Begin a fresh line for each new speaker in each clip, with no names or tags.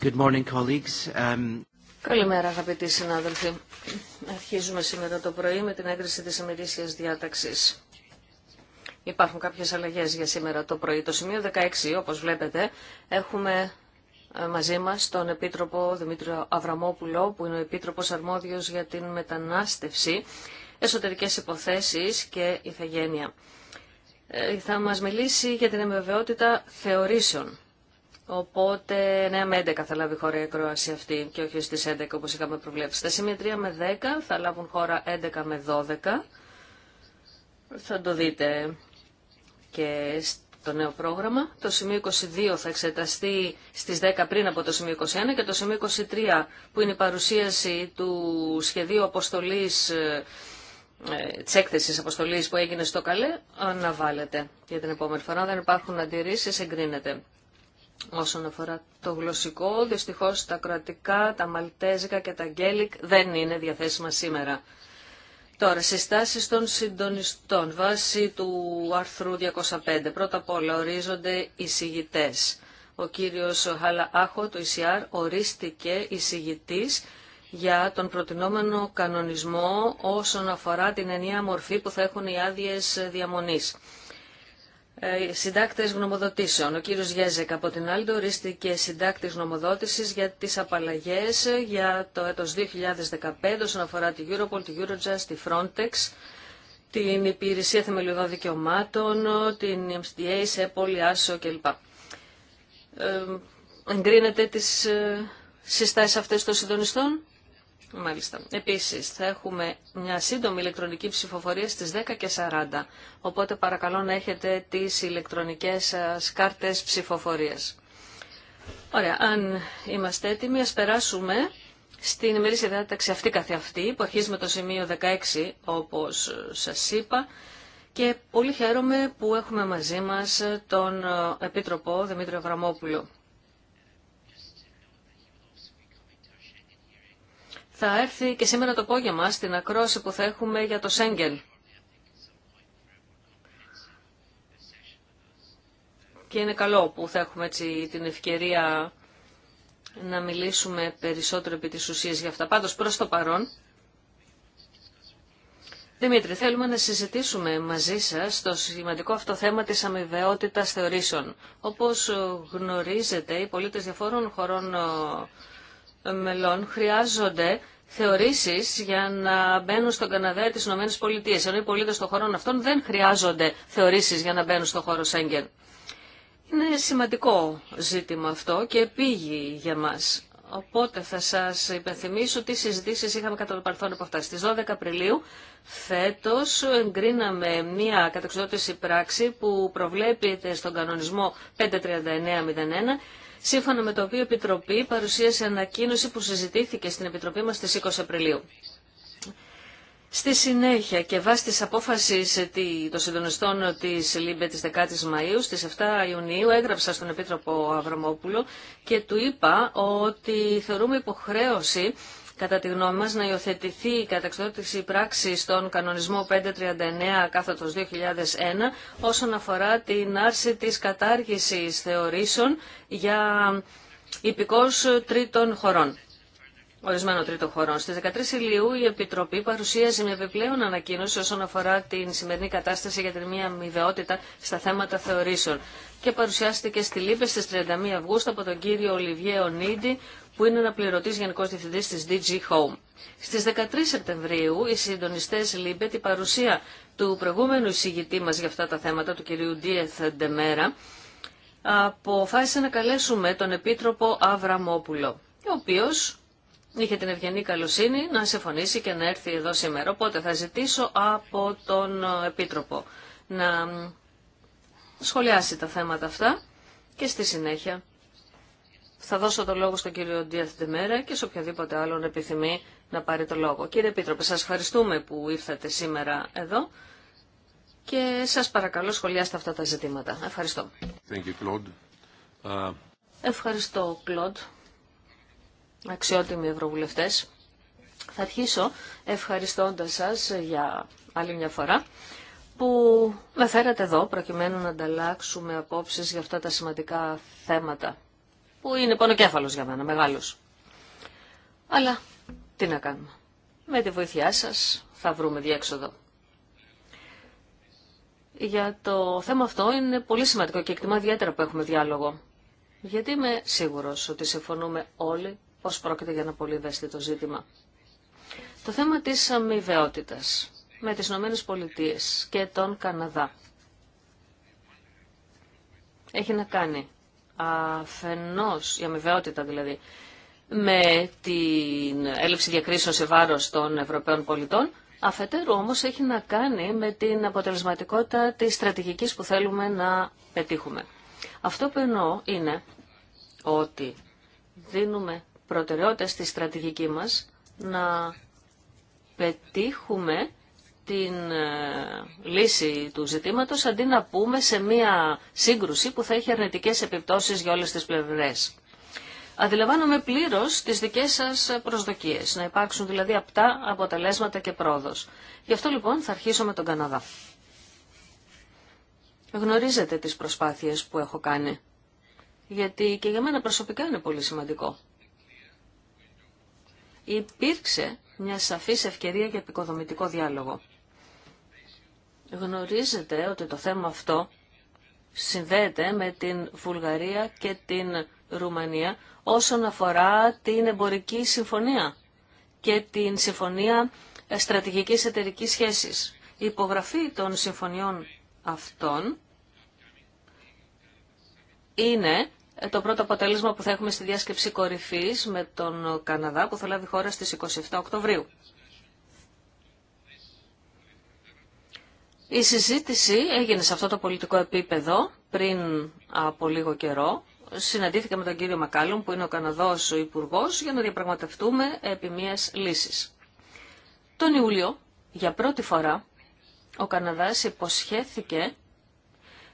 Um,
Καλημέρα αγαπητοί συνάδελφοι. Αρχίζουμε σήμερα το πρωί με την έγκριση της ημερήσιας διάταξης. Υπάρχουν κάποιες αλλαγές για σήμερα το πρωί. Το σημείο 16, όπως βλέπετε, έχουμε ε, μαζί μας τον Επίτροπο Δημήτριο Αβραμόπουλο, που είναι ο Επίτροπος Αρμόδιος για την Μετανάστευση, Εσωτερικές Υποθέσεις και Ιθαγένεια. Ε, θα μας μιλήσει για την εμβεβαιότητα θεωρήσεων Οπότε 9 ναι, με 11 θα λάβει χώρα η ακρόαση αυτή και όχι στις 11 όπως είχαμε προβλέψει. Στα σημεία 3 με 10 θα λάβουν χώρα 11 με 12. Θα το δείτε και στο νέο πρόγραμμα. Το σημείο 22 θα εξεταστεί στις 10 πριν από το σημείο 21 και το σημείο 23 που είναι η παρουσίαση του σχεδίου αποστολής ε, ε, τη έκθεση αποστολή που έγινε στο Καλέ αναβάλλεται για την επόμενη φορά. δεν υπάρχουν αντιρρήσει, εγκρίνεται. Όσον αφορά το γλωσσικό, δυστυχώς τα κρατικά, τα μαλτέζικα και τα γκέλικ δεν είναι διαθέσιμα σήμερα. Τώρα, συστάσεις των συντονιστών βάσει του άρθρου 205. Πρώτα απ' όλα ορίζονται εισηγητέ. Ο κύριος Χάλα Άχο, το ICR, ορίστηκε εισηγητής για τον προτινόμενο κανονισμό όσον αφορά την ενιαία μορφή που θα έχουν οι άδειε διαμονής. Ε, Συντάκτε γνωμοδοτήσεων. Ο κύριος Γέζεκ από την άλλη ορίστηκε συντάκτης γνωμοδότησης για τις απαλλαγές για το έτο 2015 όσον αφορά τη Europol, τη Eurojust, τη Frontex, την Υπηρεσία Θεμελιωδών Δικαιωμάτων, την MCDA, ΣΕΠΟΛ, ΆΣΟ κλπ. Ε, εγκρίνεται τις ε, συστάσεις αυτές των συντονιστών. Μάλιστα. Επίσης, θα έχουμε μια σύντομη ηλεκτρονική ψηφοφορία στις 10.40. Οπότε παρακαλώ να έχετε τις ηλεκτρονικές σα κάρτες ψηφοφορίας. Ωραία, αν είμαστε έτοιμοι, α περάσουμε στην ημερήσια διάταξη αυτή καθ' αυτή, που αρχίζει με το σημείο 16, όπως σας είπα. Και πολύ χαίρομαι που έχουμε μαζί μας τον ε, Επίτροπο Δημήτριο Γραμμόπουλο. Θα έρθει και σήμερα το απόγευμα στην ακρόαση που θα έχουμε για το Σέγγελ. Και είναι καλό που θα έχουμε έτσι την ευκαιρία να μιλήσουμε περισσότερο επί της ουσίας για αυτά. Πάντως προς το παρόν, Δημήτρη, θέλουμε να συζητήσουμε μαζί σας το σημαντικό αυτό θέμα της αμοιβαιότητας θεωρήσεων. Όπως γνωρίζετε, οι πολίτες διαφόρων χωρών μελών χρειάζονται θεωρήσει για να μπαίνουν στον Καναδά ή τις Ηνωμένες ενώ οι πολίτε των χωρών αυτών δεν χρειάζονται θεωρήσει για να μπαίνουν στον χώρο Σέγγεν. Είναι σημαντικό ζήτημα αυτό και πήγει για μα. Οπότε θα σας υπενθυμίσω τι συζητήσει είχαμε κατά το παρελθόν από αυτά. Στι 12 Απριλίου φέτος εγκρίναμε μια καταξιδότηση πράξη που προβλέπεται στον κανονισμό 53901 σύμφωνα με το οποίο η Επιτροπή παρουσίασε ανακοίνωση που συζητήθηκε στην Επιτροπή μας στις 20 Απριλίου. Στη συνέχεια και βάσει της απόφασης των συντονιστών της ΛΥΜΠΕ της 10ης Μαΐου, στις 7 Ιουνίου έγραψα στον Επίτροπο Αβραμόπουλο και του είπα ότι θεωρούμε υποχρέωση κατά τη γνώμη μας, να υιοθετηθεί η καταξιδότηση πράξη στον κανονισμό 539 κάθετος 2001 όσον αφορά την άρση της κατάργησης θεωρήσεων για υπηκός τρίτων χωρών. Ορισμένο τρίτο χωρών. Στις 13 Ιουλίου η Επιτροπή παρουσίαζε μια επιπλέον ανακοίνωση όσον αφορά την σημερινή κατάσταση για την μία αμοιβαιότητα στα θέματα θεωρήσεων και παρουσιάστηκε στη Λίπε στις 31 Αυγούστου από τον κύριο Ολιβιέ Ονίδη, που είναι πληρωτής Γενικός Διευθυντής της DG Home. Στις 13 Σεπτεμβρίου οι συντονιστές Λίμπε την παρουσία του προηγούμενου εισηγητή μας για αυτά τα θέματα, του κυρίου Ντίεθ Ντεμέρα, αποφάσισε να καλέσουμε τον Επίτροπο Αβραμόπουλο, ο οποίος είχε την ευγενή καλοσύνη να συμφωνήσει και να έρθει εδώ σήμερα. Οπότε θα ζητήσω από τον Επίτροπο να σχολιάσει τα θέματα αυτά και στη συνέχεια θα δώσω το λόγο στον κύριο Ντίαθ Ντεμέρα και σε οποιαδήποτε άλλον επιθυμεί να πάρει το λόγο. Κύριε Επίτροπε, σας ευχαριστούμε που ήρθατε σήμερα εδώ και σας παρακαλώ σχολιάστε αυτά τα ζητήματα. Ευχαριστώ.
you, uh,
Ευχαριστώ, Κλοντ. Αξιότιμοι ευρωβουλευτές. Θα αρχίσω ευχαριστώντας σας για άλλη μια φορά που με φέρατε εδώ προκειμένου να ανταλλάξουμε απόψεις για αυτά τα σημαντικά θέματα που είναι πονοκέφαλος για μένα, μεγάλος. Αλλά τι να κάνουμε. Με τη βοήθειά σας θα βρούμε διέξοδο. Για το θέμα αυτό είναι πολύ σημαντικό και εκτιμά ιδιαίτερα που έχουμε διάλογο. Γιατί είμαι σίγουρος ότι συμφωνούμε όλοι πως πρόκειται για ένα πολύ το ζήτημα. Το θέμα της αμοιβαιότητας με τις Ηνωμένες Πολιτείες και τον Καναδά. Έχει να κάνει αφενός, η αμοιβαιότητα δηλαδή, με την έλευση διακρίσεων σε βάρος των Ευρωπαίων πολιτών, αφετέρου όμως έχει να κάνει με την αποτελεσματικότητα της στρατηγικής που θέλουμε να πετύχουμε. Αυτό που εννοώ είναι ότι δίνουμε προτεραιότητα στη στρατηγική μας να πετύχουμε την ε, λύση του ζητήματος αντί να πούμε σε μία σύγκρουση που θα έχει αρνητικές επιπτώσεις για όλες τις πλευρές. Αντιλαμβάνομαι πλήρω τι δικέ σα προσδοκίε, να υπάρξουν δηλαδή απτά αποτελέσματα και πρόοδο. Γι' αυτό λοιπόν θα αρχίσω με τον Καναδά. Γνωρίζετε τις προσπάθειες που έχω κάνει, γιατί και για μένα προσωπικά είναι πολύ σημαντικό. Υπήρξε μια σαφής ευκαιρία για επικοδομητικό διάλογο. Γνωρίζετε ότι το θέμα αυτό συνδέεται με την Βουλγαρία και την Ρουμανία όσον αφορά την εμπορική συμφωνία και την συμφωνία στρατηγικής εταιρικής σχέσης. Η υπογραφή των συμφωνιών αυτών είναι το πρώτο αποτέλεσμα που θα έχουμε στη διάσκεψη κορυφής με τον Καναδά που θα λάβει χώρα στις 27 Οκτωβρίου. Η συζήτηση έγινε σε αυτό το πολιτικό επίπεδο πριν από λίγο καιρό. Συναντήθηκα με τον κύριο Μακάλουμ που είναι ο Καναδός ο Υπουργός για να διαπραγματευτούμε επί μιας λύσης. Τον Ιούλιο, για πρώτη φορά, ο Καναδάς υποσχέθηκε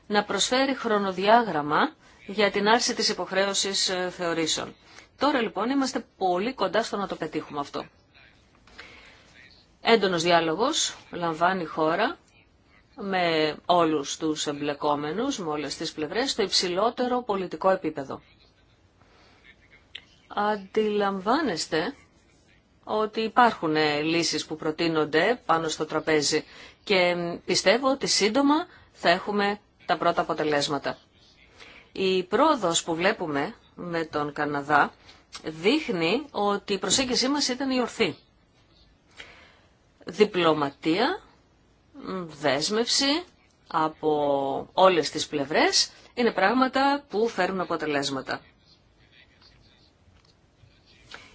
να προσφέρει χρονοδιάγραμμα για την άρση της υποχρέωσης ε, θεωρήσεων. Τώρα λοιπόν είμαστε πολύ κοντά στο να το πετύχουμε αυτό. Έντονος διάλογος λαμβάνει η χώρα με όλους τους εμπλεκόμενους, με όλες τις πλευρές, στο υψηλότερο πολιτικό επίπεδο. Αντιλαμβάνεστε ότι υπάρχουν λύσεις που προτείνονται πάνω στο τραπέζι και πιστεύω ότι σύντομα θα έχουμε τα πρώτα αποτελέσματα. Η πρόοδος που βλέπουμε με τον Καναδά δείχνει ότι η προσέγγιση μας ήταν η ορθή. Διπλωματία δέσμευση από όλες τις πλευρές είναι πράγματα που φέρουν αποτελέσματα.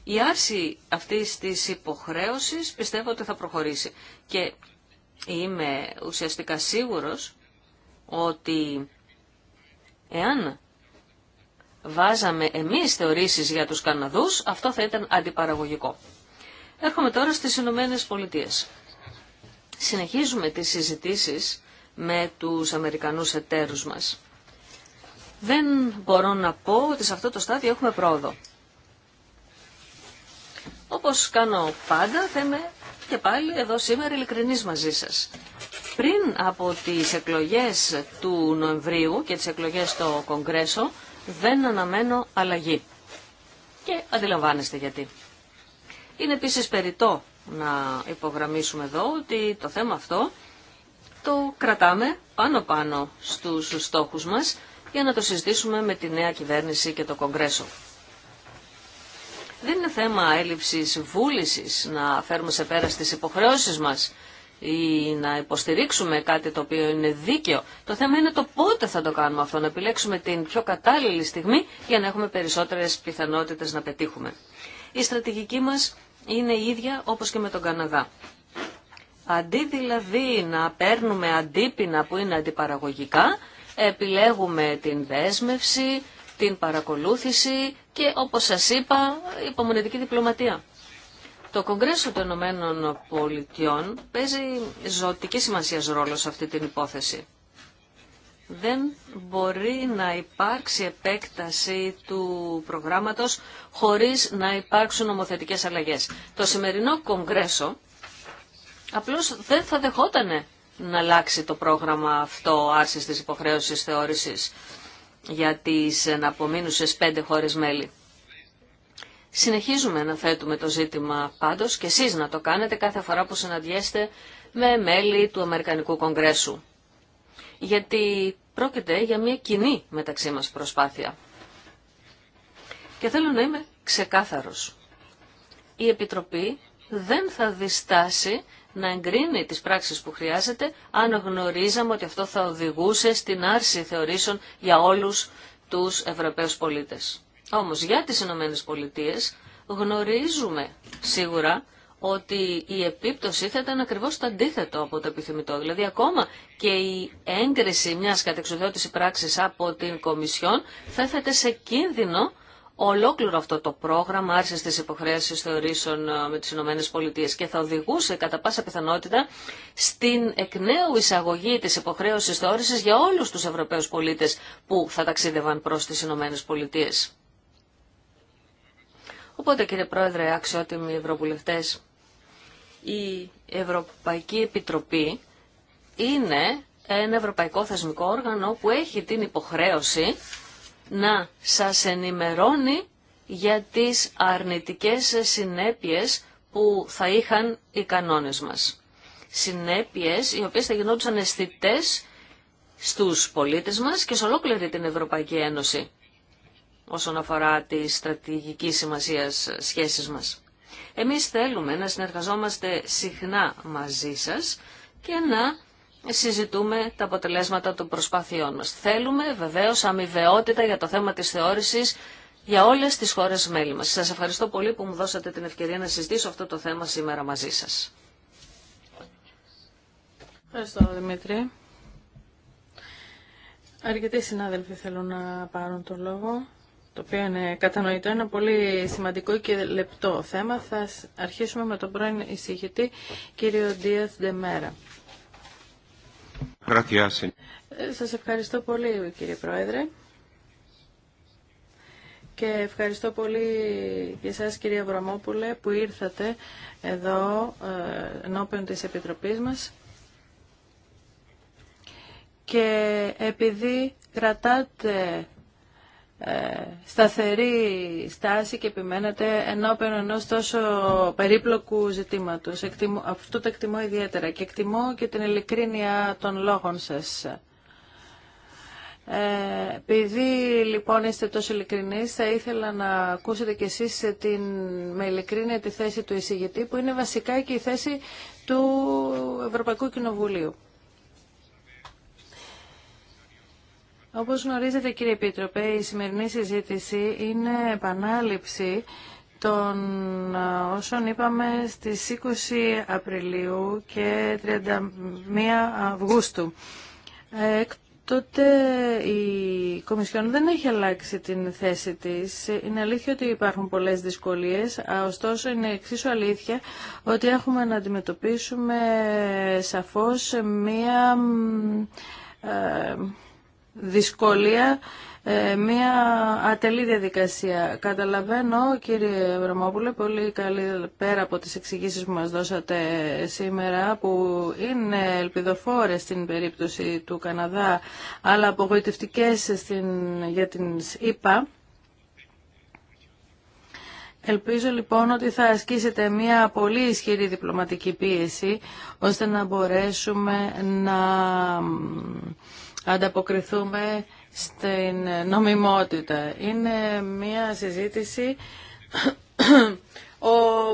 Η άρση αυτής της υποχρέωσης πιστεύω ότι θα προχωρήσει και είμαι ουσιαστικά σίγουρος ότι εάν βάζαμε εμείς θεωρήσεις για τους Καναδούς, αυτό θα ήταν αντιπαραγωγικό. Έρχομαι τώρα στις Ηνωμένε Πολιτείες συνεχίζουμε τις συζητήσεις με τους Αμερικανούς εταίρους μας. Δεν μπορώ να πω ότι σε αυτό το στάδιο έχουμε πρόοδο. Όπως κάνω πάντα, θα είμαι και πάλι εδώ σήμερα ειλικρινής μαζί σας. Πριν από τις εκλογές του Νοεμβρίου και τις εκλογές στο Κογκρέσο, δεν αναμένω αλλαγή. Και αντιλαμβάνεστε γιατί. Είναι επίσης περιττό να υπογραμμίσουμε εδώ ότι το θέμα αυτό το κρατάμε πάνω-πάνω στους στόχους μας για να το συζητήσουμε με τη νέα κυβέρνηση και το Κογκρέσο. Δεν είναι θέμα έλλειψης βούλησης να φέρουμε σε πέρα στις υποχρεώσεις μας ή να υποστηρίξουμε κάτι το οποίο είναι δίκαιο. Το θέμα είναι το πότε θα το κάνουμε αυτό, να επιλέξουμε την πιο κατάλληλη στιγμή για να έχουμε περισσότερες πιθανότητες να πετύχουμε. Η στρατηγική μας είναι η ίδια όπως και με τον Καναδά. Αντί δηλαδή να παίρνουμε αντίπεινα που είναι αντιπαραγωγικά, επιλέγουμε την δέσμευση, την παρακολούθηση και όπως σας είπα υπομονετική διπλωματία. Το Κογκρέσο των Ηνωμένων Πολιτειών παίζει ζωτική σημασία ρόλο σε αυτή την υπόθεση δεν μπορεί να υπάρξει επέκταση του προγράμματος χωρίς να υπάρξουν νομοθετικές αλλαγές. Το σημερινό Κογκρέσο απλώς δεν θα δεχότανε να αλλάξει το πρόγραμμα αυτό άρσης της υποχρέωσης θεώρησης για τις εναπομείνουσες πέντε χώρες μέλη. Συνεχίζουμε να θέτουμε το ζήτημα πάντως και εσείς να το κάνετε κάθε φορά που συναντιέστε με μέλη του Αμερικανικού Κογκρέσου γιατί πρόκειται για μια κοινή μεταξύ μας προσπάθεια. Και θέλω να είμαι ξεκάθαρος. Η Επιτροπή δεν θα διστάσει να εγκρίνει τις πράξεις που χρειάζεται αν γνωρίζαμε ότι αυτό θα οδηγούσε στην άρση θεωρήσεων για όλους τους Ευρωπαίους πολίτες. Όμως για τις Ηνωμένες Πολιτείες γνωρίζουμε σίγουρα ότι η επίπτωση θα ήταν ακριβώς το αντίθετο από το επιθυμητό. Δηλαδή ακόμα και η έγκριση μιας κατεξοδότηση πράξης από την Κομισιόν θα έθετε σε κίνδυνο ολόκληρο αυτό το πρόγραμμα άρση της υποχρέωσης θεωρήσεων ε, με τις ΗΠΑ και θα οδηγούσε κατά πάσα πιθανότητα στην εκ νέου εισαγωγή της υποχρέωσης θεώρησης για όλους τους Ευρωπαίους πολίτες που θα ταξίδευαν προς τις ΗΠΑ. Οπότε κύριε Πρόεδρε, αξιότιμοι Ευρωβουλευτές, η Ευρωπαϊκή Επιτροπή είναι ένα ευρωπαϊκό θεσμικό όργανο που έχει την υποχρέωση να σας ενημερώνει για τις αρνητικές συνέπειες που θα είχαν οι κανόνες μας. Συνέπειες οι οποίες θα γινόντουσαν αισθητέ στους πολίτες μας και σε ολόκληρη την Ευρωπαϊκή Ένωση όσον αφορά τη στρατηγική σημασία σχέσεις μας. Εμείς θέλουμε να συνεργαζόμαστε συχνά μαζί σας και να συζητούμε τα αποτελέσματα των προσπάθειών μας. Θέλουμε βεβαίως αμοιβαιότητα για το θέμα της θεώρησης για όλες τις χώρες μέλη μας. Σας ευχαριστώ πολύ που μου δώσατε την ευκαιρία να συζητήσω αυτό το θέμα σήμερα μαζί σας.
Ευχαριστώ Δημήτρη. Αρκετοί συνάδελφοι θέλουν να πάρουν το λόγο το οποίο είναι κατανοητό, είναι πολύ σημαντικό και λεπτό θέμα. Θα αρχίσουμε με τον πρώην εισηγητή, κύριο Ντίαθ Ντεμέρα. Ε, σας ευχαριστώ πολύ, κύριε Πρόεδρε. Και ευχαριστώ πολύ και εσάς, κυρία Βραμόπουλε, που ήρθατε εδώ ε, ενώπιον της Επιτροπής μας. Και επειδή κρατάτε ε, σταθερή στάση και επιμένετε ενώπιον ενό τόσο περίπλοκου ζητήματο. αυτό το εκτιμώ ιδιαίτερα και εκτιμώ και την ειλικρίνεια των λόγων σας. Ε, επειδή λοιπόν είστε τόσο ειλικρινείς, θα ήθελα να ακούσετε κι εσείς με ειλικρίνεια τη θέση του εισηγητή, που είναι βασικά και η θέση του Ευρωπαϊκού Κοινοβουλίου. Όπως γνωρίζετε κύριε Επίτροπε, η σημερινή συζήτηση είναι επανάληψη των όσων είπαμε στις 20 Απριλίου και 31 Αυγούστου. Ε, τότε η Κομισιόν δεν έχει αλλάξει την θέση της. Είναι αλήθεια ότι υπάρχουν πολλές δυσκολίες, ωστόσο είναι εξίσου αλήθεια ότι έχουμε να αντιμετωπίσουμε σαφώς μία... Ε, δυσκολία ε, μια ατελή διαδικασία. Καταλαβαίνω, κύριε Βραμόπουλε, πολύ καλή πέρα από τις εξηγήσεις που μας δώσατε σήμερα, που είναι ελπιδοφόρες στην περίπτωση του Καναδά, αλλά απογοητευτικές στην, για την ΕΠΑ. Ελπίζω λοιπόν ότι θα ασκήσετε μια πολύ ισχυρή διπλωματική πίεση, ώστε να μπορέσουμε να ανταποκριθούμε στην νομιμότητα. Είναι μια συζήτηση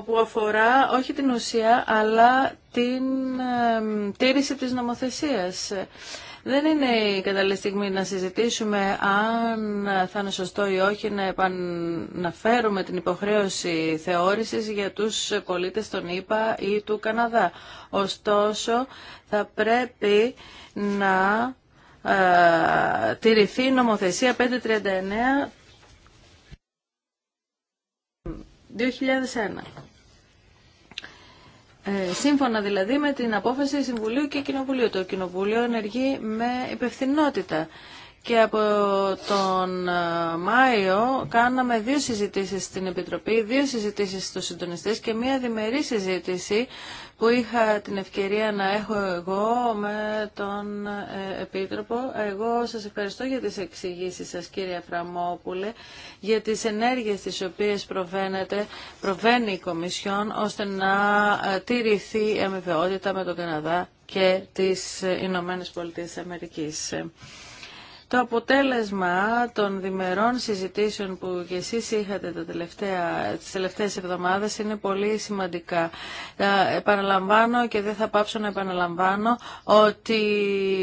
που αφορά όχι την ουσία αλλά την τήρηση της νομοθεσίας. Δεν είναι η κατάλληλη στιγμή να συζητήσουμε αν θα είναι σωστό ή όχι να φέρουμε την υποχρέωση θεώρησης για τους πολίτες των ΗΠΑ ή του Καναδά. Ωστόσο, θα πρέπει να ε, τηρηθεί νομοθεσία 539 2001. Ε, σύμφωνα δηλαδή με την απόφαση Συμβουλίου και Κοινοβουλίου. Το Κοινοβούλιο ενεργεί με υπευθυνότητα και από τον ε, Μάιο κάναμε δύο συζητήσεις στην Επιτροπή, δύο συζητήσεις στους συντονιστές και μία διμερή συζήτηση που είχα την ευκαιρία να έχω εγώ με τον ε, Επίτροπο. Εγώ σας ευχαριστώ για τις εξηγήσεις σας κύριε Αφραμόπουλε, για τις ενέργειες τις οποίες προβαίνει η Κομισιόν ώστε να ε, τηρηθεί η αμοιβαιότητα με τον Καναδά και τις Ηνωμένες Πολιτείες Αμερικής. Το αποτέλεσμα των διμερών συζητήσεων που και εσείς είχατε τα τελευταία, τις τελευταίες εβδομάδες είναι πολύ σημαντικά. Ε, επαναλαμβάνω και δεν θα πάψω να επαναλαμβάνω ότι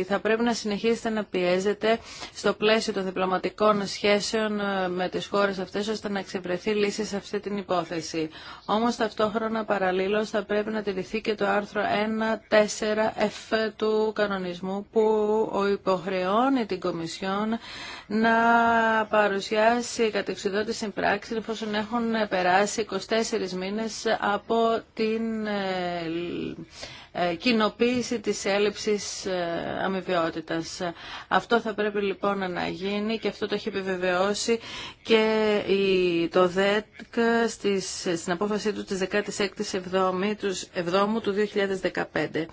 θα πρέπει να συνεχίσετε να πιέζετε στο πλαίσιο των διπλωματικών σχέσεων ε, με τις χώρες αυτές ώστε να εξευρεθεί λύση σε αυτή την υπόθεση. Όμως ταυτόχρονα παραλλήλως θα πρέπει να τηρηθεί και το αρθρο 1.4.F του κανονισμού που υποχρεώνει την Κομισιόν να παρουσιάσει κατεξιδότηση πράξη εφόσον έχουν περάσει 24 μήνες από την ε, ε, κοινοποίηση της έλλειψης ε, αμοιβαιότητας. Αυτό θα πρέπει λοιπόν να γίνει και αυτό το έχει επιβεβαιώσει και το ΔΕΚ στην απόφασή του της 16ης Εβδόμου του 2015. Δεν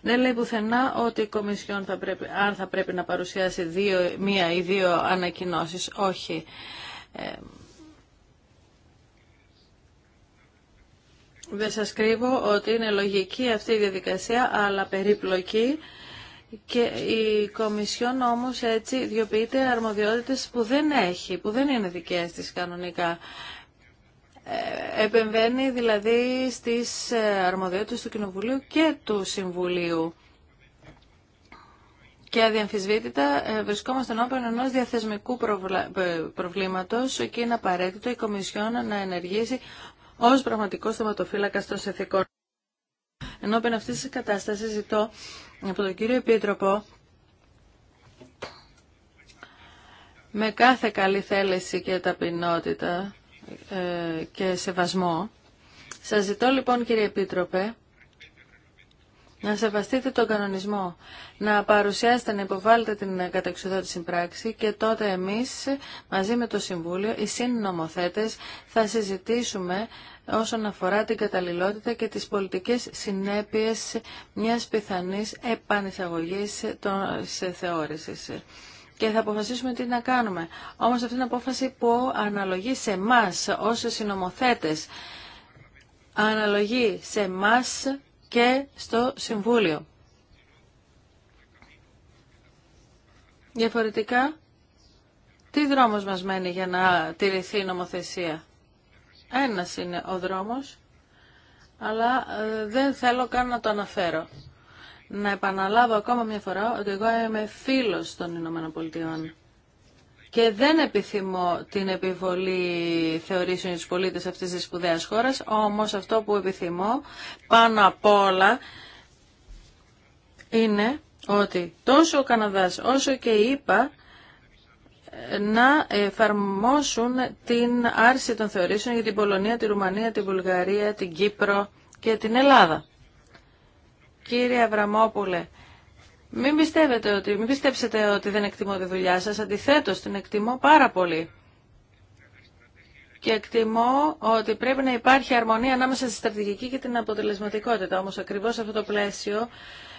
ναι, λέει πουθενά ότι η Κομισιόν θα πρέπει, αν θα πρέπει να παρουσιάσει δύο, μία ή δύο ανακοινώσεις. Όχι. Ε, Δεν σας κρύβω ότι είναι λογική αυτή η διαδικασία, αλλά περίπλοκη και η Κομισιόν όμως έτσι διοποιείται αρμοδιότητες που δεν έχει, που δεν είναι δικές της κανονικά. Ε, επεμβαίνει δηλαδή στις ε, αρμοδιότητες του Κοινοβουλίου και του Συμβουλίου. Και αδιαμφισβήτητα ε, βρισκόμαστε ενώπιον ενό διαθεσμικού προβλήματο και είναι απαραίτητο η Κομισιόν να ενεργήσει Ω πραγματικό θεματοφύλακα των συνθηκών. πέραν αυτής τη κατάστασης ζητώ από τον κύριο Επίτροπο με κάθε καλή θέληση και ταπεινότητα ε, και σεβασμό. Σας ζητώ λοιπόν κύριε Επίτροπε να σεβαστείτε τον κανονισμό, να παρουσιάσετε, να υποβάλλετε την καταξιδότηση πράξη και τότε εμείς μαζί με το Συμβούλιο, οι συνομοθέτες, θα συζητήσουμε όσον αφορά την καταλληλότητα και τις πολιτικές συνέπειες μιας πιθανής επανεισαγωγής των θεώρησης και θα αποφασίσουμε τι να κάνουμε. Όμως αυτή είναι απόφαση που αναλογεί σε εμά ως συνομοθέτες. Αναλογεί σε εμά και στο Συμβούλιο. Διαφορετικά, τι δρόμος μας μένει για να τηρηθεί η νομοθεσία. Ένας είναι ο δρόμος, αλλά ε, δεν θέλω καν να το αναφέρω. Να επαναλάβω ακόμα μια φορά ότι εγώ είμαι φίλος των Ηνωμένων Πολιτειών και δεν επιθυμώ την επιβολή θεωρήσεων στους πολίτες αυτής της σπουδαίας χώρας, όμως αυτό που επιθυμώ πάνω απ' όλα είναι ότι τόσο ο Καναδάς όσο και η ΕΠΑ ε, να εφαρμόσουν την άρση των θεωρήσεων για την Πολωνία, τη Ρουμανία, την Βουλγαρία, την Κύπρο και την Ελλάδα. Κύριε Αβραμόπουλε, μην πιστεύετε ότι, μην πιστέψετε ότι δεν εκτιμώ τη δουλειά σας. Αντιθέτως, την εκτιμώ πάρα πολύ. Και εκτιμώ ότι πρέπει να υπάρχει αρμονία ανάμεσα στη στρατηγική και την αποτελεσματικότητα. Όμως ακριβώς σε αυτό το πλαίσιο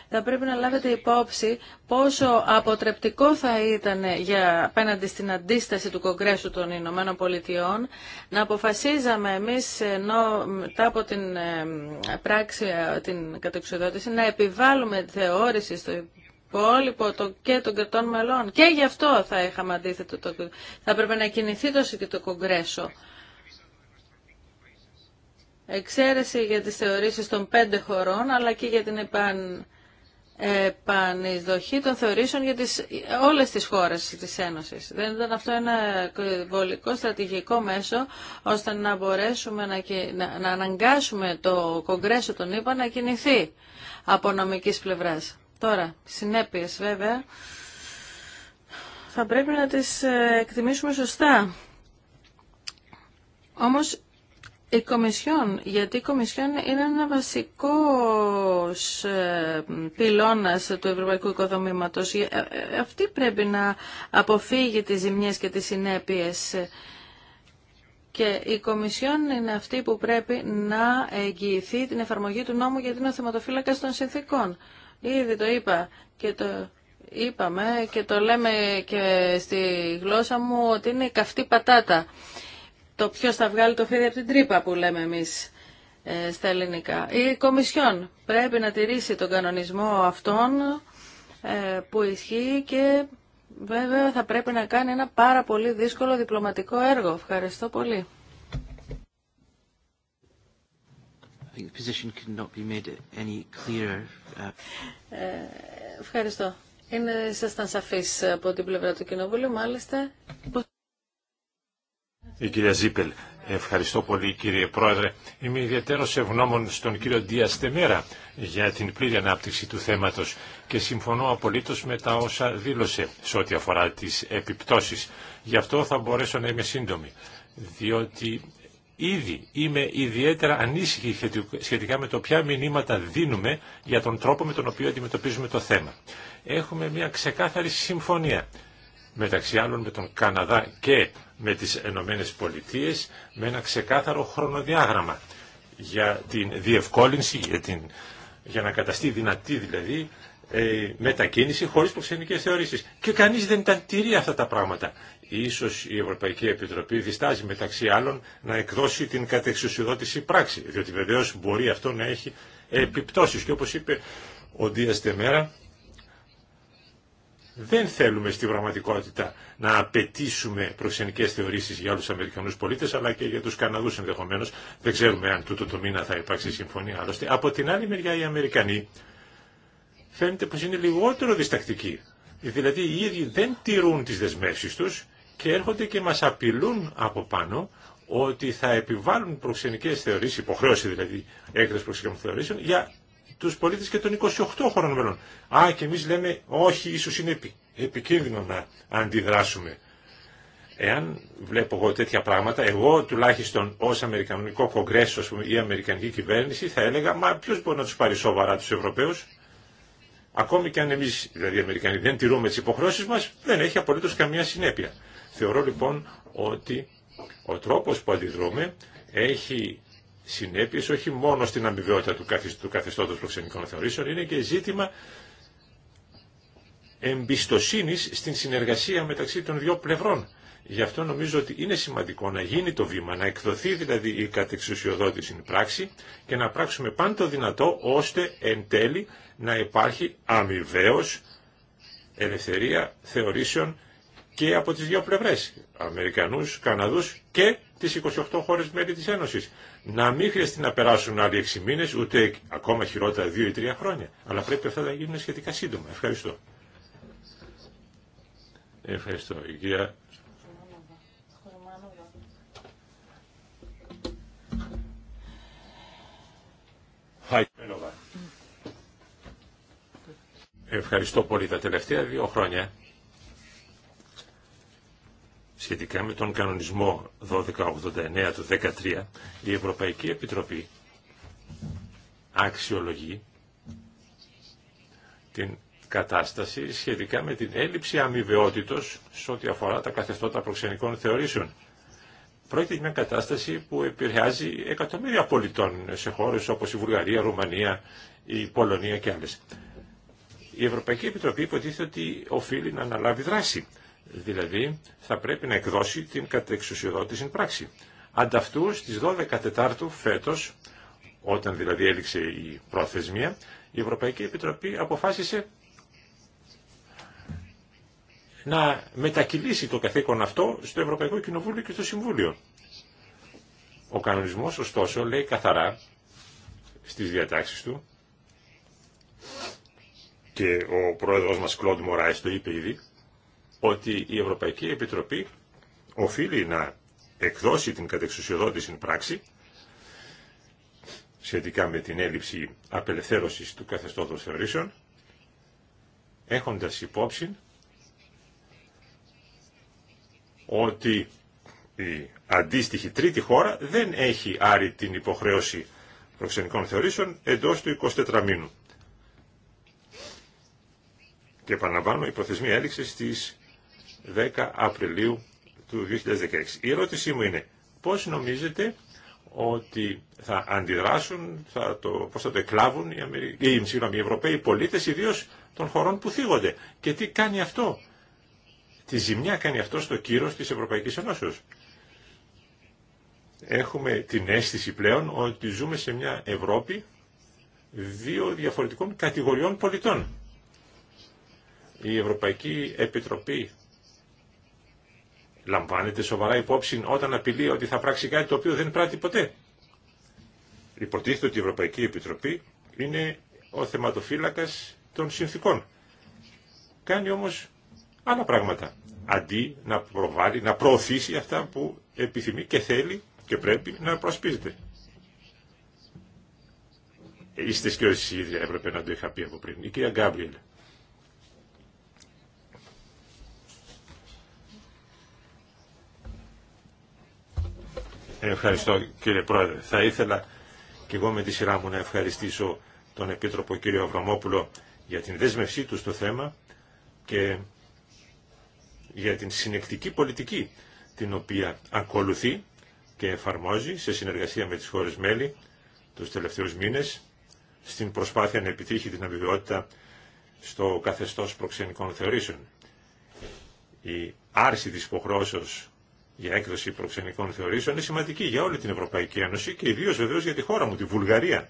θα πρέπει να λάβετε υπόψη πόσο αποτρεπτικό θα ήταν για απέναντι στην αντίσταση του Κογκρέσου των Ηνωμένων Πολιτειών να αποφασίζαμε εμείς ενώ μετά από την ε, πράξη ε, την κατεξοδότηση να επιβάλλουμε θεώρηση στο υπόλοιπο το, και των κρατών μελών. Και γι' αυτό θα είχαμε αντίθετο. Το, θα έπρεπε να κινηθεί τόσο και το Κογκρέσο. Εξαίρεση για τις θεωρήσεις των πέντε χωρών, αλλά και για την επαν, επανεισδοχή των θεωρήσεων για τις, όλες τις χώρες της Ένωσης. Δεν ήταν αυτό ένα βολικό στρατηγικό μέσο ώστε να μπορέσουμε να, να, να αναγκάσουμε το Κογκρέσο τον ΗΠΑ να κινηθεί από νομικής πλευράς. Τώρα, συνέπειες βέβαια, θα πρέπει να τις ε, εκτιμήσουμε σωστά. Όμως η Κομισιόν, γιατί η Κομισιόν είναι ένα βασικό ε, πυλώνας του ευρωπαϊκού οικοδομήματος. Ε, αυτή πρέπει να αποφύγει τις ζημιές και τις συνέπειες. Και η Κομισιόν είναι αυτή που πρέπει να εγγυηθεί την εφαρμογή του νόμου για την οθεματοφύλακα των συνθήκων. Ήδη το είπα και το είπαμε και το λέμε και στη γλώσσα μου ότι είναι η καυτή πατάτα. Το ποιος θα βγάλει το φίδι από την τρύπα που λέμε εμείς ε, στα ελληνικά. Η Κομισιόν πρέπει να τηρήσει τον κανονισμό αυτόν ε, που ισχύει και βέβαια θα πρέπει να κάνει ένα πάρα πολύ δύσκολο διπλωματικό έργο. Ευχαριστώ πολύ. ευχαριστώ. Είναι, ήσασταν σαφής από την πλευρά του Κοινοβουλίου, μάλιστα.
Η κυρία Ζίπελ, ευχαριστώ πολύ κύριε Πρόεδρε. Είμαι ιδιαίτερο ευγνώμων στον κύριο Ντία Στεμέρα για την πλήρη ανάπτυξη του θέματος και συμφωνώ απολύτως με τα όσα δήλωσε σε ό,τι αφορά τις επιπτώσεις. Γι' αυτό θα μπορέσω να είμαι σύντομη, διότι Ήδη είμαι ιδιαίτερα ανήσυχη σχετικά με το ποια μηνύματα δίνουμε για τον τρόπο με τον οποίο αντιμετωπίζουμε το θέμα. Έχουμε μια ξεκάθαρη συμφωνία μεταξύ άλλων με τον Καναδά και με τις Ενωμένε Πολιτείε με ένα ξεκάθαρο χρονοδιάγραμμα για την διευκόλυνση, για, την, για να καταστεί δυνατή δηλαδή ε, μετακίνηση χωρίς προξενικές θεωρήσεις. Και κανείς δεν ήταν τηρεί αυτά τα πράγματα. Ίσως η Ευρωπαϊκή Επιτροπή διστάζει μεταξύ άλλων να εκδώσει την κατεξουσιοδότηση πράξη, διότι βεβαίως μπορεί αυτό να έχει επιπτώσεις. Και όπως είπε ο Δίας Τεμέρα, δεν θέλουμε στην πραγματικότητα να απαιτήσουμε προξενικέ θεωρήσει για όλου του Αμερικανού πολίτε, αλλά και για του Καναδού ενδεχομένω. Δεν ξέρουμε αν τούτο το μήνα θα υπάρξει συμφωνία άλλωστε. Από την άλλη μεριά, οι Αμερικανοί φαίνεται πω είναι λιγότερο διστακτικοί. Δηλαδή, οι ίδιοι δεν τηρούν τι δεσμεύσει του και έρχονται και μας απειλούν από πάνω ότι θα επιβάλλουν προξενικές θεωρήσεις, υποχρέωση δηλαδή έκδοση προξενικών θεωρήσεων, για τους πολίτες και των 28 χωρών μελών. Α, και εμείς λέμε, όχι, ίσως είναι επικίνδυνο να αντιδράσουμε. Εάν βλέπω εγώ τέτοια πράγματα, εγώ τουλάχιστον ω Αμερικανικό Κογκρέσο ή Αμερικανική κυβέρνηση θα έλεγα, μα ποιο μπορεί να του πάρει σοβαρά του Ευρωπαίου. Ακόμη και αν εμείς, δηλαδή οι Αμερικανοί, δεν τηρούμε τι υποχρεώσει μα, δεν έχει απολύτω καμία συνέπεια. Θεωρώ λοιπόν ότι ο τρόπος που αντιδρούμε έχει συνέπειες όχι μόνο στην αμοιβαιότητα του, του καθεστώτος προξενικών θεωρήσεων, είναι και ζήτημα εμπιστοσύνης στην συνεργασία μεταξύ των δύο πλευρών. Γι' αυτό νομίζω ότι είναι σημαντικό να γίνει το βήμα, να εκδοθεί δηλαδή η κατεξουσιοδότηση πράξη και να πράξουμε πάντα το δυνατό ώστε εν τέλει να υπάρχει αμοιβαίως ελευθερία θεωρήσεων και από τις δύο πλευρές, Αμερικανούς, Καναδούς και τις 28 χώρες μέλη της Ένωσης. Να μην χρειαστεί να περάσουν άλλοι 6 μήνες, ούτε ακόμα χειρότερα 2 ή 3 χρόνια. Αλλά πρέπει αυτά να γίνουν σχετικά σύντομα. Ευχαριστώ. Ευχαριστώ. Η κυρία... Ευχαριστώ ευχαριστω ευχαριστω πολυ τα τελευταία δύο χρόνια Σχετικά με τον κανονισμό 1289 του 13, η Ευρωπαϊκή Επιτροπή αξιολογεί την κατάσταση σχετικά με την έλλειψη αμοιβαιότητος σε ό,τι αφορά τα καθεστώτα προξενικών θεωρήσεων. Πρόκειται για μια κατάσταση που επηρεάζει εκατομμύρια πολιτών σε χώρες όπως η Βουλγαρία, η Ρουμανία, η Πολωνία και άλλες. Η Ευρωπαϊκή Επιτροπή υποτίθεται ότι οφείλει να αναλάβει δράση. Δηλαδή θα πρέπει να εκδώσει την κατεξουσιοδότηση πράξη. Ανταυτού στι 12 Τετάρτου φέτος, όταν δηλαδή έληξε η προθεσμία, η Ευρωπαϊκή Επιτροπή αποφάσισε να μετακυλήσει το καθήκον αυτό στο Ευρωπαϊκό Κοινοβούλιο και στο Συμβούλιο. Ο κανονισμός, ωστόσο, λέει καθαρά στις διατάξεις του και ο πρόεδρος μας Κλοντ Μωράης το είπε ήδη, ότι η Ευρωπαϊκή Επιτροπή οφείλει να εκδώσει την κατεξουσιοδότηση πράξη σχετικά με την έλλειψη απελευθέρωσης του καθεστώτος θεωρήσεων, έχοντας υπόψη ότι η αντίστοιχη τρίτη χώρα δεν έχει άρει την υποχρέωση προξενικών θεωρήσεων εντός του 24 μήνου. Και επαναλαμβάνω, η προθεσμία έληξε στις 10 Απριλίου του 2016. Η ερώτησή μου είναι πώς νομίζετε ότι θα αντιδράσουν, θα το, πώς θα το εκλάβουν οι, οι, οι Ευρωπαίοι πολίτες, ιδίως των χωρών που θίγονται. Και τι κάνει αυτό. Τη ζημιά κάνει αυτό στο κύρος της Ευρωπαϊκής Ενώσεως. Έχουμε την αίσθηση πλέον ότι ζούμε σε μια Ευρώπη δύο διαφορετικών κατηγοριών πολιτών. Η Ευρωπαϊκή Επιτροπή λαμβάνεται σοβαρά υπόψη όταν απειλεί ότι θα πράξει κάτι το οποίο δεν πράττει ποτέ. Υποτίθεται ότι η Ευρωπαϊκή Επιτροπή είναι ο θεματοφύλακας των συνθήκων. Κάνει όμως άλλα πράγματα, αντί να προβάλλει, να προωθήσει αυτά που επιθυμεί και θέλει και πρέπει να προσπίζεται. Είστε και όσοι έπρεπε να το είχα πει από πριν. Η κυρία Γκάμπριελ. Ευχαριστώ κύριε Πρόεδρε. Θα ήθελα και εγώ με τη σειρά μου να ευχαριστήσω τον Επίτροπο κύριο Αβραμόπουλο για την δέσμευσή του στο θέμα και για την συνεκτική πολιτική την οποία ακολουθεί και εφαρμόζει σε συνεργασία με τις χώρες μέλη τους τελευταίους μήνες στην προσπάθεια να επιτύχει την αμοιβαιότητα στο καθεστώς προξενικών θεωρήσεων. Η άρση της υποχρώσεως για έκδοση προξενικών θεωρήσεων είναι σημαντική για όλη την Ευρωπαϊκή Ένωση και ιδίω βεβαίω για τη χώρα μου, τη Βουλγαρία.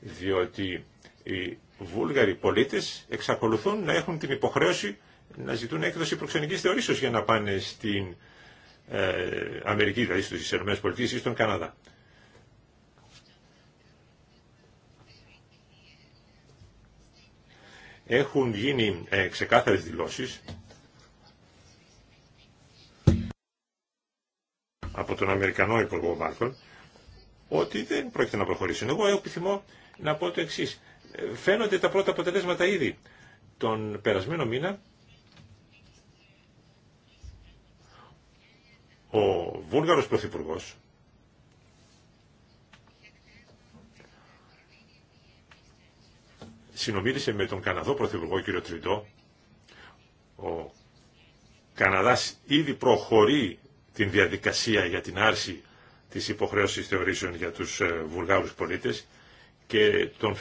Διότι οι Βούλγαροι πολίτε εξακολουθούν να έχουν την υποχρέωση να ζητούν έκδοση προξενική θεωρήσεω για να πάνε στην ε, Αμερική, δηλαδή στι ΗΠΑ ή στον Καναδά. Έχουν γίνει ε, ξεκάθαρες δηλώσεις από τον Αμερικανό Υπουργό Μάρκον ότι δεν πρόκειται να προχωρήσουν. Εγώ επιθυμώ να πω το εξή. Φαίνονται τα πρώτα αποτελέσματα ήδη. Τον περασμένο μήνα ο Βούλγαρος Πρωθυπουργό συνομίλησε με τον Καναδό Πρωθυπουργό κύριο Τριντό. Ο Καναδάς ήδη προχωρεί την διαδικασία για την άρση της υποχρέωσης θεωρήσεων για τους ε, Βουλγάρους πολίτες και τον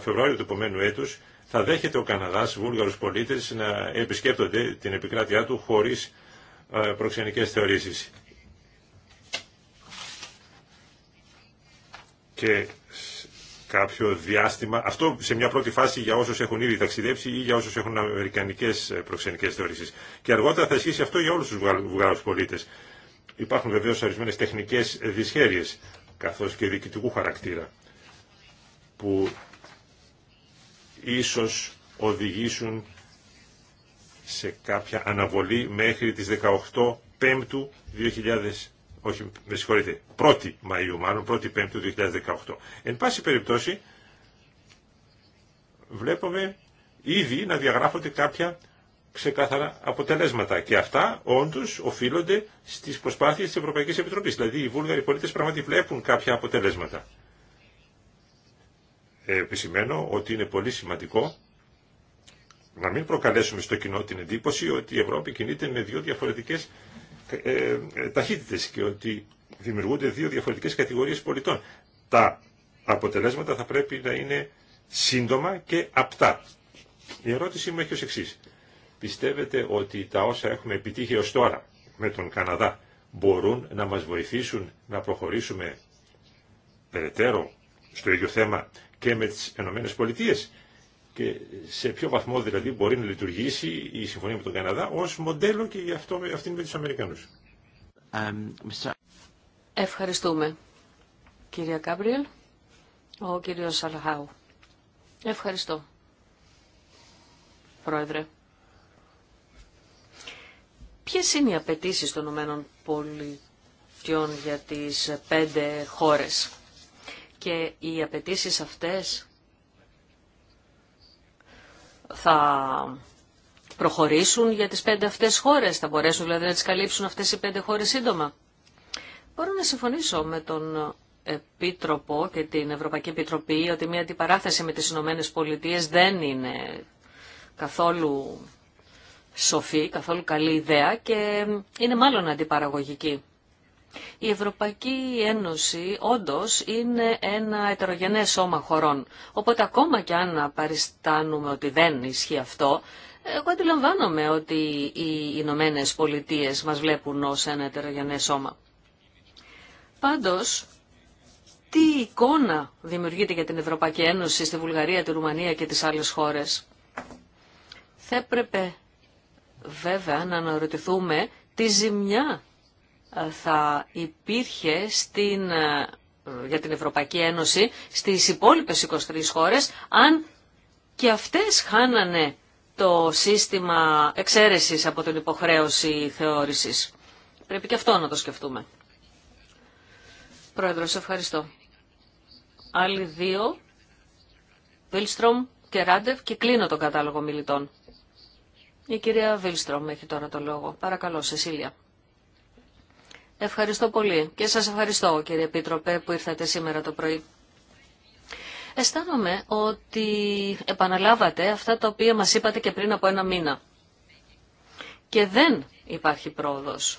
Φεβρουάριο του επομένου έτους θα δέχεται ο Καναδάς Βούλγαρους πολίτες να επισκέπτονται την επικράτειά του χωρίς ε, προξενικές θεωρήσεις. Και κάποιο διάστημα, αυτό σε μια πρώτη φάση για όσους έχουν ήδη ταξιδέψει ή για όσους έχουν αμερικανικές ε, προξενικές θεωρήσεις. Και αργότερα θα ισχύσει αυτό για όλους τους Βουλγάρους πολίτες. Υπάρχουν βεβαίω ορισμένε τεχνικέ δυσχέρειε, καθώ και διοικητικού χαρακτήρα, που ίσω οδηγήσουν σε κάποια αναβολή μέχρι τις 18 Πέμπτου 2000, όχι με συγχωρειτε Μαΐου μάλλον, 1η Πέμπτου 2018. Εν πάση περιπτώσει, βλέπουμε ήδη να διαγράφονται κάποια ξεκάθαρα αποτελέσματα. Και αυτά όντω οφείλονται στι προσπάθειε τη Ευρωπαϊκή Επιτροπή. Δηλαδή οι Βούλγαροι πολίτε πραγματικά βλέπουν κάποια αποτελέσματα. Ε, επισημαίνω ότι είναι πολύ σημαντικό να μην προκαλέσουμε στο κοινό την εντύπωση ότι η Ευρώπη κινείται με δύο διαφορετικέ ε, ε, ταχύτητες και ότι δημιουργούνται δύο διαφορετικέ κατηγορίε πολιτών. Τα αποτελέσματα θα πρέπει να είναι σύντομα και απτά. Η ερώτησή μου έχει ως εξή. Πιστεύετε ότι τα όσα έχουμε επιτύχει ως τώρα με τον Καναδά μπορούν να μας βοηθήσουν να προχωρήσουμε περαιτέρω στο ίδιο θέμα και με τις Ηνωμένες Πολιτείες και σε ποιο βαθμό δηλαδή μπορεί να λειτουργήσει η συμφωνία με τον Καναδά ως μοντέλο και για αυτό, αυτήν με τους Αμερικανούς.
Ευχαριστούμε. Κυρία Κάμπριελ, ο κύριος Σαλχάου. Ευχαριστώ. Πρόεδρε. Ποιε είναι οι απαιτήσει των Ηνωμένων Πολιτειών για τι πέντε χώρε. και οι απαιτήσει αυτέ θα προχωρήσουν για τις πέντε αυτές χώρες, θα μπορέσουν δηλαδή να τις καλύψουν αυτές οι πέντε χώρες σύντομα. Μπορώ να συμφωνήσω με τον Επίτροπο και την Ευρωπαϊκή Επιτροπή ότι μια αντιπαράθεση με τις Ηνωμένε Πολιτείες δεν είναι καθόλου σοφή, καθόλου καλή ιδέα και είναι μάλλον αντιπαραγωγική. Η Ευρωπαϊκή Ένωση όντως είναι ένα ετερογενές σώμα χωρών. Οπότε ακόμα και αν παριστάνουμε ότι δεν ισχύει αυτό, εγώ αντιλαμβάνομαι ότι οι Ηνωμένε Πολιτείε μας βλέπουν ως ένα ετερογενές σώμα. Πάντως, τι εικόνα δημιουργείται για την Ευρωπαϊκή Ένωση στη Βουλγαρία, τη Ρουμανία και τις άλλες χώρες. Θα έπρεπε βέβαια να αναρωτηθούμε τι ζημιά ε, θα υπήρχε στην, ε, για την Ευρωπαϊκή Ένωση στις υπόλοιπες 23 χώρες αν και αυτές χάνανε το σύστημα εξαίρεσης από την υποχρέωση θεώρησης. Πρέπει και αυτό να το σκεφτούμε. σε ευχαριστώ. Άλλοι δύο, Βίλστρομ και Ράντεβ και κλείνω τον κατάλογο μιλητών. Η κυρία Βίλστρομ έχει τώρα το λόγο. Παρακαλώ, Σεσίλια. Ευχαριστώ πολύ και σας ευχαριστώ κύριε Επίτροπε που ήρθατε σήμερα το πρωί. Αισθάνομαι ότι επαναλάβατε αυτά τα οποία μας είπατε και πριν από ένα μήνα. Και δεν υπάρχει πρόοδος.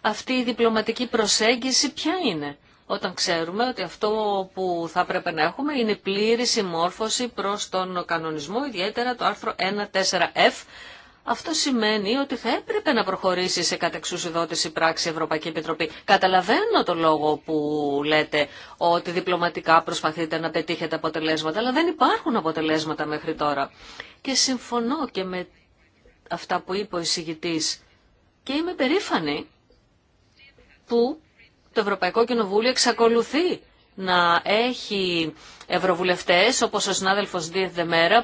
Αυτή η διπλωματική προσέγγιση ποια είναι, όταν ξέρουμε ότι αυτό που θα πρέπει να έχουμε είναι πλήρη συμμόρφωση προς τον κανονισμό, ιδιαίτερα το άρθρο 1.4f, αυτό σημαίνει ότι θα έπρεπε να προχωρήσει σε κατεξουσιδότηση πράξη Ευρωπαϊκή Επιτροπή. Καταλαβαίνω το λόγο που λέτε ότι διπλωματικά προσπαθείτε να πετύχετε αποτελέσματα, αλλά δεν υπάρχουν αποτελέσματα μέχρι τώρα. Και συμφωνώ και με αυτά που είπε ο εισηγητής και είμαι περήφανη που το Ευρωπαϊκό Κοινοβούλιο εξακολουθεί να έχει ευρωβουλευτές όπως ο συνάδελφος Δίεθ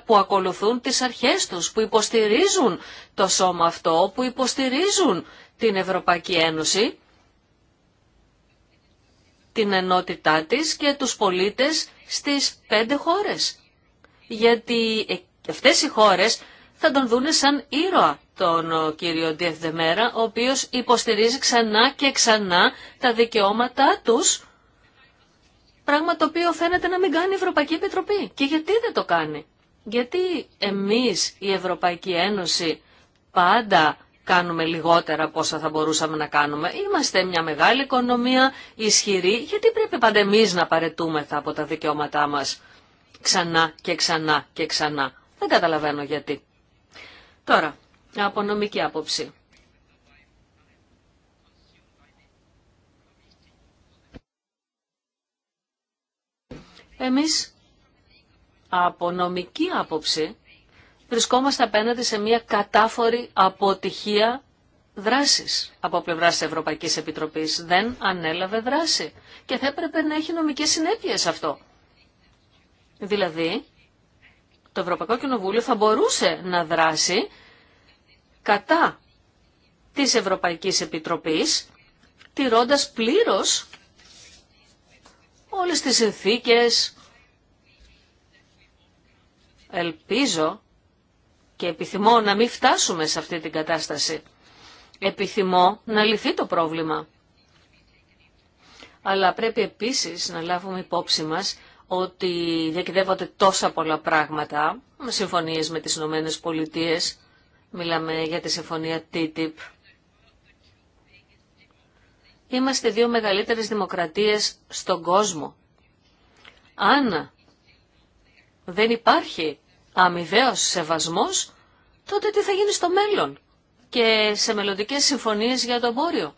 που ακολουθούν τις αρχές τους, που υποστηρίζουν το σώμα αυτό, που υποστηρίζουν την Ευρωπαϊκή Ένωση, την ενότητά της και τους πολίτες στις πέντε χώρες. Γιατί ε, αυτές οι χώρες θα τον δούνε σαν ήρωα τον κύριο Δίεθ Δεμέρα, ο οποίος υποστηρίζει ξανά και ξανά τα δικαιώματά τους Πράγμα το οποίο φαίνεται να μην κάνει η Ευρωπαϊκή Επιτροπή. Και γιατί δεν το κάνει. Γιατί εμείς η Ευρωπαϊκή Ένωση πάντα κάνουμε λιγότερα από όσα θα μπορούσαμε να κάνουμε. Είμαστε μια μεγάλη οικονομία, ισχυρή. Γιατί πρέπει πάντα εμείς να παρετούμεθα από τα δικαιώματά μας ξανά και ξανά και ξανά. Δεν καταλαβαίνω γιατί. Τώρα, από νομική άποψη. Εμείς από νομική άποψη βρισκόμαστε απέναντι σε μια κατάφορη αποτυχία δράσης από πλευρά της Ευρωπαϊκής Επιτροπής. Δεν ανέλαβε δράση και θα έπρεπε να έχει νομικές συνέπειες αυτό. Δηλαδή, το Ευρωπαϊκό Κοινοβούλιο θα μπορούσε να δράσει κατά της Ευρωπαϊκής Επιτροπής, τηρώντας πλήρως όλες τις συνθήκες. Ελπίζω και επιθυμώ να μην φτάσουμε σε αυτή την κατάσταση. Επιθυμώ να λυθεί το πρόβλημα. Αλλά πρέπει επίσης να λάβουμε υπόψη μας ότι διακυδεύονται τόσα πολλά πράγματα, συμφωνίες με τις Ηνωμένε Πολιτείες, μιλάμε για τη συμφωνία TTIP, Είμαστε δύο μεγαλύτερες δημοκρατίες στον κόσμο. Αν δεν υπάρχει αμοιβαίος σεβασμός, τότε τι θα γίνει στο μέλλον και σε μελλοντικέ συμφωνίες για το εμπόριο.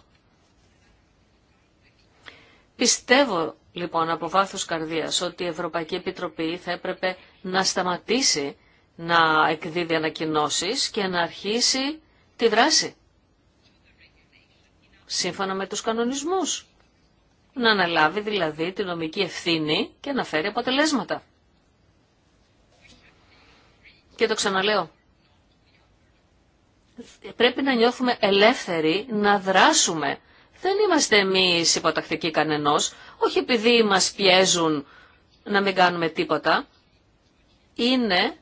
Πιστεύω λοιπόν από βάθος καρδίας ότι η Ευρωπαϊκή Επιτροπή θα έπρεπε να σταματήσει να εκδίδει ανακοινώσει και να αρχίσει τη δράση σύμφωνα με τους κανονισμούς. Να αναλάβει δηλαδή τη νομική ευθύνη και να φέρει αποτελέσματα. Και το ξαναλέω. Πρέπει να νιώθουμε ελεύθεροι να δράσουμε. Δεν είμαστε εμείς υποτακτικοί κανενός, όχι επειδή μας πιέζουν να μην κάνουμε τίποτα. Είναι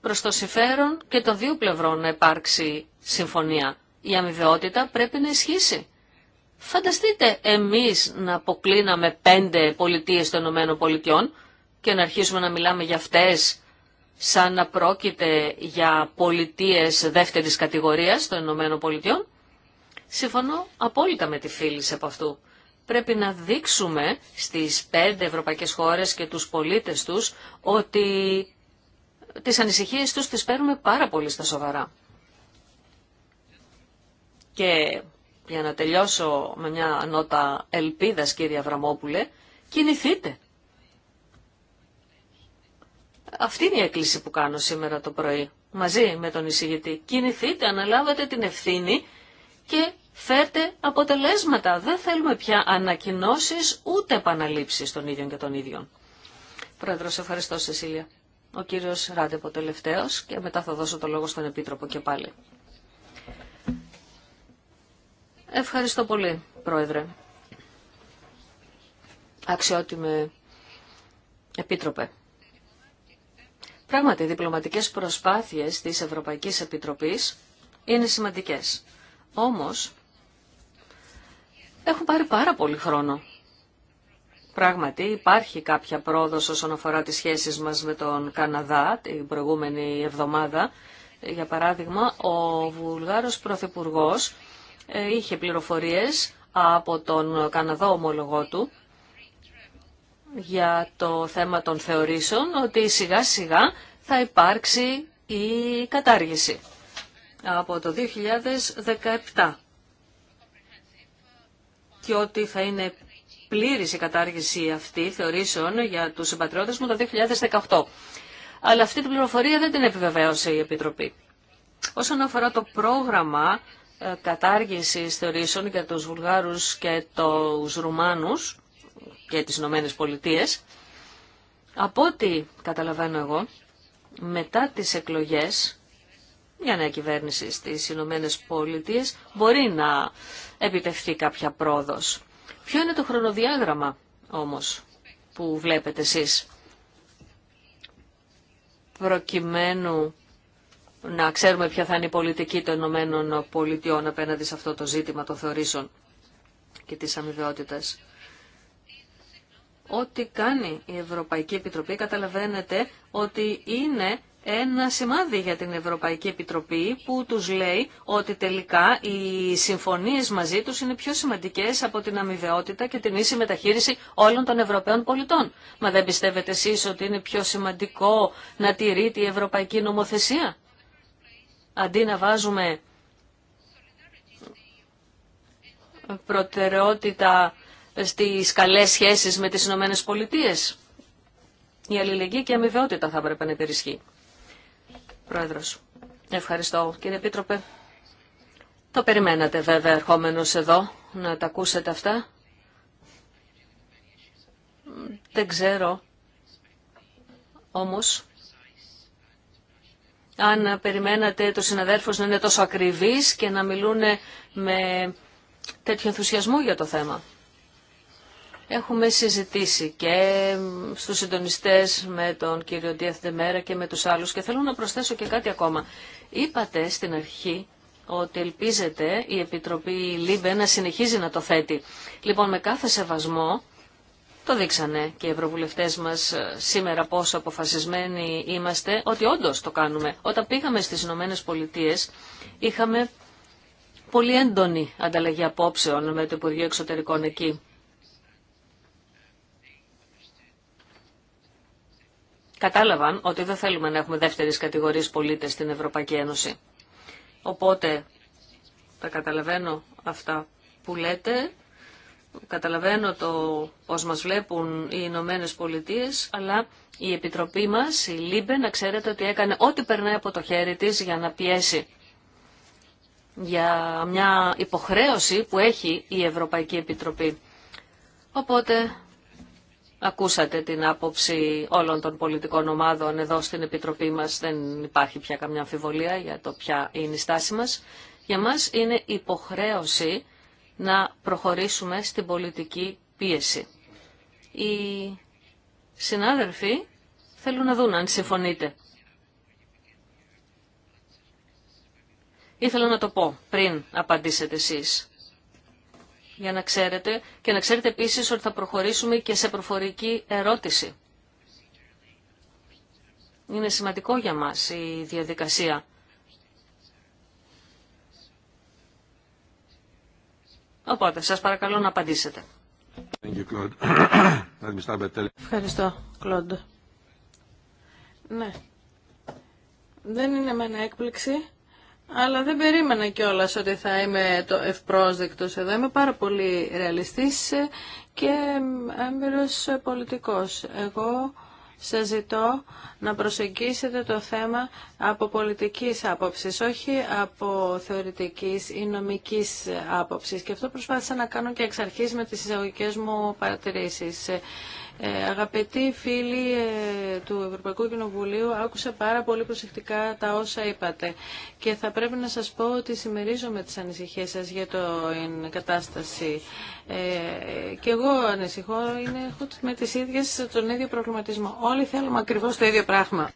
προς το συμφέρον και των δύο πλευρών να υπάρξει συμφωνία. Η αμοιβαιότητα πρέπει να ισχύσει. Φανταστείτε εμείς να αποκλίναμε πέντε πολιτείες των Ηνωμένων Πολιτειών και να αρχίσουμε να μιλάμε για αυτές σαν να πρόκειται για πολιτείες δεύτερης κατηγορίας των Ηνωμένων Πολιτειών. Συμφωνώ απόλυτα με τη φίλη από αυτού. Πρέπει να δείξουμε στις πέντε ευρωπαϊκές χώρες και τους πολίτες τους ότι τις ανησυχίες τους τις παίρνουμε πάρα πολύ στα σοβαρά. Και για να τελειώσω με μια νότα ελπίδας κύριε Αβραμόπουλε, κινηθείτε. Αυτή είναι η έκκληση που κάνω σήμερα το πρωί, μαζί με τον εισηγητή. Κινηθείτε, αναλάβετε την ευθύνη και φέρτε αποτελέσματα. Δεν θέλουμε πια ανακοινώσεις ούτε επαναλήψεις των ίδιων και των ίδιων. Πρόεδρος, ευχαριστώ Σεσίλια. Ο κύριος Ράντεπο τελευταίος και μετά θα δώσω το λόγο στον Επίτροπο και πάλι. Ευχαριστώ πολύ, Πρόεδρε. Αξιότιμε Επίτροπε. Πράγματι, οι διπλωματικές προσπάθειες της Ευρωπαϊκής Επιτροπής είναι σημαντικές. Όμως, έχουν πάρει πάρα πολύ χρόνο. Πράγματι, υπάρχει κάποια πρόοδος όσον αφορά τις σχέσεις μας με τον Καναδά την προηγούμενη εβδομάδα. Για παράδειγμα, ο Βουλγάρος Πρωθυπουργός ε, είχε πληροφορίες από τον Καναδό ομολογό του για το θέμα των θεωρήσεων ότι σιγά σιγά θα υπάρξει η κατάργηση από το 2017 και ότι θα είναι πλήρης η κατάργηση αυτή θεωρήσεων για τους συμπατριώτες μου το 2018. Αλλά αυτή την πληροφορία δεν την επιβεβαίωσε η Επιτροπή. Όσον αφορά το πρόγραμμα κατάργησης θεωρήσεων για τους Βουλγάρους και τους Ρουμάνους και τις Ηνωμένε Πολιτείες. Από ό,τι καταλαβαίνω εγώ, μετά τις εκλογές, μια νέα κυβέρνηση στις Ηνωμένε Πολιτείες μπορεί να επιτευχθεί κάποια πρόοδος. Ποιο είναι το χρονοδιάγραμμα όμως που βλέπετε εσείς προκειμένου να ξέρουμε ποια θα είναι η πολιτική των Ηνωμένων Πολιτειών απέναντι σε αυτό το ζήτημα των θεωρήσεων και της αμοιβαιότητας. Ό,τι κάνει η Ευρωπαϊκή Επιτροπή καταλαβαίνετε ότι είναι ένα σημάδι για την Ευρωπαϊκή Επιτροπή που τους λέει ότι τελικά οι συμφωνίες μαζί τους είναι πιο σημαντικές από την αμοιβαιότητα και την ίση μεταχείριση όλων των Ευρωπαίων πολιτών. Μα δεν πιστεύετε εσείς ότι είναι πιο σημαντικό να τηρείται η Ευρωπαϊκή Νομοθεσία αντί να βάζουμε προτεραιότητα στις καλές σχέσεις με τις Ηνωμένε Πολιτείες. Η αλληλεγγύη και η αμοιβαιότητα θα έπρεπε να υπερισχύει. Πρόεδρος, ευχαριστώ. Κύριε Επίτροπε, το περιμένατε βέβαια ερχόμενος εδώ να τα ακούσετε αυτά. Δεν ξέρω όμως αν περιμένατε το συναδέρφους να είναι τόσο ακριβείς και να μιλούν με τέτοιο ενθουσιασμό για το θέμα. Έχουμε συζητήσει και στους συντονιστές με τον κύριο μέρα και με τους άλλους και θέλω να προσθέσω και κάτι ακόμα. Είπατε στην αρχή ότι ελπίζεται η Επιτροπή ΛΥΜΠΕ να συνεχίζει να το θέτει. Λοιπόν, με κάθε σεβασμό το δείξανε και οι ευρωβουλευτέ μα ε, σήμερα πόσο αποφασισμένοι είμαστε ότι όντω το κάνουμε. Όταν πήγαμε στι Ηνωμένε Πολιτείε, είχαμε πολύ έντονη ανταλλαγή απόψεων με το Υπουργείο Εξωτερικών εκεί. Κατάλαβαν ότι δεν θέλουμε να έχουμε δεύτερης κατηγορίας πολίτες στην Ευρωπαϊκή Ένωση. Οπότε, τα καταλαβαίνω αυτά που λέτε, Καταλαβαίνω το πώς μας βλέπουν οι Ηνωμένε Πολιτείε, αλλά η Επιτροπή μας, η ΛΥΜΠΕ, να ξέρετε ότι έκανε ό,τι περνάει από το χέρι της για να πιέσει για μια υποχρέωση που έχει η Ευρωπαϊκή Επιτροπή. Οπότε ακούσατε την άποψη όλων των πολιτικών ομάδων εδώ στην Επιτροπή μας. Δεν υπάρχει πια καμιά αμφιβολία για το ποια είναι η στάση μας. Για μας είναι υποχρέωση να προχωρήσουμε στην πολιτική πίεση. Οι συνάδελφοι θέλουν να δουν αν συμφωνείτε. Ήθελα να το πω πριν απαντήσετε εσείς. Για να ξέρετε και να ξέρετε επίσης ότι θα προχωρήσουμε και σε προφορική ερώτηση. Είναι σημαντικό για μας η διαδικασία Οπότε, σας παρακαλώ να απαντήσετε.
Ευχαριστώ, Κλοντ. Ναι. Δεν είναι με ένα έκπληξη, αλλά δεν περίμενα κιόλα ότι θα είμαι το ευπρόσδεκτος εδώ. Είμαι πάρα πολύ ρεαλιστής και έμπειρος πολιτικός. Εγώ σας ζητώ να προσεγγίσετε το θέμα από πολιτικής άποψης, όχι από θεωρητικής ή νομικής άποψης. Και αυτό προσπάθησα να κάνω και εξ αρχής με τις εισαγωγικές μου παρατηρήσεις. Ε, αγαπητοί φίλοι ε, του Ευρωπαϊκού Κοινοβουλίου, άκουσα πάρα πολύ προσεκτικά τα όσα είπατε και θα πρέπει να σας πω ότι συμμερίζομαι τις ανησυχίες σας για την κατάσταση. Ε, και εγώ ανησυχώ, είναι, έχω με τις ίδιες τον ίδιο προβληματισμό. Όλοι θέλουμε ακριβώς το ίδιο πράγμα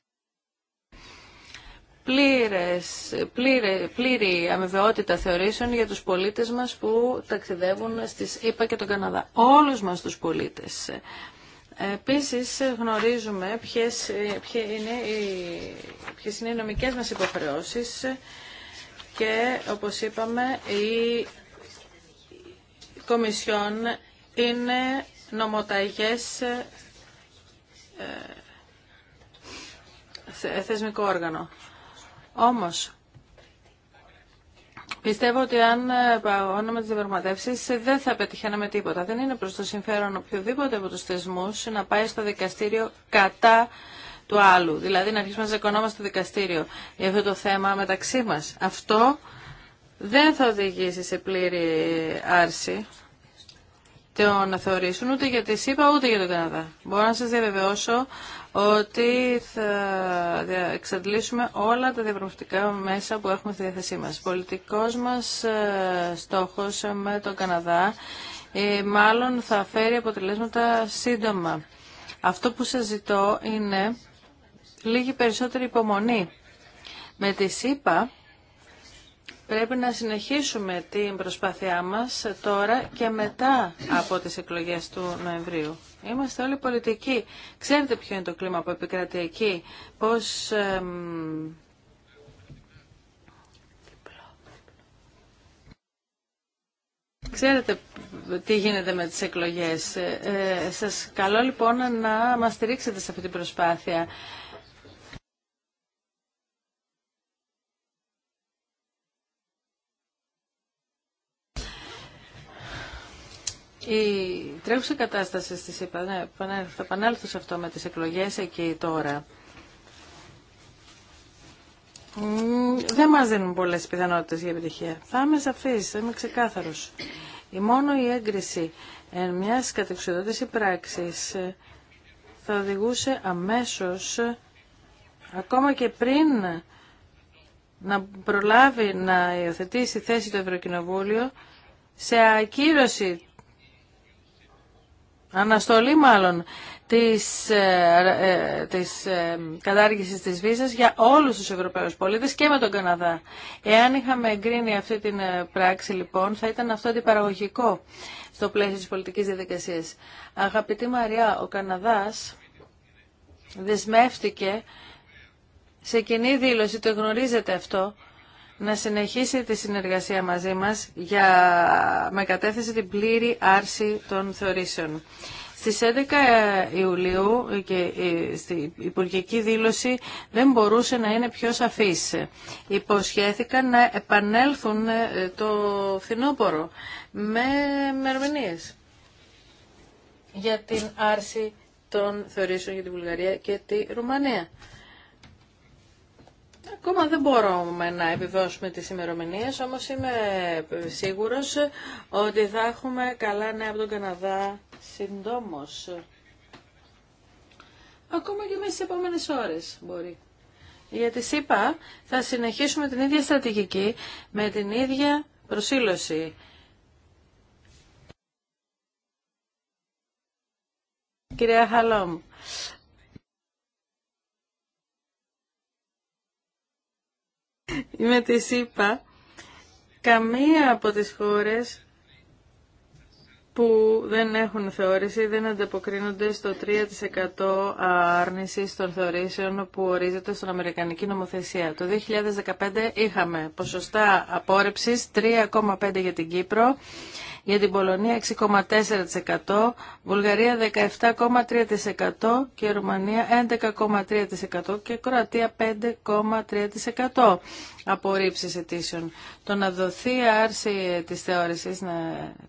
πλήρες, πλήρη, πλήρη αμοιβαιότητα θεωρήσεων για τους πολίτες μας που ταξιδεύουν στις ΗΠΑ και τον Καναδά. Όλους μας τους πολίτες. Επίσης γνωρίζουμε ποιες, ποιες, είναι οι, ποιες είναι οι νομικές μας υποχρεώσεις και όπως είπαμε η Κομισιόν είναι νομοταγές ε, θεσμικό όργανο. Όμως Πιστεύω ότι αν ε, παγώναμε τι διαπραγματεύσει δεν θα πετυχαίναμε τίποτα. Δεν είναι προ το συμφέρον οποιοδήποτε από του θεσμού να πάει στο δικαστήριο κατά του άλλου. Δηλαδή να αρχίσουμε να ζεκωνόμαστε στο δικαστήριο για αυτό το θέμα μεταξύ μα. Αυτό δεν θα οδηγήσει σε πλήρη άρση το να θεωρήσουν ούτε για τη ΣΥΠΑ ούτε για τον Καναδά. Μπορώ να σα διαβεβαιώσω ότι θα εξαντλήσουμε όλα τα διαπραγματικά μέσα που έχουμε στη διάθεσή μας. Πολιτικός μας ε, στόχος με τον Καναδά ε, μάλλον θα φέρει αποτελέσματα σύντομα. Αυτό που σας ζητώ είναι λίγη περισσότερη υπομονή. Με τη ΣΥΠΑ πρέπει να συνεχίσουμε την προσπάθειά μας τώρα και μετά από τις εκλογές του Νοεμβρίου. Είμαστε όλοι πολιτικοί. Ξέρετε ποιο είναι το κλίμα που επικρατεί εκεί. Πώς... Ξέρετε τι γίνεται με τις εκλογές. Ε, ε, σας καλώ λοιπόν να μας στηρίξετε σε αυτή την προσπάθεια. Η τρέχουσα κατάσταση στις θα επανέλθω σε αυτό με τις εκλογές εκεί τώρα. Δεν μας δίνουν πολλές πιθανότητες για επιτυχία. Θα είμαι σαφής, θα είμαι ξεκάθαρος. Η μόνο η έγκριση εν μιας κατεξοδότηση πράξης ε, θα οδηγούσε αμέσως, ακόμα και πριν να προλάβει να υιοθετήσει θέση το Ευρωκοινοβούλιο, σε ακύρωση αναστολή μάλλον της, ε, ε, της ε, κατάργησης της βίζας για όλους τους Ευρωπαίους πολίτες και με τον Καναδά. Εάν είχαμε εγκρίνει αυτή την ε, πράξη λοιπόν θα ήταν αυτό αντιπαραγωγικό στο πλαίσιο της πολιτικής διαδικασίας. Αγαπητή Μαριά, ο Καναδάς δεσμεύτηκε σε κοινή δήλωση, το γνωρίζετε αυτό, να συνεχίσει τη συνεργασία μαζί μας για, με κατέθεση την πλήρη άρση των θεωρήσεων. Στις 11 Ιουλίου και στην Υπουργική δήλωση δεν μπορούσε να είναι πιο σαφής. Υποσχέθηκαν να επανέλθουν ε, το φθινόπωρο με μερμηνίες για την άρση των θεωρήσεων για την Βουλγαρία και τη Ρουμανία. Ακόμα δεν μπορούμε να επιβεβαιώσουμε τις ημερομηνίε, όμως είμαι σίγουρος ότι θα έχουμε καλά νέα από τον Καναδά συντόμως. Ακόμα και μέσα στις επόμενες ώρες μπορεί. Γιατί είπα, θα συνεχίσουμε την ίδια στρατηγική με την ίδια προσήλωση. Κυρία Χαλόμ, με τη ΣΥΠΑ, καμία από τις χώρες που δεν έχουν θεώρηση δεν ανταποκρίνονται στο 3% άρνηση των θεωρήσεων που ορίζεται στον Αμερικανική νομοθεσία. Το 2015 είχαμε ποσοστά απόρρεψης 3,5 για την Κύπρο, για την Πολωνία 6,4%, Βουλγαρία 17,3% και Ρουμανία 11,3% και Κροατία 5,3% απορρίψεις αιτήσεων. Το να δοθεί άρση της θεώρησης, να...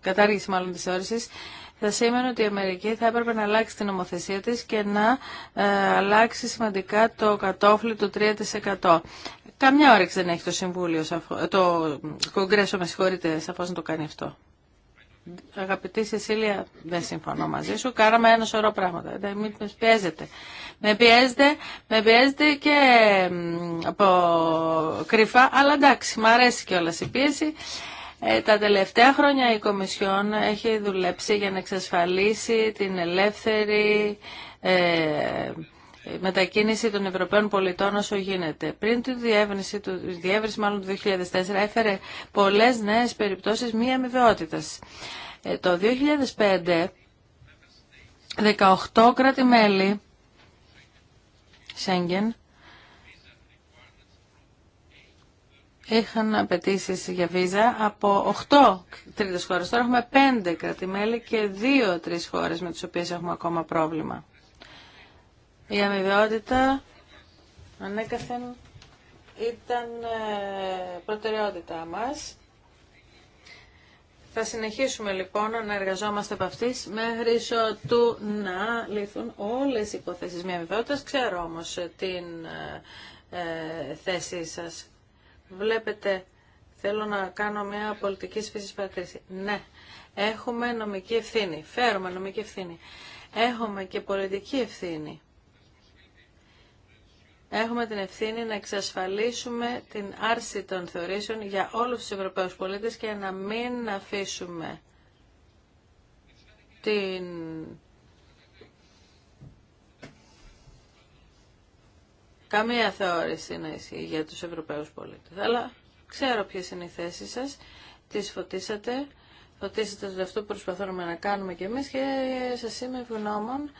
κατάργηση μάλλον της θεώρησης, θα σήμαινε ότι η Αμερική θα έπρεπε να αλλάξει την νομοθεσία της και να ε, αλλάξει σημαντικά το κατόφλι του 3%. Καμιά όρεξη δεν έχει το Συμβούλιο, το Κογκρέσο, με συγχωρείτε, σαφώς να το κάνει αυτό. Αγαπητή Σεσίλια, δεν συμφωνώ μαζί σου. Κάναμε ένα σωρό πράγματα. Δεν με πιέζετε. Με πιέζετε, με και από κρυφά, αλλά εντάξει, μου αρέσει κιόλα η πίεση. Ε, τα τελευταία χρόνια η Κομισιόν έχει δουλέψει για να εξασφαλίσει την ελεύθερη ε, μετακίνηση των Ευρωπαίων πολιτών όσο γίνεται. Πριν τη διεύρυνση, του, διεύρυνση μάλλον του 2004 έφερε πολλές νέες περιπτώσεις μη αμοιβαιότητας. Ε, το 2005 18 κράτη-μέλη Σέγγεν είχαν απαιτήσει για βίζα από 8 τρίτες χώρες. Τώρα έχουμε 5 κρατημέλη και 2-3 χώρες με τις οποίες έχουμε ακόμα πρόβλημα. Η αμοιβαιότητα ανέκαθεν ήταν ε, προτεραιότητά μας. Θα συνεχίσουμε λοιπόν να εργαζόμαστε από αυτής μέχρι ότου να λυθούν όλες οι υποθέσεις μια αμοιβαιότητα, Ξέρω όμως ε, την ε, θέση σας. Βλέπετε, θέλω να κάνω μια πολιτική φύσης παρατήρηση. Ναι, έχουμε νομική ευθύνη. Φέρουμε νομική ευθύνη. Έχουμε και πολιτική ευθύνη έχουμε την ευθύνη να εξασφαλίσουμε την άρση των θεωρήσεων για όλους τους Ευρωπαίους πολίτες και να μην αφήσουμε την καμία θεώρηση να ισχύει για τους Ευρωπαίους πολίτες. Αλλά ξέρω ποιες είναι οι θέσεις σας, τις φωτίσατε, φωτίσατε το αυτό που προσπαθούμε να κάνουμε και εμείς και σας είμαι ευγνώμων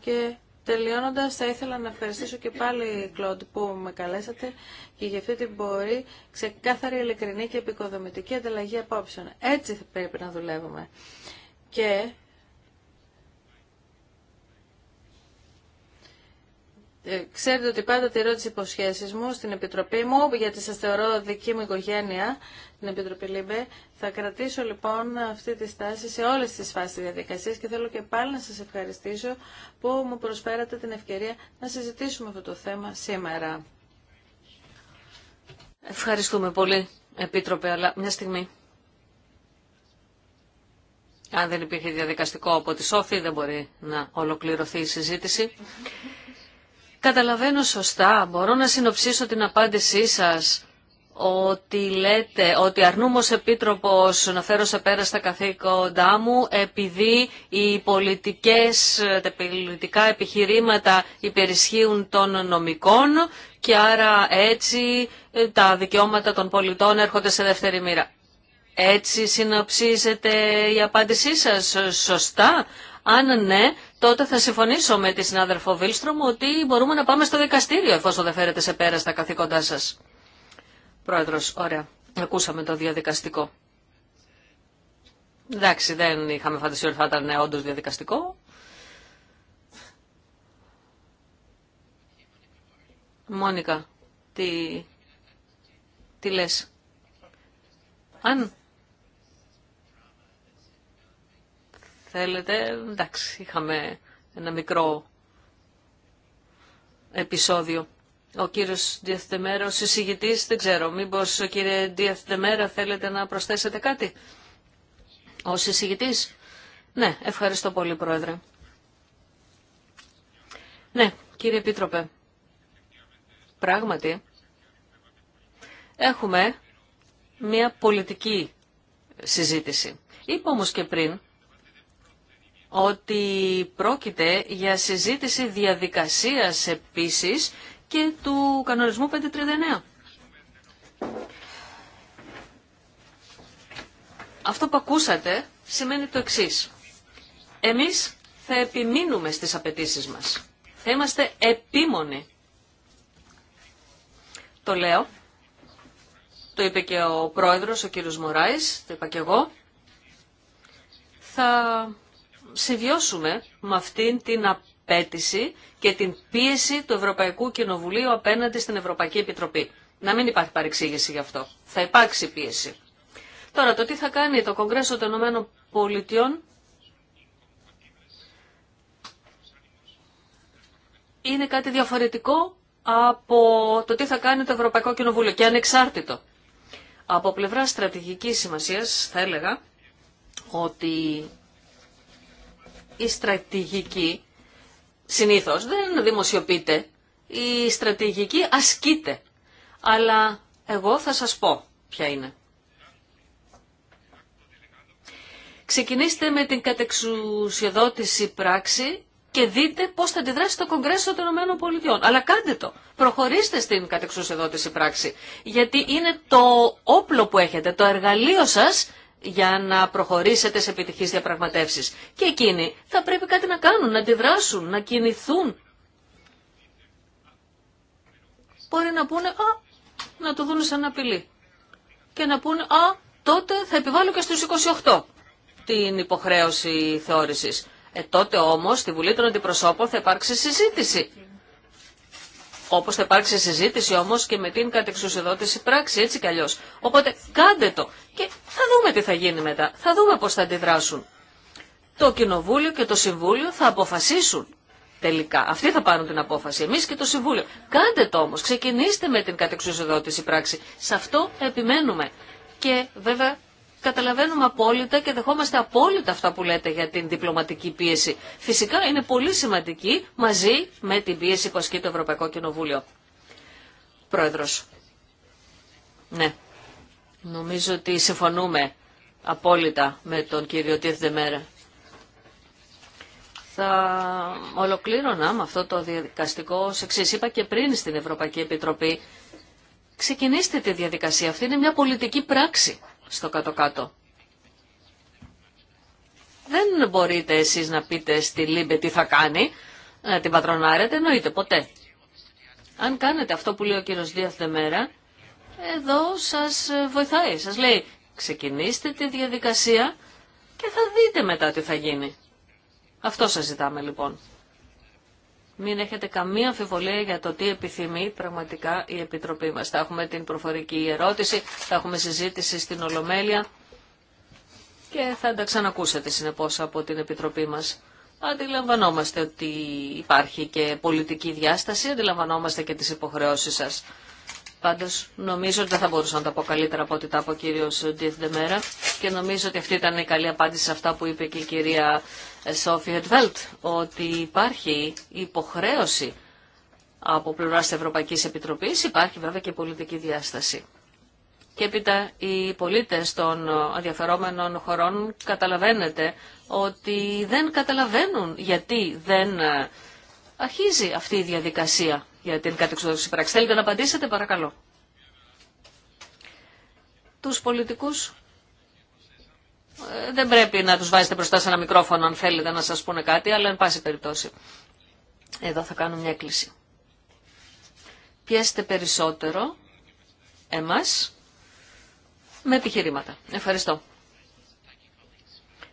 και Τελειώνοντας, θα ήθελα να ευχαριστήσω και πάλι, Κλοντ, που με καλέσατε και για αυτή την πορεία ξεκάθαρη, ειλικρινή και επικοδομητική ανταλλαγή απόψεων. Έτσι πρέπει να δουλεύουμε. Και Ε, ξέρετε ότι πάντα τηρώ τι υποσχέσει μου στην Επιτροπή μου, γιατί σα θεωρώ δική μου οικογένεια, την Επιτροπή ΛΥΜΠΕ. Θα κρατήσω λοιπόν αυτή τη στάση σε όλε τι φάσει της και θέλω και πάλι να σα ευχαριστήσω που μου προσφέρατε την ευκαιρία να συζητήσουμε αυτό το θέμα σήμερα.
Ευχαριστούμε πολύ, Επίτροπε, αλλά μια στιγμή. Αν δεν υπήρχε διαδικαστικό από τη Σόφη, δεν μπορεί να ολοκληρωθεί η συζήτηση καταλαβαίνω σωστά, μπορώ να συνοψίσω την απάντησή σας ότι λέτε ότι αρνούμε επίτροπος να φέρω σε πέρα στα καθήκοντά μου επειδή οι πολιτικές, τα πολιτικά επιχειρήματα υπερισχύουν των νομικών και άρα έτσι ε, τα δικαιώματα των πολιτών έρχονται σε δεύτερη μοίρα. Έτσι συνοψίζεται η απάντησή σας σωστά. Αν ναι, τότε θα συμφωνήσω με τη συνάδελφο Βίλστρομ ότι μπορούμε να πάμε στο δικαστήριο εφόσον δεν φέρετε σε πέρα στα καθήκοντά σας. Πρόεδρος, ωραία. Ακούσαμε το διαδικαστικό. Εντάξει, δεν είχαμε φανταστεί ότι θα ήταν όντως διαδικαστικό. Μόνικα, τι, τι λες. Αν θέλετε. Εντάξει, είχαμε ένα μικρό επεισόδιο. Ο κύριος Διαθετεμέρα, ο συζητητής, δεν ξέρω, μήπως ο κύριε Διαθετεμέρα θέλετε να προσθέσετε κάτι. Ο συζητητής, ναι, ευχαριστώ πολύ πρόεδρε. Ναι, κύριε Επίτροπε, πράγματι έχουμε μια πολιτική συζήτηση. Είπα όμως και πριν ότι πρόκειται για συζήτηση διαδικασίας επίσης και του κανονισμού 539. Αυτό που ακούσατε σημαίνει το εξής. Εμείς θα επιμείνουμε στις απαιτήσει μας. Θα είμαστε επίμονοι. Το λέω. Το είπε και ο πρόεδρος, ο κύριος Μωράης, το είπα και εγώ. Θα συμβιώσουμε με αυτήν την απέτηση και την πίεση του Ευρωπαϊκού Κοινοβουλίου απέναντι στην Ευρωπαϊκή Επιτροπή. Να μην υπάρχει παρεξήγηση γι' αυτό. Θα υπάρξει πίεση. Τώρα, το τι θα κάνει το Κογκρέσο των Ηνωμένων Πολιτειών είναι κάτι διαφορετικό από το τι θα κάνει το Ευρωπαϊκό Κοινοβούλιο και ανεξάρτητο. Από πλευρά στρατηγικής σημασίας θα έλεγα ότι η στρατηγική συνήθως δεν δημοσιοποιείται, η στρατηγική ασκείται. Αλλά εγώ θα σας πω ποια είναι. Ξεκινήστε με την κατεξουσιοδότηση πράξη και δείτε πώς θα αντιδράσει το Κογκρέσο των Πολιτειών. Αλλά κάντε το. Προχωρήστε στην κατεξουσιοδότηση πράξη. Γιατί είναι το όπλο που έχετε, το εργαλείο σας για να προχωρήσετε σε επιτυχείς διαπραγματεύσεις. Και εκείνοι θα πρέπει κάτι να κάνουν, να αντιδράσουν, να κινηθούν. Μπορεί να πούνε, α, να το δουν σαν απειλή. Και να πούνε, α, τότε θα επιβάλλω και στους 28 την υποχρέωση θεώρησης. Ε, τότε όμως στη Βουλή των Αντιπροσώπων θα υπάρξει συζήτηση Όπω θα υπάρξει συζήτηση όμως και με την κατεξουσιοδότηση πράξη, έτσι κι αλλιώ. Οπότε κάντε το και θα δούμε τι θα γίνει μετά. Θα δούμε πώς θα αντιδράσουν. Το Κοινοβούλιο και το Συμβούλιο θα αποφασίσουν τελικά. Αυτοί θα πάρουν την απόφαση, εμείς και το Συμβούλιο. Κάντε το όμως, ξεκινήστε με την κατεξουσιοδότηση πράξη. Σε αυτό επιμένουμε. Και βέβαια καταλαβαίνουμε απόλυτα και δεχόμαστε απόλυτα αυτά που λέτε για την διπλωματική πίεση. Φυσικά είναι πολύ σημαντική μαζί με την πίεση που ασκεί το Ευρωπαϊκό Κοινοβούλιο. Πρόεδρος. Ναι. Νομίζω ότι συμφωνούμε απόλυτα με τον κύριο Μέρα. Θα ολοκλήρωνα με αυτό το διαδικαστικό εξής Είπα και πριν στην Ευρωπαϊκή Επιτροπή. Ξεκινήστε τη διαδικασία. Αυτή είναι μια πολιτική πράξη στο κάτω-κάτω. Δεν μπορείτε εσείς να πείτε στη Λίμπε τι θα κάνει, να ε, την πατρονάρετε, εννοείται ποτέ. Αν κάνετε αυτό που λέει ο κύριος Δίαθ μέρα εδώ σας ε, βοηθάει, σας λέει ξεκινήστε τη διαδικασία και θα δείτε μετά τι θα γίνει. Αυτό σας ζητάμε λοιπόν. Μην έχετε καμία αμφιβολία για το τι επιθυμεί πραγματικά η Επιτροπή μας. Θα έχουμε την προφορική ερώτηση, θα έχουμε συζήτηση στην Ολομέλεια και θα τα ξανακούσετε συνεπώς από την Επιτροπή μας. Αντιλαμβανόμαστε ότι υπάρχει και πολιτική διάσταση, αντιλαμβανόμαστε και τις υποχρεώσεις σας. Πάντως νομίζω ότι δεν θα μπορούσα να τα πω καλύτερα από ό,τι τα είπε ο κύριος Ντιεθ και νομίζω ότι αυτή ήταν η καλή απάντηση σε αυτά που είπε και η κυρία Σόφι ότι υπάρχει υποχρέωση από πλευρά της Ευρωπαϊκής Επιτροπής, υπάρχει βέβαια και πολιτική διάσταση. Και έπειτα οι πολίτες των ενδιαφερόμενων χωρών καταλαβαίνετε ότι δεν καταλαβαίνουν γιατί δεν αρχίζει αυτή η διαδικασία για την κατεξοδότηση πράξη. Θέλετε να απαντήσετε παρακαλώ. Τους πολιτικούς ε, δεν πρέπει να τους βάζετε μπροστά σε ένα μικρόφωνο αν θέλετε να σας πούνε κάτι, αλλά εν πάση περιπτώσει. Εδώ θα κάνω μια κλίση. Πιέστε περισσότερο εμάς με επιχειρήματα. Ευχαριστώ.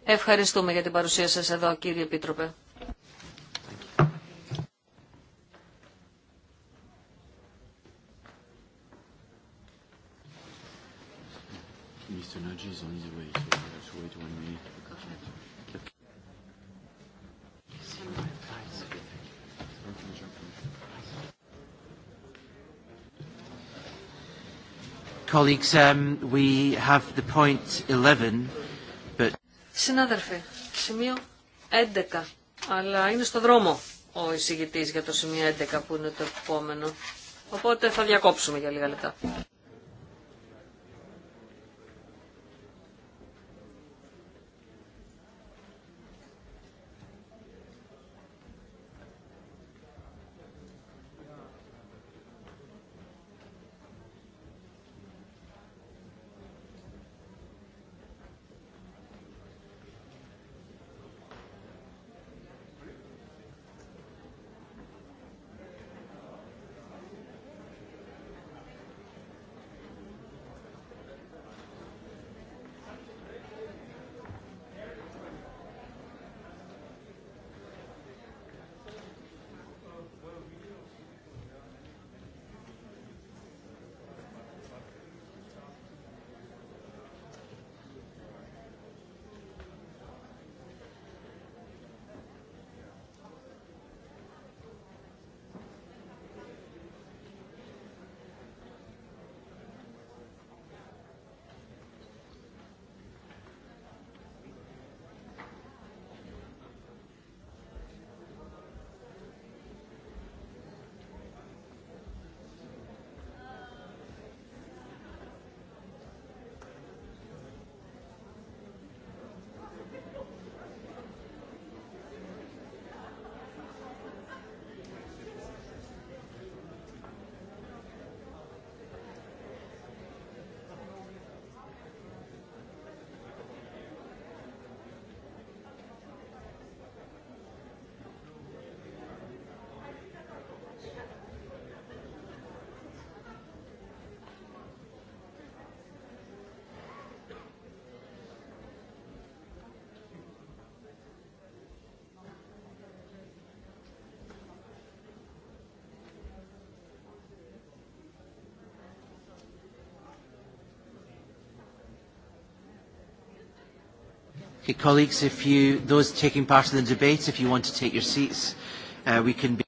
Ευχαριστούμε για την παρουσία σας εδώ κύριε Επίτροπε.
Colleagues, um,
Συνάδελφοι, σημείο 11, αλλά είναι στο δρόμο ο εισηγητής για το σημείο 11 που είναι το επόμενο. Οπότε θα διακόψουμε για λίγα λεπτά.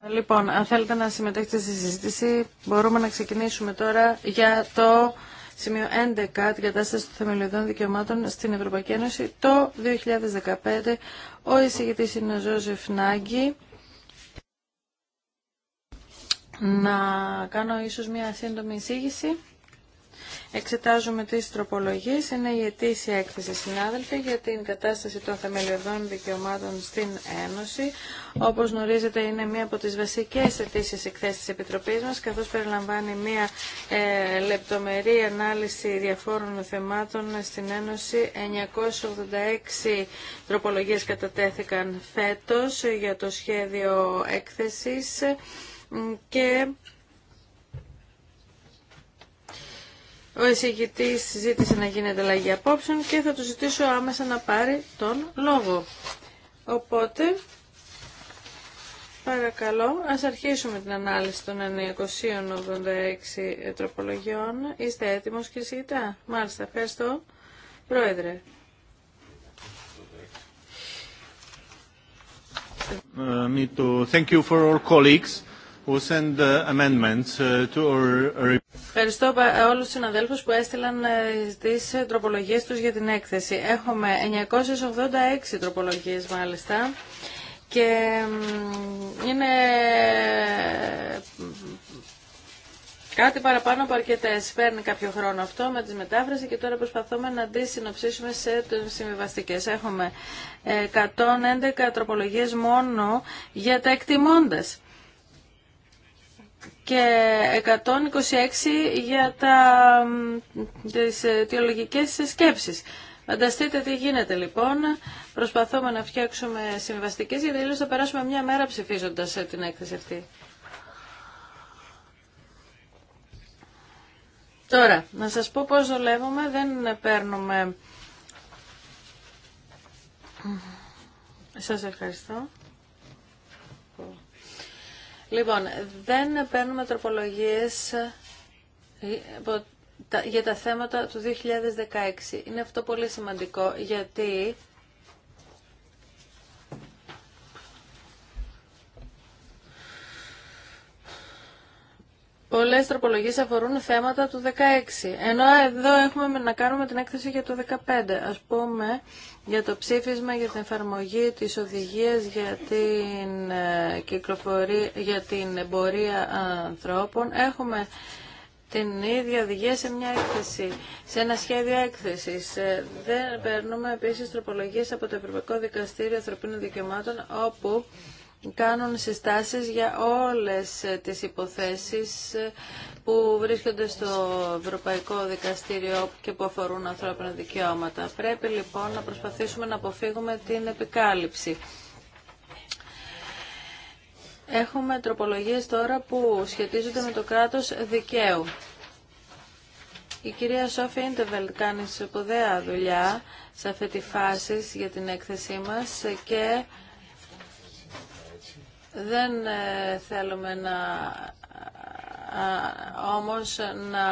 Λοιπόν, αν θέλετε να συμμετέχετε στη συζήτηση, μπορούμε να ξεκινήσουμε τώρα για το σημείο 11, την κατάσταση των θεμελιωδών δικαιωμάτων στην Ευρωπαϊκή Ένωση το 2015. Ο εισηγητής είναι ο Ζώζεφ Νάγκη. Να κάνω ίσως μια σύντομη εισήγηση. Εξετάζουμε τις τροπολογίες. Είναι η ετήσια έκθεση, συνάδελφοι, για την κατάσταση των θεμελιωδών δικαιωμάτων στην Ένωση. Όπως γνωρίζετε, είναι μία από τις βασικές ετήσιες εκθέσεις της Επιτροπής μας, καθώς περιλαμβάνει μία ε, λεπτομερή ανάλυση διαφόρων θεμάτων στην Ένωση. 986 τροπολογίες κατατέθηκαν φέτος για το σχέδιο έκθεσης και... Ο εισηγητής ζήτησε να γίνει ανταλλαγή απόψεων και θα του ζητήσω άμεσα να πάρει τον λόγο. Οπότε, παρακαλώ, ας αρχίσουμε την ανάλυση των 986 τροπολογιών. Είστε έτοιμος και εισηγητά. Μάλιστα, ευχαριστώ. Πρόεδρε.
Uh, ε, need Thank you for all colleagues. Uh, uh,
Ευχαριστώ ε, όλους τους συναδέλφους που έστειλαν ε, τις ε, τροπολογίες τους για την έκθεση. Έχουμε 986 τροπολογίες μάλιστα και είναι κάτι παραπάνω από αρκετέ. Παίρνει κάποιο χρόνο αυτό με τη μετάφραση και τώρα προσπαθούμε να τις συνοψίσουμε σε συμβιβαστικές. Έχουμε 111 τροπολογίες μόνο για τα εκτιμώντας και 126 για τα, τις ε, αιτιολογικές σκέψεις. Φανταστείτε τι γίνεται λοιπόν. Προσπαθούμε να φτιάξουμε συμβαστικές γιατί δηλαδή θα περάσουμε μια μέρα ψηφίζοντας ε, την έκθεση αυτή. Τώρα, να σας πω πώς δουλεύουμε. Δεν παίρνουμε... Σας ευχαριστώ. Λοιπόν, δεν παίρνουμε τροπολογίες ε, για τα θέματα του 2016. Είναι αυτό πολύ σημαντικό γιατί πολλές τροπολογίες αφορούν θέματα του 2016. Ενώ εδώ έχουμε να κάνουμε την έκθεση για το 2015, Ας πούμε, για το ψήφισμα για την εφαρμογή της οδηγίας για την, ε, για την εμπορία ανθρώπων. Έχουμε την ίδια οδηγία σε μια έκθεση, σε ένα σχέδιο έκθεσης. Ε, δεν παίρνουμε επίσης τροπολογίες από το Ευρωπαϊκό Δικαστήριο Ανθρωπίνων Δικαιωμάτων, όπου κάνουν συστάσεις για όλες τις υποθέσεις που βρίσκονται στο Ευρωπαϊκό Δικαστήριο και που αφορούν ανθρώπινα δικαιώματα. Πρέπει λοιπόν να προσπαθήσουμε να αποφύγουμε την επικάλυψη. Έχουμε τροπολογίες τώρα που σχετίζονται με το κράτος δικαίου. Η κυρία Σόφη Ίντεβελτ κάνει σπουδαία δουλειά σε αυτή τη φάση για την έκθεσή μας και δεν ε, θέλουμε να όμως να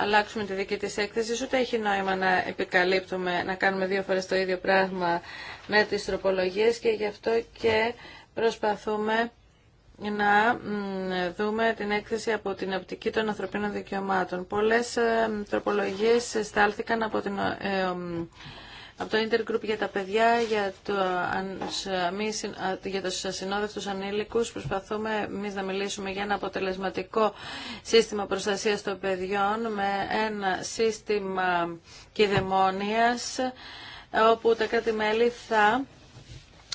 αλλάξουμε τη δική της έκθεση, ούτε έχει νόημα να επικαλύπτουμε, να κάνουμε δύο φορές το ίδιο πράγμα με τις τροπολογίες και γι' αυτό και προσπαθούμε να δούμε την έκθεση από την οπτική των ανθρωπίνων δικαιωμάτων. Πολλές ε, τροπολογίες στάλθηκαν από την ε, από το Intergroup για τα παιδιά, για, το, για τους ασυνόδευτους ανήλικους. Προσπαθούμε εμεί να μιλήσουμε για ένα αποτελεσματικό σύστημα προστασίας των παιδιών με ένα σύστημα κυδαιμόνιας όπου τα κράτη-μέλη θα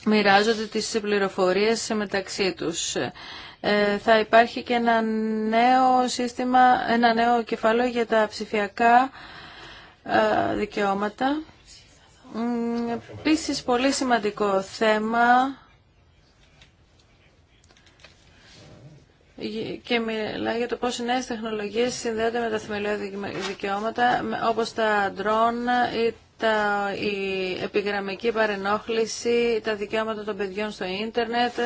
μοιράζονται τις πληροφορίες μεταξύ τους. Ε, θα υπάρχει και ένα νέο σύστημα, ένα νέο κεφάλαιο για τα ψηφιακά ε, δικαιώματα. Επίση πολύ σημαντικό θέμα και μιλάει για το πώς οι νέες τεχνολογίες συνδέονται με τα θεμελιώδη δικαιώματα όπως τα ντρόν ή τα, η επιγραμμική παρενόχληση, τα δικαιώματα των παιδιών στο ίντερνετ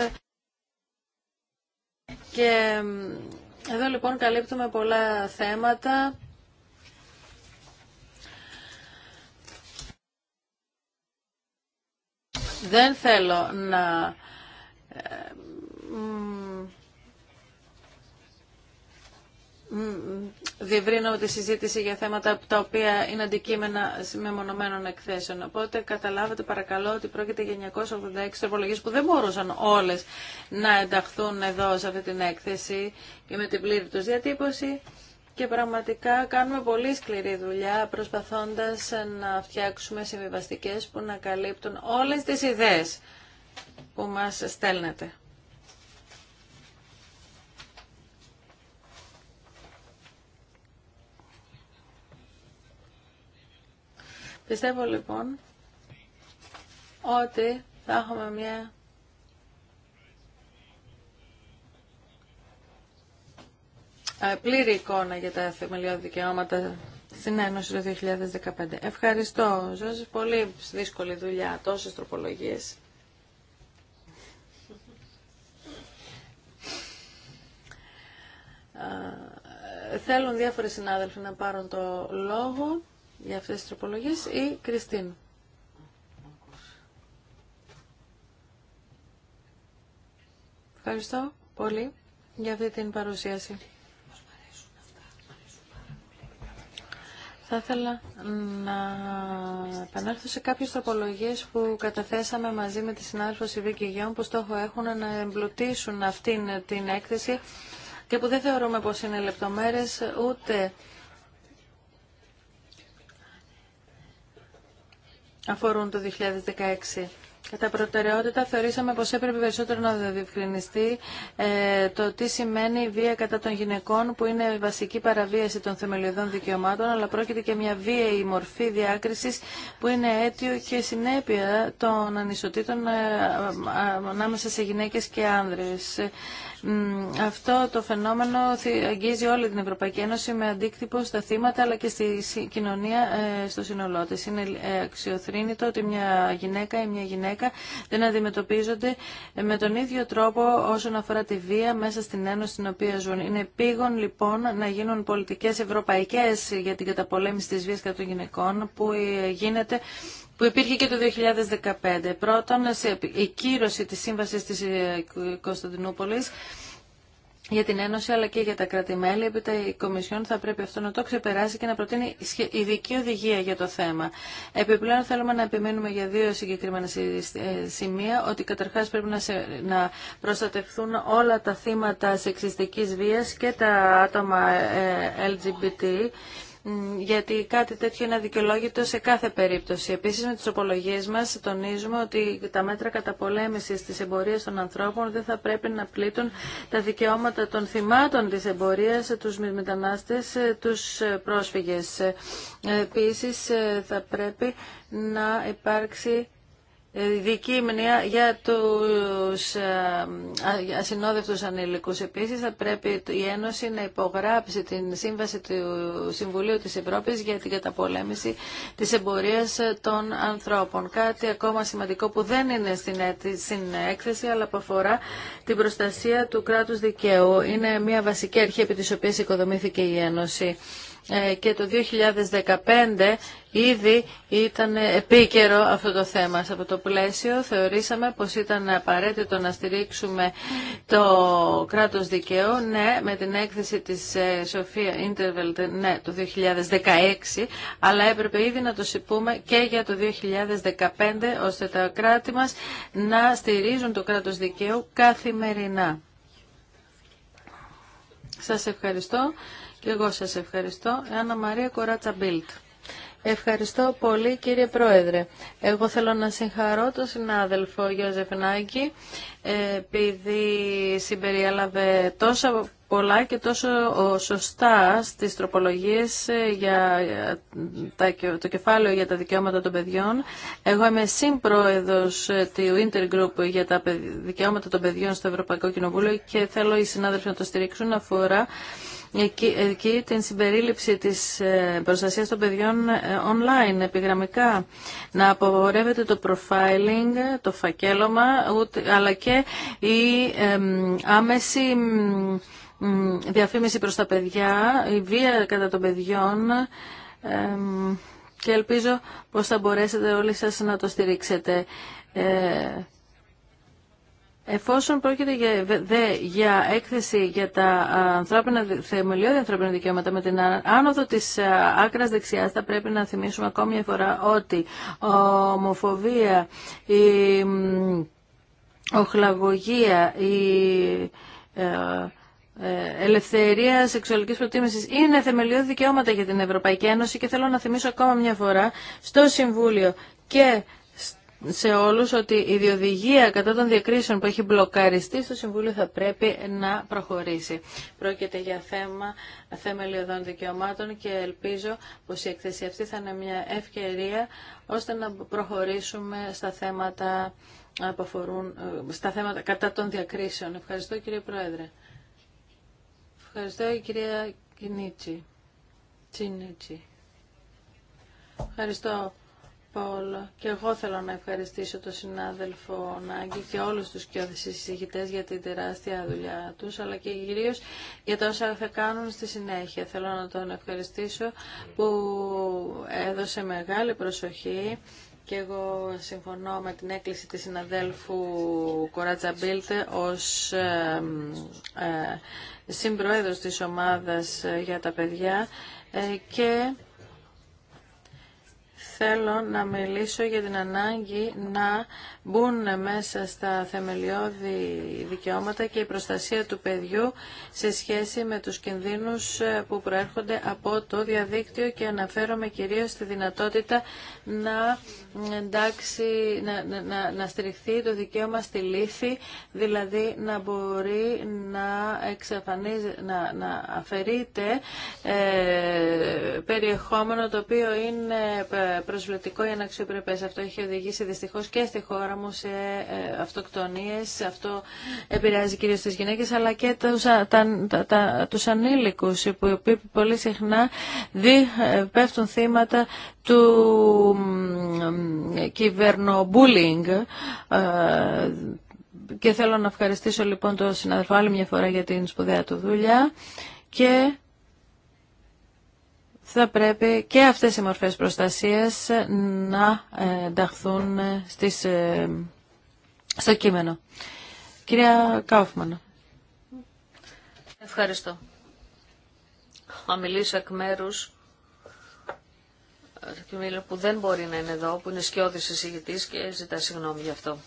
και εδώ λοιπόν καλύπτουμε πολλά θέματα Δεν θέλω να ε, διευρύνω τη συζήτηση για θέματα τα οποία είναι αντικείμενα μεμονωμένων εκθέσεων. Οπότε καταλάβετε παρακαλώ ότι πρόκειται για 986 τροπολογίε που δεν μπορούσαν όλες να ενταχθούν εδώ σε αυτή την έκθεση και με την πλήρη τους διατύπωση και πραγματικά κάνουμε πολύ σκληρή δουλειά προσπαθώντας να φτιάξουμε συμβιβαστικέ που να καλύπτουν όλες τις ιδέες που μας στέλνετε. Πιστεύω λοιπόν ότι θα έχουμε μια Ε, πλήρη εικόνα για τα θεμελιώδη δικαιώματα στην Ένωση το 2015. Ευχαριστώ, Ζώζη. Πολύ δύσκολη δουλειά, τόσες τροπολογίες. Ε, θέλουν διάφοροι συνάδελφοι να πάρουν το λόγο για αυτές τις τροπολογίες ή Κριστίν. Ευχαριστώ πολύ για αυτή την παρουσίαση. Θα ήθελα να επανέλθω σε κάποιε τροπολογίε που καταθέσαμε μαζί με τη συνάδελφο Σιβίκη Γιάννη, που στόχο έχουν να εμπλουτίσουν αυτήν την έκθεση και που δεν θεωρούμε πως είναι λεπτομέρειε ούτε αφορούν το 2016. Κατά προτεραιότητα θεωρήσαμε πως έπρεπε περισσότερο να διευκρινιστεί ε, το τι σημαίνει η βία κατά των γυναικών που είναι βασική παραβίαση των θεμελιωδών δικαιωμάτων αλλά πρόκειται και μια βία η μορφή διάκρισης που είναι αίτιο και συνέπεια των ανισοτήτων ε, ανάμεσα σε γυναίκες και άνδρες. Αυτό το φαινόμενο αγγίζει όλη την Ευρωπαϊκή Ένωση με αντίκτυπο στα θύματα αλλά και στη κοινωνία ε, στο σύνολό τη. Είναι ε, αξιοθρύνητο ότι μια γυναίκα ή μια γυναίκα δεν αντιμετωπίζονται με τον ίδιο τρόπο όσον αφορά τη βία μέσα στην Ένωση στην οποία ζουν. Είναι πήγον λοιπόν να γίνουν πολιτικέ ευρωπαϊκέ για την καταπολέμηση τη βία κατά των γυναικών που ε, γίνεται που υπήρχε και το 2015. Πρώτον, η κύρωση της σύμβασης της ε, Κωνσταντινούπολης για την Ένωση αλλά και για τα κράτη-μέλη, η τα Κομισιόν θα πρέπει αυτό να το ξεπεράσει και να προτείνει ειδική οδηγία για το θέμα. Επιπλέον θέλουμε να επιμείνουμε για δύο συγκεκριμένα ε, σημεία, ότι καταρχάς πρέπει να, προστατευθούν όλα τα θύματα σεξιστικής βίας και τα άτομα ε, LGBT, γιατί κάτι τέτοιο είναι αδικαιολόγητο σε κάθε περίπτωση. Επίσης με τις οπολογίες μας τονίζουμε ότι τα μέτρα καταπολέμησης της εμπορίας των ανθρώπων δεν θα πρέπει να πλήττουν τα δικαιώματα των θυμάτων της εμπορίας, τους μετανάστες, τους πρόσφυγες. Επίσης θα πρέπει να υπάρξει ε, μνήμα για τους ε, ασυνόδευτους ανήλικους. Επίσης θα πρέπει η Ένωση να υπογράψει την Σύμβαση του Συμβουλίου της Ευρώπης για την καταπολέμηση της εμπορίας των ανθρώπων. Κάτι ακόμα σημαντικό που δεν είναι στην έκθεση αλλά που αφορά την προστασία του κράτους δικαίου. Είναι μια βασική αρχή επί της οποίας οικοδομήθηκε η Ένωση. Ε, και το 2015 ήδη ήταν επίκαιρο αυτό το θέμα. Σε αυτό το πλαίσιο θεωρήσαμε πως ήταν απαραίτητο να στηρίξουμε το κράτος δικαίου, ναι, με την έκθεση της ε, Σοφία Ίντερβελ ναι, το 2016, αλλά έπρεπε ήδη να το συμπούμε και για το 2015, ώστε τα κράτη μας να στηρίζουν το κράτος δικαίου καθημερινά. Σας ευχαριστώ. Και εγώ σας ευχαριστώ. Άννα Μαρία Κοράτσα Ευχαριστώ πολύ κύριε Πρόεδρε. Εγώ θέλω να συγχαρώ τον συνάδελφο Γιώζεφ Νάγκη ε, επειδή συμπεριέλαβε τόσα πολλά και τόσο σωστά στις τροπολογίες ε, για το κεφάλαιο για τα δικαιώματα των παιδιών. Εγώ είμαι συμπρόεδρος ε, του Intergroup για τα δικαιώματα των παιδιών στο Ευρωπαϊκό Κοινοβούλιο και θέλω οι συνάδελφοι να το στηρίξουν αφορά εκεί, την συμπερίληψη της ε, προστασίας των παιδιών ε, online επιγραμμικά, να απογορεύεται το profiling, το φακέλωμα, αλλά και η άμεση διαφήμιση προς τα παιδιά, η βία κατά των παιδιών και ελπίζω πως θα μπορέσετε όλοι σας να το στηρίξετε. Ε, Εφόσον πρόκειται για, δε, για έκθεση για τα ανθρώπινα, θεμελιώδη ανθρώπινα δικαιώματα με την άνοδο της άκρα δεξιά θα πρέπει να θυμίσουμε ακόμη μια φορά ότι ομοφοβία, η οχλαγωγία, η ε, ε, ελευθερία σεξουαλικής προτίμησης είναι θεμελιώδη δικαιώματα για την Ευρωπαϊκή Ένωση και θέλω να θυμίσω ακόμα μια φορά στο Συμβούλιο και σε όλους ότι η διοδηγία κατά των διακρίσεων που έχει μπλοκαριστεί στο Συμβούλιο θα πρέπει να προχωρήσει. Πρόκειται για θέμα θεμελιωδών δικαιωμάτων και ελπίζω πως η εκθέση αυτή θα είναι μια ευκαιρία ώστε να προχωρήσουμε στα θέματα, αφορούν, ε, στα θέματα κατά των διακρίσεων. Ευχαριστώ κύριε Πρόεδρε. Ευχαριστώ η κυρία Κινίτσι. Τσινίτσι. Ευχαριστώ και εγώ θέλω να ευχαριστήσω τον συνάδελφο Νάγκη και όλους τους συζητητές για την τεράστια δουλειά τους, αλλά και κυρίως για τα όσα θα κάνουν στη συνέχεια. Θέλω να τον ευχαριστήσω που έδωσε μεγάλη προσοχή και εγώ συμφωνώ με την έκκληση της συναδέλφου Κοράτσα Μπίλτε ως ε, ε, συμπροέδρος της ομάδας για τα παιδιά ε, και θέλω να μιλήσω για την ανάγκη να μπουν μέσα στα θεμελιώδη δικαιώματα και η προστασία του παιδιού σε σχέση με τους κινδύνους ε, που προέρχονται από το διαδίκτυο και αναφέρομαι κυρίως στη δυνατότητα να, εντάξει, να, να, να, στηριχθεί το δικαίωμα στη λύθη, δηλαδή να μπορεί να, να, να αφαιρείται ε, περιεχόμενο το οποίο είναι προσβλητικό ή αναξιοπρεπέ. Αυτό έχει οδηγήσει δυστυχώ και στη χώρα μου σε ε, αυτοκτονίε. Αυτό επηρεάζει κυρίω τι γυναίκε αλλά και του ανήλικου, ανήλικους οι οποίοι πολύ συχνά δι, ε, πέφτουν θύματα του κυβερνομπούλινγκ ε, και θέλω να ευχαριστήσω λοιπόν τον συναδελφό άλλη μια φορά για την σπουδαία του δουλειά και θα πρέπει και αυτές οι μορφές προστασίας να ε, ενταχθούν ε, στις, ε, στο κείμενο. Κυρία Κάουφμαν.
Ευχαριστώ. Θα μιλήσω εκ μέρους που δεν μπορεί να είναι εδώ, που είναι σκιώδης εισηγητής και ζητά συγγνώμη γι' αυτό.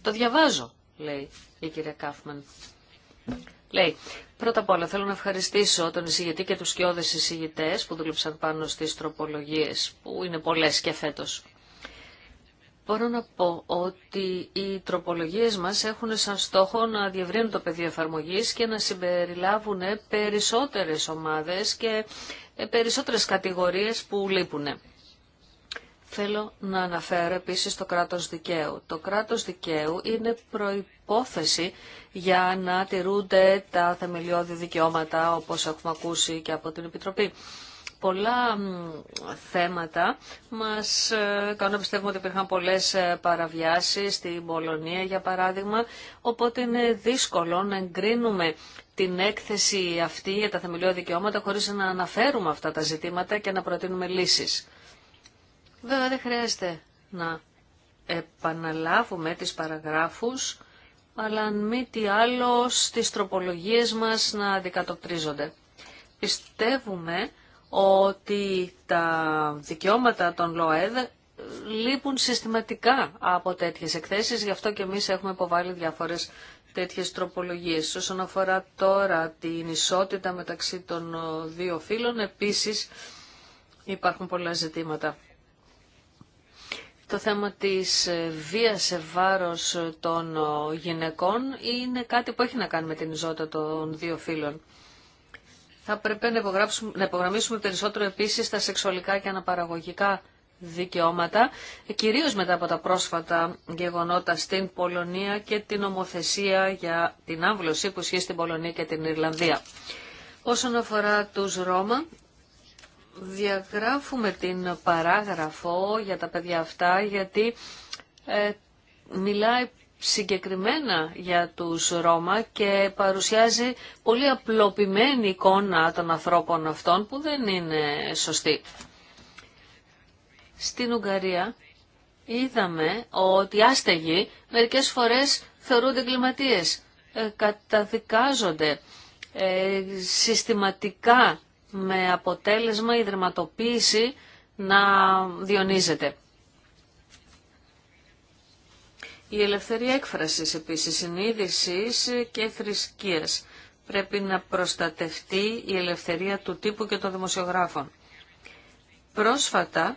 Το διαβάζω, λέει η κυρία Κάφμαν. Λέει, πρώτα απ' όλα θέλω να ευχαριστήσω τον εισηγητή και τους σκιώδες εισηγητές που δούλεψαν πάνω στις τροπολογίες, που είναι πολλές και φέτος. Μπορώ να πω ότι οι τροπολογίες μας έχουν σαν στόχο να διευρύνουν το πεδίο εφαρμογής και να συμπεριλάβουν περισσότερες ομάδες και περισσότερες κατηγορίες που λείπουν. Θέλω να αναφέρω επίσης το κράτος δικαίου. Το κράτος δικαίου είναι προϋπόθεση για να τηρούνται τα θεμελιώδη δικαιώματα, όπως έχουμε ακούσει και από την Επιτροπή. Πολλά θέματα μας ε, κάνουν να πιστεύουμε ότι υπήρχαν πολλές ε, παραβιάσεις στην Πολωνία, για παράδειγμα, οπότε είναι δύσκολο να εγκρίνουμε την έκθεση αυτή για τα θεμελιώδη δικαιώματα χωρίς να αναφέρουμε αυτά τα ζητήματα και να προτείνουμε λύσεις. Βέβαια δεν χρειάζεται να επαναλάβουμε τις παραγράφους, αλλά αν μη τι άλλο στις τροπολογίες μας να αντικατοπτρίζονται. Πιστεύουμε ότι τα δικαιώματα των ΛΟΕΔ λείπουν συστηματικά από τέτοιες εκθέσεις, γι' αυτό και εμείς έχουμε υποβάλει διάφορες τέτοιες τροπολογίες. Όσον αφορά τώρα την ισότητα μεταξύ των δύο φύλων, επίσης υπάρχουν πολλά ζητήματα το θέμα της ε, βίας σε βάρος ε, των ε, γυναικών είναι κάτι που έχει να κάνει με την ζώτα των δύο φίλων. Θα πρέπει να, να υπογραμμίσουμε περισσότερο επίσης τα σεξουαλικά και αναπαραγωγικά δικαιώματα, κυρίως μετά από τα πρόσφατα γεγονότα στην Πολωνία και την ομοθεσία για την άμβλωση που ισχύει στην Πολωνία και την Ιρλανδία. Όσον αφορά τους Ρώμα, διαγράφουμε την παράγραφο για τα παιδιά αυτά γιατί ε, μιλάει συγκεκριμένα για τους Ρώμα και παρουσιάζει πολύ απλοποιημένη εικόνα των ανθρώπων αυτών που δεν είναι σωστή. Στην Ουγγαρία είδαμε ότι άστεγοι μερικές φορές θεωρούνται εγκληματίες, ε, καταδικάζονται ε, συστηματικά με αποτέλεσμα η δερματοποίηση να διονύζεται. Η ελευθερία έκφρασης επίσης συνείδησης και θρησκείας. Πρέπει να προστατευτεί η ελευθερία του τύπου και των δημοσιογράφων. Πρόσφατα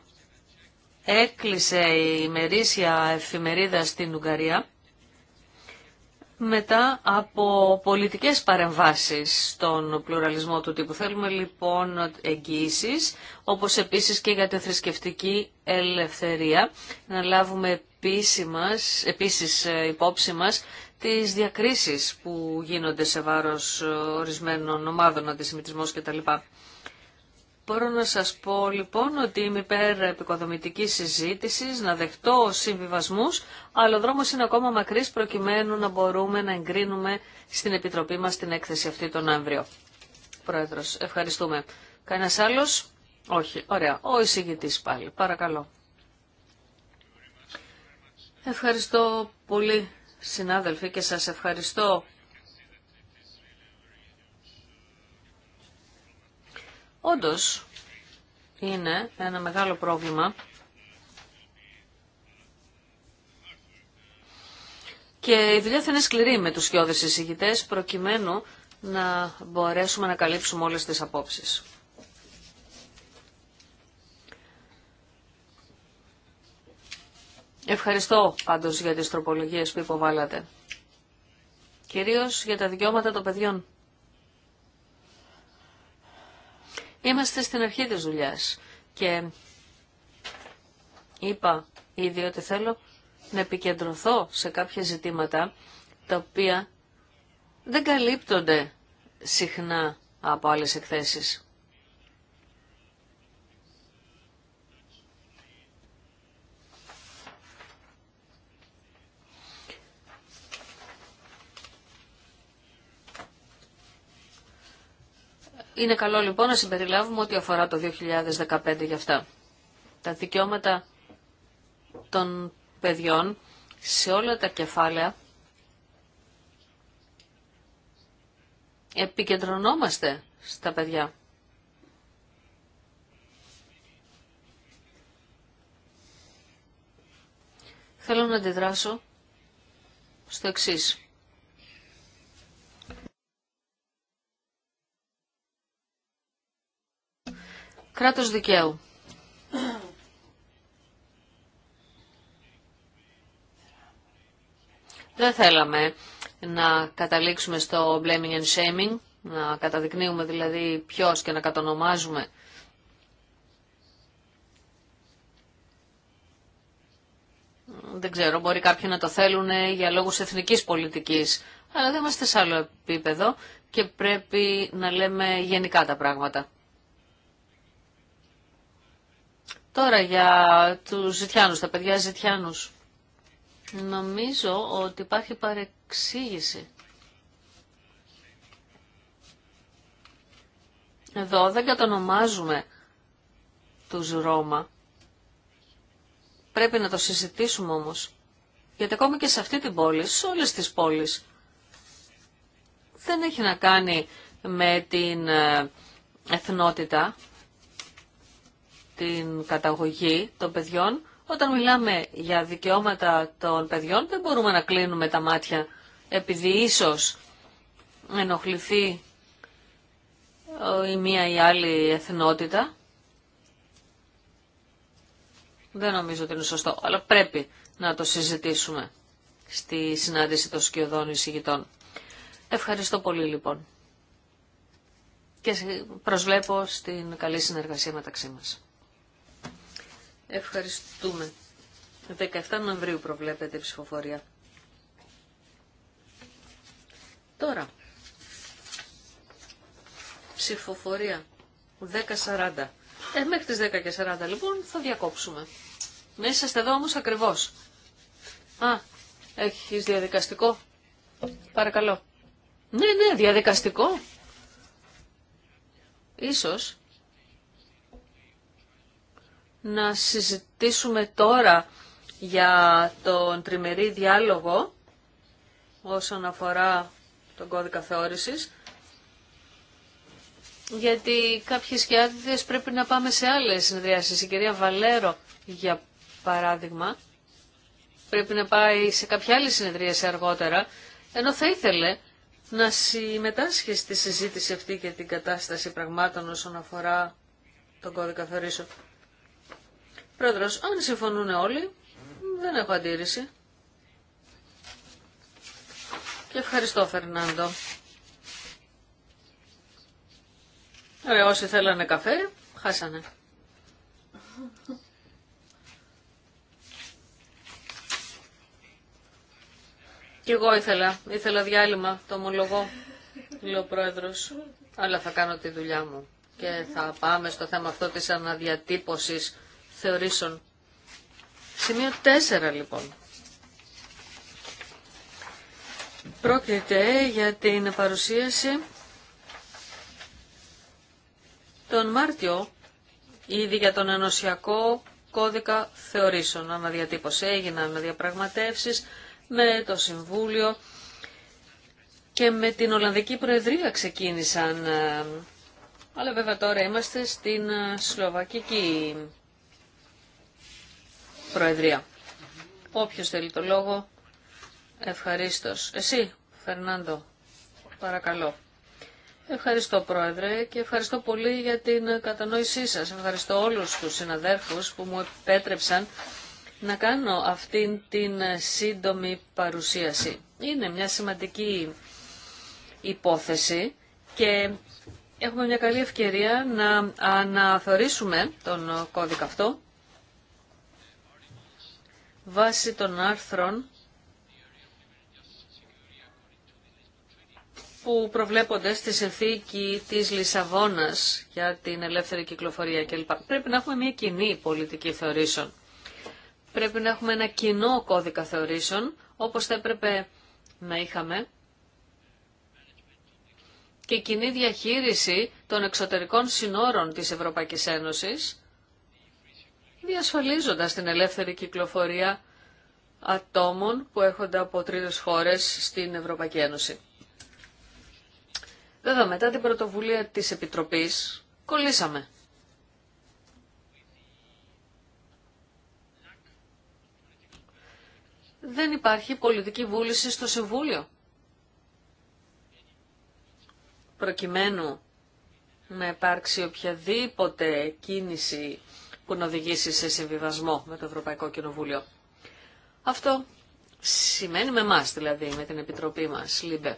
έκλεισε η ημερήσια εφημερίδα στην Ουγγαρία μετά από πολιτικές παρεμβάσεις στον πλουραλισμό του τύπου. Θέλουμε λοιπόν εγγύησει, όπως επίσης και για τη θρησκευτική ελευθερία, να λάβουμε επίσημας, επίσης ε, υπόψη μας τις διακρίσεις που γίνονται σε βάρος ε, ορισμένων ομάδων, αντισημιτισμός κτλ. Μπορώ να σας πω λοιπόν ότι είμαι υπέρ επικοδομητικής συζήτησης, να δεχτώ συμβιβασμούς, αλλά ο δρόμος είναι ακόμα μακρύς προκειμένου να μπορούμε να εγκρίνουμε στην Επιτροπή μας την έκθεση αυτή τον αύριο. Πρόεδρος, ευχαριστούμε. Κανένα άλλος? Όχι. Ωραία. Ο εισηγητής πάλι. Παρακαλώ. Ευχαριστώ πολύ συνάδελφοι και σας ευχαριστώ Όντως, είναι ένα μεγάλο πρόβλημα και η δουλειά θα είναι σκληρή με τους σκιώδες εισηγητές προκειμένου να μπορέσουμε να καλύψουμε όλες τις απόψεις. Ευχαριστώ πάντως για τις τροπολογίες που υποβάλλατε. Κυρίως για τα δικαιώματα των παιδιών. Είμαστε στην αρχή της δουλειάς και είπα ήδη ότι θέλω να επικεντρωθώ σε κάποια ζητήματα τα οποία δεν καλύπτονται συχνά από άλλες εκθέσεις. Είναι καλό λοιπόν να συμπεριλάβουμε ό,τι αφορά το 2015 για αυτά. Τα δικαιώματα των παιδιών σε όλα τα κεφάλαια επικεντρωνόμαστε στα παιδιά. Θέλω να αντιδράσω στο εξής. Κράτος δικαίου. Δεν θέλαμε να καταλήξουμε στο blaming and shaming, να καταδεικνύουμε δηλαδή ποιος και να κατονομάζουμε δεν ξέρω, μπορεί κάποιοι να το θέλουν για λόγους εθνικής πολιτικής, αλλά δεν είμαστε σε άλλο επίπεδο και πρέπει να λέμε γενικά τα πράγματα. Τώρα για τους ζητιάνους, τα παιδιά ζητιάνους. Νομίζω ότι υπάρχει παρεξήγηση. Εδώ δεν κατονομάζουμε τους Ρώμα. Πρέπει να το συζητήσουμε όμως. Γιατί ακόμη και σε αυτή την πόλη, σε όλες τις πόλεις, δεν έχει να κάνει με την ε, εθνότητα την καταγωγή των παιδιών, όταν μιλάμε για δικαιώματα των παιδιών δεν μπορούμε να κλείνουμε τα μάτια επειδή ίσως ενοχληθεί ε, η μία ή άλλη εθνότητα. Δεν νομίζω ότι είναι σωστό, αλλά πρέπει να το συζητήσουμε στη συνάντηση των σκιωδών εισηγητών. Ευχαριστώ πολύ λοιπόν και προσβλέπω στην καλή συνεργασία μεταξύ μας. Ευχαριστούμε. 17 Νοεμβρίου προβλέπεται η ψηφοφορία. Τώρα, ψηφοφορία 10.40. Ε, μέχρι τις 10.40 λοιπόν θα διακόψουμε. Να είσαστε εδώ όμως ακριβώς. Α, έχεις διαδικαστικό. Παρακαλώ. Ναι, ναι, διαδικαστικό. Ίσως να συζητήσουμε τώρα για τον τριμερή διάλογο όσον αφορά τον κώδικα θεώρησης γιατί κάποιες χιλιάδες πρέπει να πάμε σε άλλες συνεδριάσεις. Η κυρία Βαλέρο, για παράδειγμα, πρέπει να πάει σε κάποια άλλη συνεδρίαση αργότερα, ενώ θα ήθελε να συμμετάσχει στη συζήτηση αυτή για την κατάσταση πραγμάτων όσον αφορά τον κώδικα θεωρήσεων. Πρόεδρος, αν συμφωνούν όλοι, δεν έχω αντίρρηση. Και ευχαριστώ, Φερνάντο. Ωραία, ε, όσοι θέλανε καφέ, χάσανε. Κι εγώ ήθελα, ήθελα διάλειμμα, το ομολογώ, λέει ο πρόεδρος, αλλά θα κάνω τη δουλειά μου. Και θα πάμε στο θέμα αυτό της αναδιατύπωσης θεωρήσεων. Σημείο 4 λοιπόν. Πρόκειται για την παρουσίαση τον Μάρτιο ήδη για τον ενωσιακό κώδικα θεωρήσεων. Αναδιατύπωση έγιναν διαπραγματεύσεις με το Συμβούλιο και με την Ολλανδική Προεδρία ξεκίνησαν. Ε, αλλά βέβαια τώρα είμαστε στην ε, Σλοβακική Προεδρία. Όποιος θέλει το λόγο, ευχαρίστως. Εσύ, Φερνάντο, παρακαλώ. Ευχαριστώ Πρόεδρε και ευχαριστώ πολύ για την κατανόησή σας. Ευχαριστώ όλους του συναδέρφους που μου επέτρεψαν να κάνω αυτήν την σύντομη παρουσίαση. Είναι μια σημαντική υπόθεση και έχουμε μια καλή ευκαιρία να αναθεωρήσουμε τον κώδικα αυτό βάσει των άρθρων που προβλέπονται στη συνθήκη της Λισαβόνας για την ελεύθερη κυκλοφορία κλπ. Πρέπει να έχουμε μια κοινή πολιτική θεωρήσεων. Πρέπει να έχουμε ένα κοινό κώδικα θεωρήσεων, όπως θα έπρεπε να είχαμε, και κοινή διαχείριση των εξωτερικών συνόρων της Ευρωπαϊκής Ένωσης, διασφαλίζοντας την ελεύθερη κυκλοφορία ατόμων που έρχονται από τρίτες χώρες στην Ευρωπαϊκή Ένωση. Βέβαια, μετά την πρωτοβουλία της Επιτροπής, κολλήσαμε. Δεν υπάρχει πολιτική βούληση στο Συμβούλιο. Προκειμένου να υπάρξει οποιαδήποτε κίνηση που να οδηγήσει σε συμβιβασμό με το Ευρωπαϊκό Κοινοβούλιο. Αυτό σημαίνει με εμά, δηλαδή, με την Επιτροπή μας, ΛΥΜΠΕ.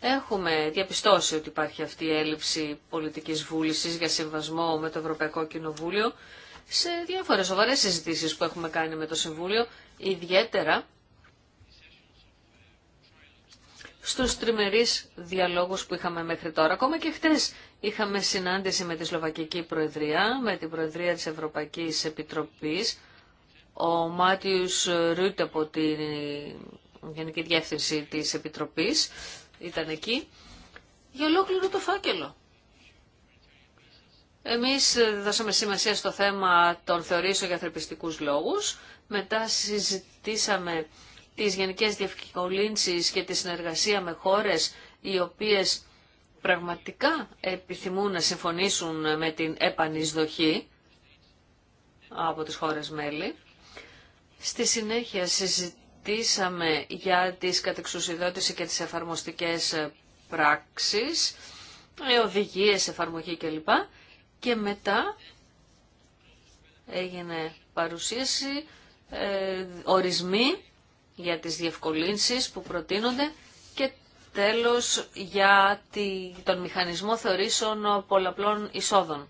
Έχουμε διαπιστώσει ότι υπάρχει αυτή η έλλειψη πολιτικής βούλησης για συμβασμό με το Ευρωπαϊκό Κοινοβούλιο σε διάφορες σοβαρές συζητήσεις που έχουμε κάνει με το Συμβούλιο, ιδιαίτερα στους τριμερείς διαλόγους που είχαμε μέχρι τώρα. Ακόμα και χτες Είχαμε συνάντηση με τη Σλοβακική Προεδρία, με την Προεδρία της Ευρωπαϊκής Επιτροπής. Ο Μάτιους Ρούτ από τη Γενική Διεύθυνση της Επιτροπής ήταν εκεί για ολόκληρο το φάκελο. Εμείς δώσαμε σημασία στο θέμα των θεωρήσεων για θρεπιστικούς λόγους. Μετά συζητήσαμε τις γενικές διευκολύνσεις και τη συνεργασία με χώρες οι οποίες πραγματικά επιθυμούν να συμφωνήσουν με την επανεισδοχή από τις χώρες μέλη. Στη συνέχεια συζητήσαμε για τις κατεξουσιδότηση και τις εφαρμοστικές πράξεις, ε, οδηγίες, εφαρμογή κλπ. Και μετά έγινε παρουσίαση, ε, ορισμοί για τις διευκολύνσεις που προτείνονται Τέλος, για τον μηχανισμό θεωρήσεων πολλαπλών εισόδων.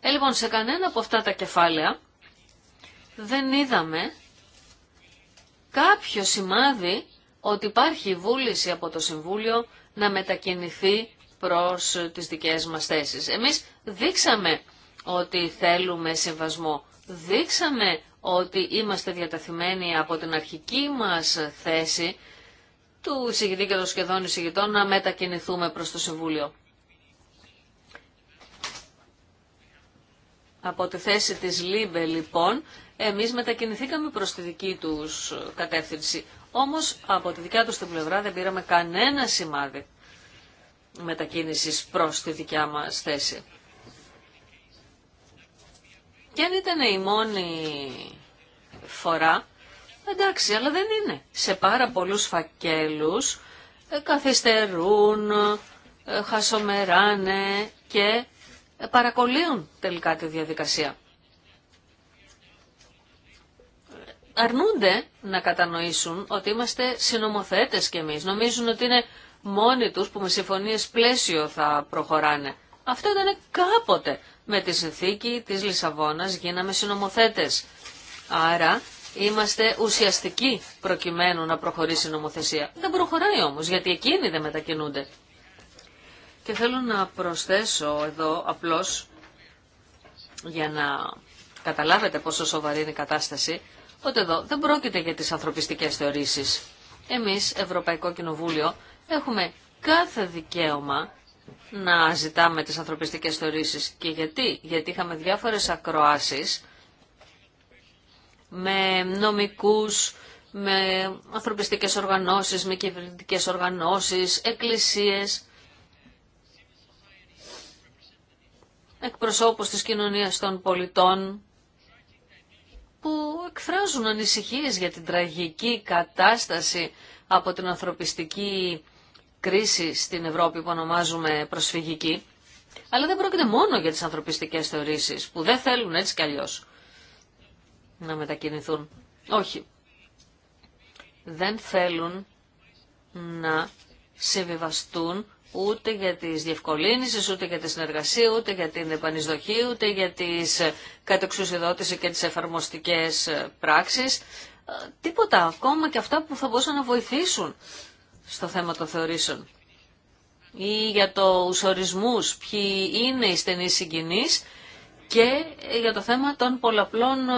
Ε, λοιπόν, σε κανένα από αυτά τα κεφάλαια δεν είδαμε κάποιο σημάδι ότι υπάρχει βούληση από το Συμβούλιο να μετακινηθεί προς τις δικές μας θέσεις. Εμείς δείξαμε ότι θέλουμε συμβασμό. Δείξαμε ότι είμαστε διατεθειμένοι από την αρχική μας θέση του εισηγητή και των σχεδόν εισηγητών να μετακινηθούμε προς το Συμβούλιο. Από τη θέση της ΛΥΜΠΕ λοιπόν, εμείς μετακινηθήκαμε προς τη δική τους κατεύθυνση. Όμως από τη δικιά τους την πλευρά δεν πήραμε κανένα σημάδι μετακίνησης προς τη δικιά μας θέση. Και αν ήταν η μόνη φορά Εντάξει, αλλά δεν είναι. Σε πάρα πολλούς φακέλους ε, καθυστερούν, ε, ε, χασομεράνε και παρακολύουν τελικά τη διαδικασία. Αρνούνται να κατανοήσουν ότι είμαστε συνομοθέτες κι εμείς. Νομίζουν ότι είναι μόνοι τους που με συμφωνίες πλαίσιο θα προχωράνε. Αυτό ήταν κάποτε. Με τη συνθήκη της Λισαβόνας γίναμε συνομοθέτες. Άρα είμαστε ουσιαστικοί προκειμένου να προχωρήσει η νομοθεσία. Δεν προχωράει όμως, γιατί εκείνοι δεν μετακινούνται. Και θέλω να προσθέσω εδώ απλώς, για να καταλάβετε πόσο σοβαρή είναι η κατάσταση, ότι εδώ δεν πρόκειται για τις ανθρωπιστικές θεωρήσεις. Εμείς, Ευρωπαϊκό Κοινοβούλιο, έχουμε κάθε δικαίωμα να ζητάμε τις ανθρωπιστικές θεωρήσεις. Και γιατί, γιατί είχαμε διάφορες ακροάσεις με νομικούς, με ανθρωπιστικές οργανώσεις, με κυβερνητικές οργανώσεις, εκκλησίες, εκπροσώπους της κοινωνίας των πολιτών, που εκφράζουν ανησυχίες για την τραγική κατάσταση από την ανθρωπιστική κρίση στην Ευρώπη που ονομάζουμε προσφυγική. Αλλά δεν πρόκειται μόνο για τις ανθρωπιστικές θεωρήσεις που δεν θέλουν έτσι κι αλλιώς να μετακινηθούν. Όχι. Δεν θέλουν να συμβιβαστούν ούτε για τις διευκολύνσεις, ούτε για τη συνεργασία, ούτε για την επανεισδοχή, ούτε για τις κατεξουσιοδότηση και τις εφαρμοστικές ε, πράξεις. Ε, τίποτα, ακόμα και αυτά που θα μπορούσαν να βοηθήσουν στο θέμα των θεωρήσεων. Ή για τους ορισμούς, ποιοι είναι οι στενοί συγκινείς, και για το θέμα των πολλαπλών ε,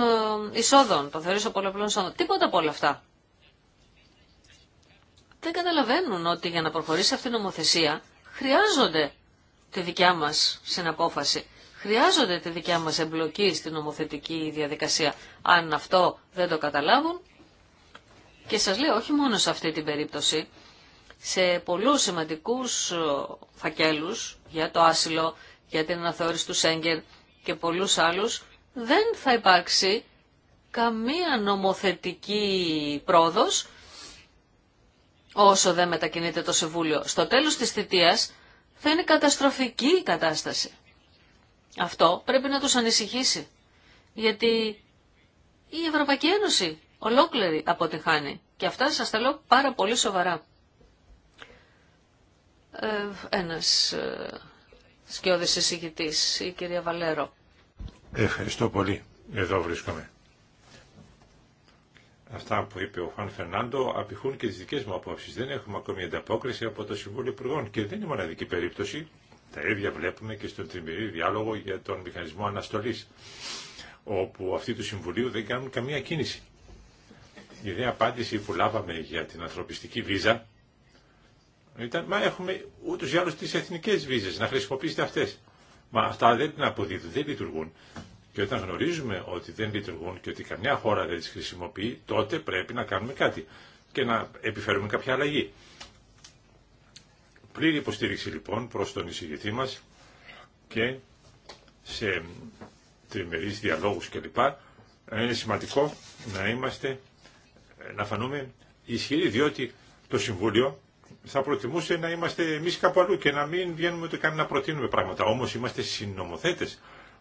εισόδων, των θεωρήσεων πολλαπλών εισόδων. Τίποτα από όλα αυτά. Δεν καταλαβαίνουν ότι για να προχωρήσει αυτή η νομοθεσία χρειάζονται τη δικιά μας συναπόφαση. Χρειάζονται τη δικιά μας εμπλοκή στην νομοθετική διαδικασία. Αν αυτό δεν το καταλάβουν, και σας λέω όχι μόνο σε αυτή την περίπτωση, σε πολλούς σημαντικούς ε, φακέλους για το άσυλο, για την αναθεώρηση του Σέγγεν, και πολλούς άλλους, δεν θα υπάρξει καμία νομοθετική πρόοδος όσο δεν μετακινείται το Συμβούλιο. Στο τέλος της θητείας θα είναι καταστροφική η κατάσταση. Αυτό πρέπει να τους ανησυχήσει. Γιατί η Ευρωπαϊκή Ένωση ολόκληρη αποτυχάνει. Και αυτά σας τα πάρα πολύ σοβαρά. Ε, ένας ε, σκιώδης εισηγητής, η κυρία Βαλέρο.
Ευχαριστώ πολύ. Εδώ βρίσκομαι. Αυτά που είπε ο Χαν Φερνάντο απηχούν και τι δικέ μου απόψει. Δεν έχουμε ακόμη ανταπόκριση από το Συμβούλιο Υπουργών και δεν είναι μοναδική περίπτωση. Τα ίδια βλέπουμε και στον τριμηρή διάλογο για τον μηχανισμό αναστολή, όπου αυτοί του Συμβουλίου δεν κάνουν καμία κίνηση. Η δε απάντηση που λάβαμε για την ανθρωπιστική βίζα ήταν «Μα έχουμε ούτως ή άλλως τις εθνικές βίζες, να χρησιμοποιήσετε αυτές». Μα αυτά δεν αποδίδουν, δεν λειτουργούν. Και όταν γνωρίζουμε ότι δεν λειτουργούν και ότι καμιά χώρα δεν τις χρησιμοποιεί, τότε πρέπει να κάνουμε κάτι και να επιφέρουμε κάποια αλλαγή. Πλήρη υποστήριξη λοιπόν προς τον εισηγητή μας και σε τριμερείς διαλόγους κλπ. Είναι σημαντικό να είμαστε, να φανούμε ισχυροί, διότι το Συμβούλιο θα προτιμούσε να είμαστε εμεί κάπου αλλού και να μην βγαίνουμε ούτε καν να προτείνουμε πράγματα. Όμω είμαστε συνομοθέτε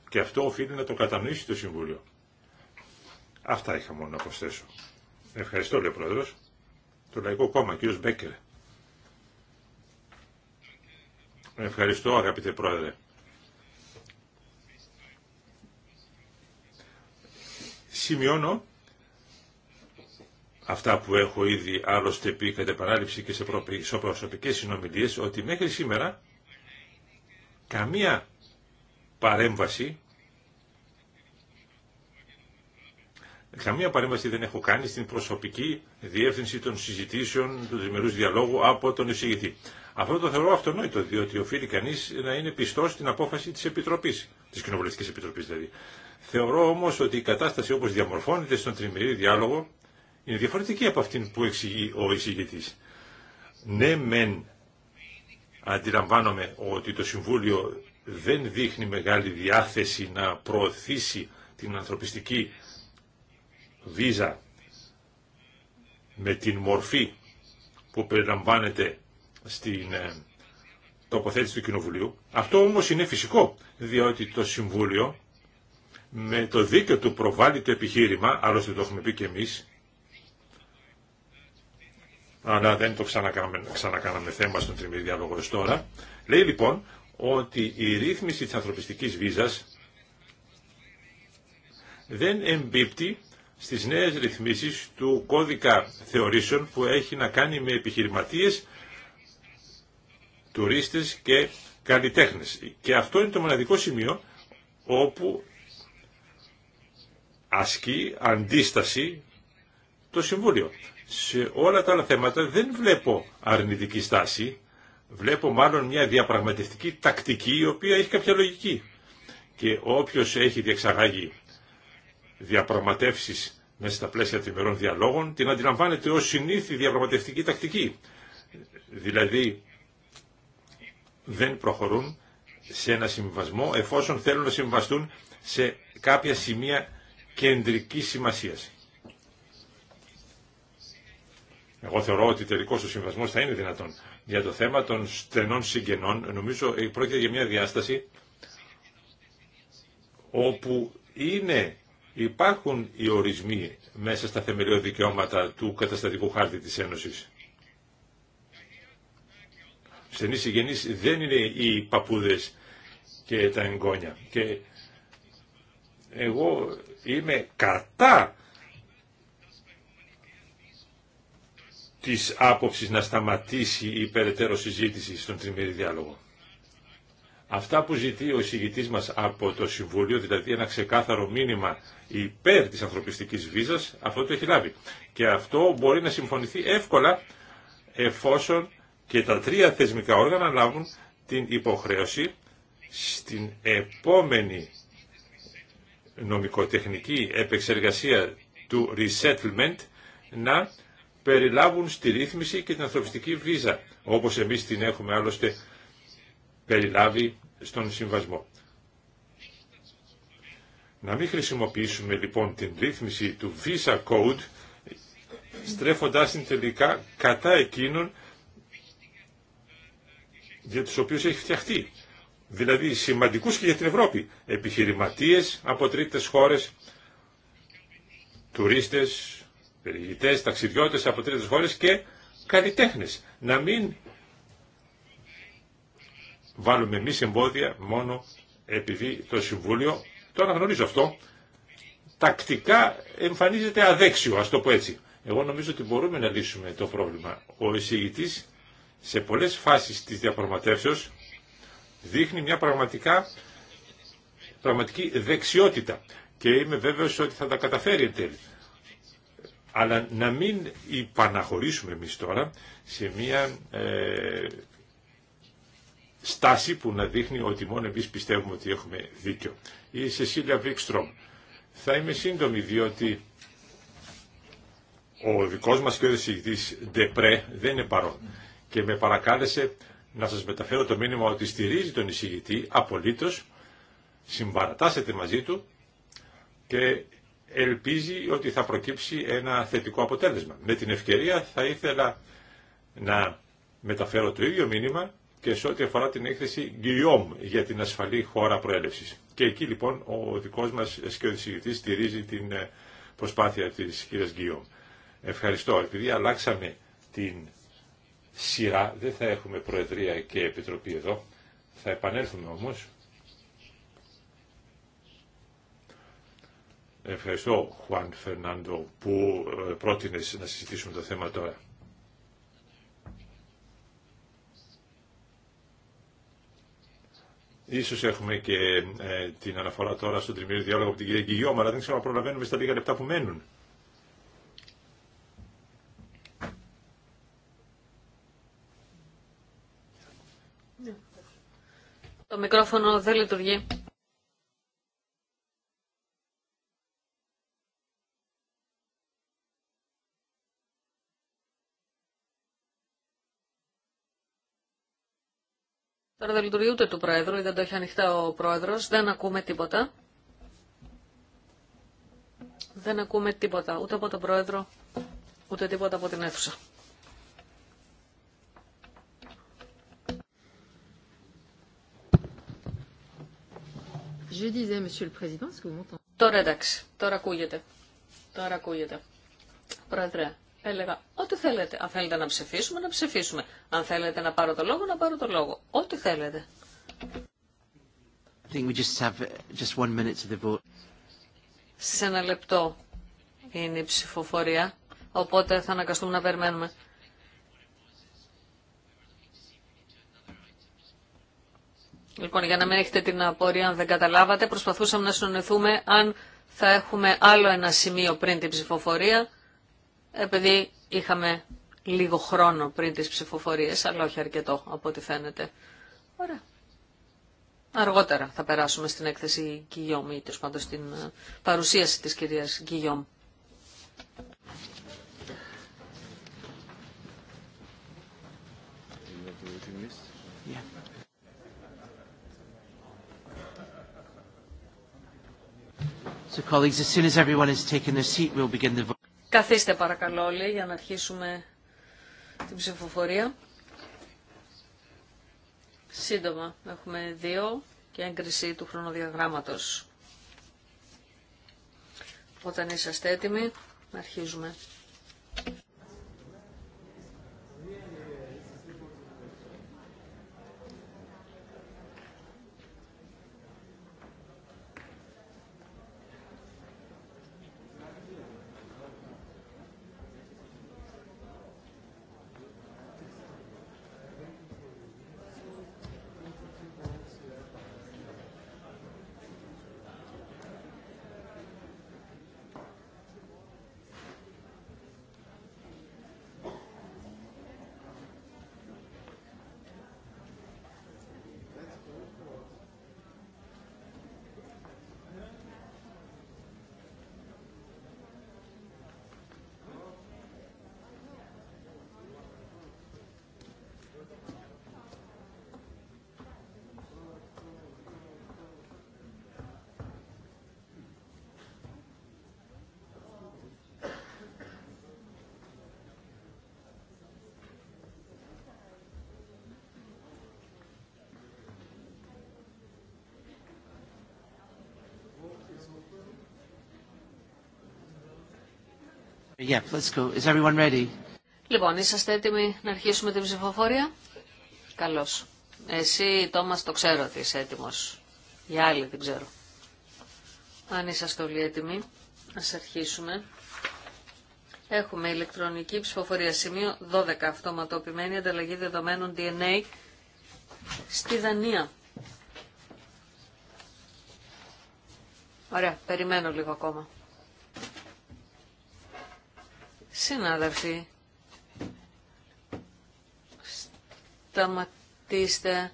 και αυτό οφείλει να το κατανοήσει το Συμβούλιο. Αυτά είχα μόνο να προσθέσω. Ευχαριστώ, λέει ο Πρόεδρο. Το Λαϊκό Κόμμα, κύριο Μπέκερ. Ευχαριστώ, αγαπητέ Πρόεδρε. Σημειώνω αυτά που έχω ήδη άλλωστε πει κατά επανάληψη και σε προσωπικές συνομιλίες, ότι μέχρι σήμερα καμία παρέμβαση Καμία παρέμβαση δεν έχω κάνει στην προσωπική διεύθυνση των συζητήσεων του διμερού διαλόγου από τον εισηγητή. Αυτό το θεωρώ αυτονόητο, διότι οφείλει κανεί να είναι πιστό στην απόφαση τη Επιτροπή, τη Κοινοβουλευτική Επιτροπή δηλαδή. Θεωρώ όμω ότι η κατάσταση όπω διαμορφώνεται στον τριμερή διάλογο είναι διαφορετική από αυτήν που εξηγεί ο εισηγητής. Ναι μεν αντιλαμβάνομαι ότι το Συμβούλιο δεν δείχνει μεγάλη διάθεση να προωθήσει την ανθρωπιστική βίζα με την μορφή που περιλαμβάνεται στην ε, τοποθέτηση του Κοινοβουλίου. Αυτό όμως είναι φυσικό, διότι το Συμβούλιο με το δίκαιο του προβάλλει το επιχείρημα, άλλωστε το έχουμε πει και εμείς, αλλά δεν το ξανακάναμε, ξανακάναμε θέμα στον τριμή διάλογο τώρα. Λέει λοιπόν ότι η ρύθμιση της ανθρωπιστικής βίζας δεν εμπίπτει στις νέες ρυθμίσεις του κώδικα θεωρήσεων που έχει να κάνει με επιχειρηματίες, τουρίστες και καλλιτέχνες. Και αυτό είναι το μοναδικό σημείο όπου ασκεί αντίσταση το Συμβούλιο σε όλα τα άλλα θέματα δεν βλέπω αρνητική στάση, βλέπω μάλλον μια διαπραγματευτική τακτική η οποία έχει κάποια λογική. Και όποιος έχει διεξαγάγει διαπραγματεύσεις μέσα στα πλαίσια τριμερών διαλόγων, την αντιλαμβάνεται ως συνήθι διαπραγματευτική τακτική. Δηλαδή, δεν προχωρούν σε ένα συμβασμό εφόσον θέλουν να συμβαστούν σε κάποια σημεία κεντρικής σημασίας. Εγώ θεωρώ ότι τελικώ ο συμβασμό θα είναι δυνατόν. Για το θέμα των στενών συγγενών, νομίζω πρόκειται για μια διάσταση όπου είναι, υπάρχουν οι ορισμοί μέσα στα θεμελιώδη δικαιώματα του καταστατικού χάρτη της Ένωσης. Στενοί συγγενείς δεν είναι οι παππούδες και τα εγγόνια. Και εγώ είμαι κατά της άποψης να σταματήσει η περαιτέρω συζήτηση στον τριμήρη διάλογο. Αυτά που ζητεί ο εισηγητής από το Συμβούλιο, δηλαδή ένα ξεκάθαρο μήνυμα υπέρ της ανθρωπιστικής βίζας, αυτό το έχει λάβει. Και αυτό μπορεί να συμφωνηθεί εύκολα εφόσον και τα τρία θεσμικά όργανα λάβουν την υποχρέωση στην επόμενη νομικοτεχνική επεξεργασία του resettlement να περιλάβουν στη ρύθμιση και την ανθρωπιστική βίζα, όπως εμείς την έχουμε άλλωστε περιλάβει στον συμβασμό. Να μην χρησιμοποιήσουμε λοιπόν την ρύθμιση του Visa Code, στρέφοντάς την τελικά κατά εκείνων για τους οποίους έχει φτιαχτεί. Δηλαδή σημαντικούς και για την Ευρώπη. Επιχειρηματίες από τρίτες χώρες, τουρίστες, περιηγητές, ταξιδιώτες από τρίτε χώρε και καλλιτέχνε. Να μην βάλουμε εμεί εμπόδια μόνο επειδή το Συμβούλιο, το αναγνωρίζω αυτό, τακτικά εμφανίζεται αδέξιο, α το πω έτσι. Εγώ νομίζω ότι μπορούμε να λύσουμε το πρόβλημα. Ο εισηγητή σε πολλές φάσεις της διαπραγματεύσεω δείχνει μια πραγματικά, πραγματική δεξιότητα και είμαι βέβαιος ότι θα τα καταφέρει εν τέλει αλλά να μην υπαναχωρήσουμε εμείς τώρα σε μια ε, στάση που να δείχνει ότι μόνο εμείς πιστεύουμε ότι έχουμε δίκιο. Η Σεσίλια Βίκστρομ. Θα είμαι σύντομη διότι ο δικός μας και ο Δεπρέ Ντεπρέ δεν είναι παρόν και με παρακάλεσε να σας μεταφέρω το μήνυμα ότι στηρίζει τον εισηγητή απολύτως, συμπαρατάσσεται μαζί του και ελπίζει ότι θα προκύψει ένα θετικό αποτέλεσμα. Με την ευκαιρία θα ήθελα να μεταφέρω το ίδιο μήνυμα και σε ό,τι αφορά την έκθεση Guillaume για την ασφαλή χώρα προέλευσης. Και εκεί λοιπόν ο δικός μας σκιοδησηγητής στηρίζει την ε, προσπάθεια της κυρίας Guillaume. Ευχαριστώ. Επειδή αλλάξαμε την σειρά, δεν θα έχουμε Προεδρία και Επιτροπή εδώ. Θα επανέλθουμε όμως Ευχαριστώ, Χουάν Φερνάντο, που ε, πρότεινε να συζητήσουμε το θέμα τώρα. Ίσως έχουμε και ε, την αναφορά τώρα στον τριμήριο διάλογο από την κυρία Γκυγιώμα, αλλά δεν ξέρω αν προλαβαίνουμε στα λίγα λεπτά που μένουν.
Το μικρόφωνο δεν λειτουργεί. Τώρα δεν λειτουργεί ούτε του Πρόεδρου, δεν το έχει ανοιχτά ο Πρόεδρος, δεν ακούμε τίποτα. Δεν ακούμε τίποτα, ούτε από τον Πρόεδρο, ούτε τίποτα από την αίθουσα. Τώρα εντάξει, τώρα ακούγεται. Τώρα ακούγεται. Πρόεδρε, έλεγα ό,τι θέλετε. Αν θέλετε να ψηφίσουμε, να ψηφίσουμε. Αν θέλετε να πάρω το λόγο, να πάρω το λόγο. Ό,τι θέλετε. Uh, Σε ένα λεπτό είναι η ψηφοφορία, οπότε θα αναγκαστούμε να περιμένουμε. Λοιπόν, για να μην έχετε την απορία αν δεν καταλάβατε, προσπαθούσαμε να συνοηθούμε αν θα έχουμε άλλο ένα σημείο πριν την ψηφοφορία επειδή είχαμε λίγο χρόνο πριν τις ψηφοφορίες, αλλά όχι αρκετό από ό,τι φαίνεται. Ωραία. Αργότερα θα περάσουμε στην έκθεση Γκυγιόμ ή τέλο στην ε, παρουσίαση της κυρίας Γκυγιόμ.
So colleagues, as soon as everyone has taken their seat, we'll begin the
Καθίστε παρακαλώ όλοι για να αρχίσουμε την ψηφοφορία. Σύντομα έχουμε δύο και έγκριση του χρονοδιαγράμματος. Όταν είσαστε έτοιμοι, αρχίζουμε. Λοιπόν, είσαστε έτοιμοι να αρχίσουμε την ψηφοφορία. Καλώς. Εσύ, Τόμας, το ξέρω ότι είσαι έτοιμος. Οι άλλοι δεν ξέρω. Αν είσαστε όλοι έτοιμοι, ας αρχίσουμε. Έχουμε ηλεκτρονική ψηφοφορία σημείο 12 αυτοματοποιημένη ανταλλαγή δεδομένων DNA στη Δανία. Ωραία, περιμένω λίγο ακόμα. Συνάδελφοι, σταματήστε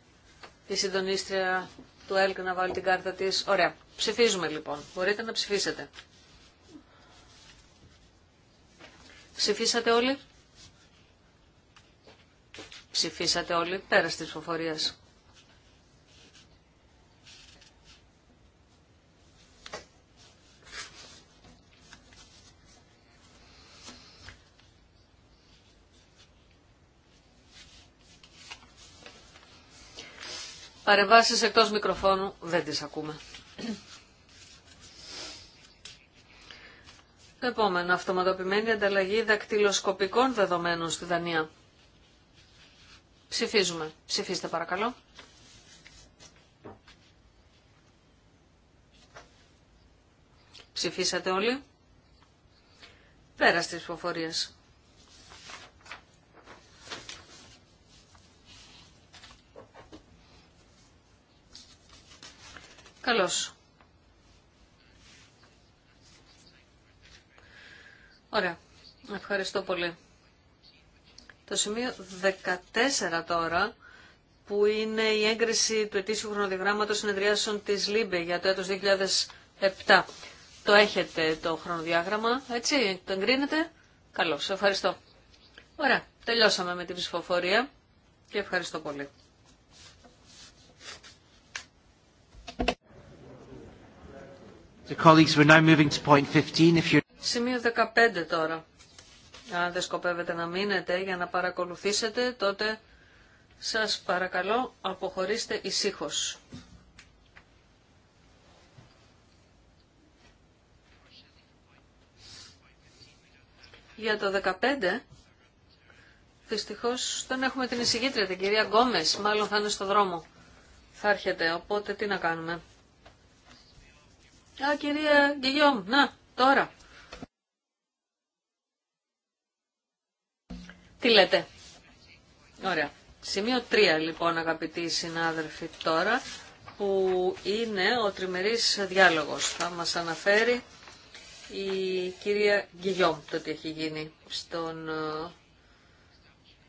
τη συντονίστρια του ΕΛΚ να βάλει την κάρτα της. Ωραία. Ψηφίζουμε λοιπόν. Μπορείτε να ψηφίσετε. Ψηφίσατε όλοι. Ψηφίσατε όλοι πέρα της ψηφοφορίας. Παρεμβάσεις εκτός μικροφώνου δεν τις ακούμε. Επόμενο, αυτοματοποιημένη ανταλλαγή δακτυλοσκοπικών δεδομένων στη Δανία. Ψηφίζουμε. Ψηφίστε παρακαλώ. Ψηφίσατε όλοι. Πέρα στις ψηφοφορίες. Καλώς. Ωραία. Ευχαριστώ πολύ. Το σημείο 14 τώρα, που είναι η έγκριση του ετήσιου χρονοδιαγράμματος συνεδριάσεων της ΛΥΜΠΕ για το έτος 2007. Το έχετε το χρονοδιάγραμμα, έτσι, το εγκρίνετε. Καλώς, ευχαριστώ. Ωραία, τελειώσαμε με την ψηφοφορία και ευχαριστώ πολύ. Σημείο 15 τώρα. Αν δεν σκοπεύετε να μείνετε για να παρακολουθήσετε, τότε σας παρακαλώ αποχωρήστε ησύχως. Για το 15, δυστυχώς δεν έχουμε την εισηγήτρια, την κυρία Γκόμες, μάλλον θα είναι στο δρόμο. Θα έρχεται, οπότε τι να κάνουμε. Α, κυρία Γκυγιόμ, να, τώρα. Τι λέτε. Ωραία. Σημείο 3 λοιπόν αγαπητοί συνάδελφοι τώρα που είναι ο τριμερής διάλογος. Θα μας αναφέρει η κυρία Γκυγιόμ το τι έχει γίνει στον ε,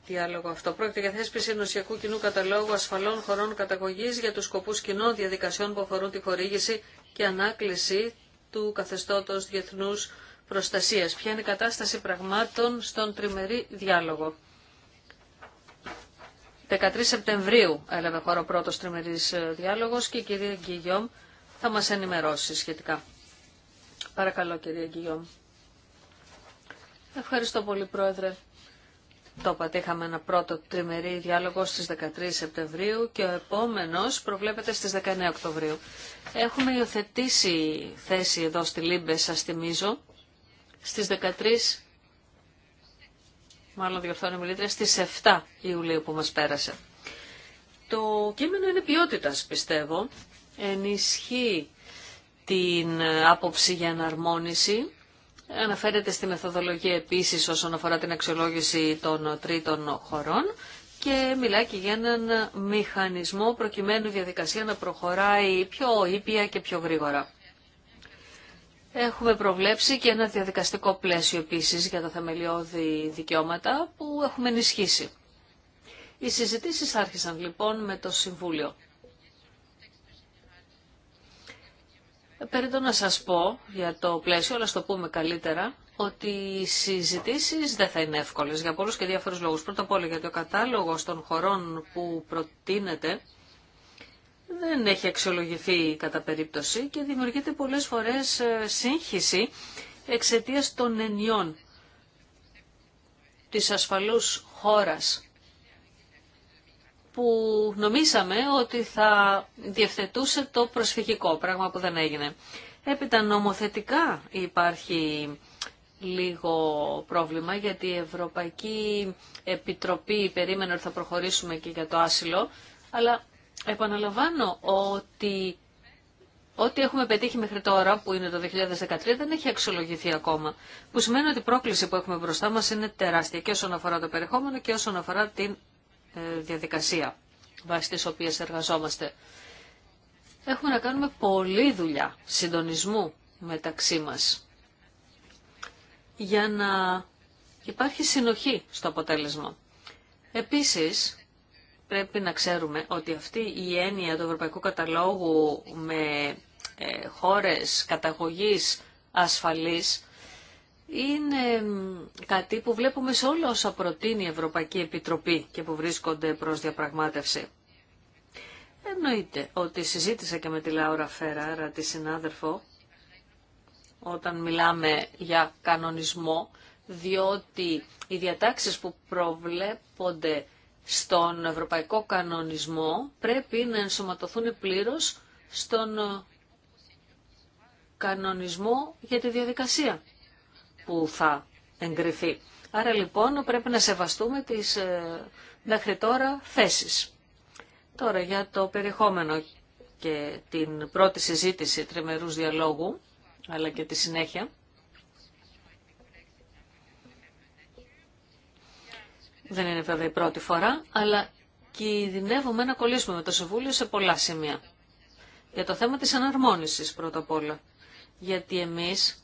διάλογο αυτό. Πρόκειται για θέσπιση ενωσιακού κοινού καταλόγου ασφαλών χωρών καταγωγή για του σκοπού κοινών διαδικασιών που αφορούν τη χορήγηση και ανάκληση του καθεστώτος διεθνούς προστασίας. Ποια είναι η κατάσταση πραγμάτων στον τριμερή διάλογο. 13 Σεπτεμβρίου έλαβε χώρο πρώτος τριμερής ε, διάλογος και η κυρία Γκυγιόμ θα μας ενημερώσει σχετικά. Παρακαλώ κυρία Γκυγιόμ. Ευχαριστώ πολύ Πρόεδρε. Το πατήχαμε ένα πρώτο τριμερή διάλογο στις 13 Σεπτεμβρίου και ο επόμενος προβλέπεται στις 19 Οκτωβρίου. Έχουμε υιοθετήσει θέση εδώ στη Λίμπε, σας θυμίζω, στις 13, μάλλον διορθώνω μιλήτρια, στις 7 Ιουλίου που μας πέρασε. Το κείμενο είναι ποιότητας, πιστεύω. Ενισχύει την άποψη για εναρμόνιση Αναφέρεται στη μεθοδολογία επίσης όσον αφορά την αξιολόγηση των τρίτων χωρών και μιλάει και για έναν μηχανισμό προκειμένου η διαδικασία να προχωράει πιο ήπια και πιο γρήγορα. Έχουμε προβλέψει και ένα διαδικαστικό πλαίσιο επίσης για τα θεμελιώδη δικαιώματα που έχουμε ενισχύσει. Οι συζητήσεις άρχισαν λοιπόν με το Συμβούλιο. Περίτω να σας πω για το πλαίσιο, αλλά στο πούμε καλύτερα, ότι οι συζητήσεις δεν θα είναι εύκολες για πολλούς και διάφορους λόγους. Πρώτα απ' όλα γιατί ο κατάλογος των χωρών που προτείνεται δεν έχει αξιολογηθεί κατά περίπτωση και δημιουργείται πολλές φορές ε, σύγχυση εξαιτίας των ενιών της ασφαλούς χώρας που νομίσαμε ότι θα διευθετούσε το προσφυγικό, πράγμα που δεν έγινε. Έπειτα νομοθετικά υπάρχει λίγο πρόβλημα γιατί η Ευρωπαϊκή Επιτροπή περίμενε ότι θα προχωρήσουμε και για το άσυλο, αλλά επαναλαμβάνω ότι ό,τι έχουμε πετύχει μέχρι τώρα, που είναι το 2013, δεν έχει αξιολογηθεί ακόμα. Που σημαίνει ότι η πρόκληση που έχουμε μπροστά μας είναι τεράστια και όσον αφορά το περιεχόμενο και όσον αφορά την ε, διαδικασία βάσει της οποίας εργαζόμαστε. Έχουμε να κάνουμε πολλή δουλειά συντονισμού μεταξύ μας για να υπάρχει συνοχή στο αποτέλεσμα. Επίσης, πρέπει να ξέρουμε ότι αυτή η έννοια του Ευρωπαϊκού Καταλόγου με ε, χώρες καταγωγής ασφαλής είναι κάτι που βλέπουμε σε όλα όσα προτείνει η Ευρωπαϊκή Επιτροπή και που βρίσκονται προς διαπραγμάτευση. Εννοείται ότι συζήτησα και με τη Λάουρα Φεράρα, τη συνάδελφο, όταν μιλάμε για κανονισμό, διότι οι διατάξεις που προβλέπονται στον ευρωπαϊκό κανονισμό πρέπει να ενσωματωθούν πλήρως στον κανονισμό για τη διαδικασία που θα εγκριθεί. Άρα λοιπόν πρέπει να σεβαστούμε τις ε, μέχρι τώρα θέσεις. Τώρα για το περιεχόμενο και την πρώτη συζήτηση τριμερούς διαλόγου, αλλά και τη συνέχεια. Δεν είναι βέβαια η πρώτη φορά, αλλά κινδυνεύουμε να κολλήσουμε με το Συμβούλιο σε πολλά σημεία. Για το θέμα της αναρμόνισης πρώτα απ' όλα. Γιατί εμείς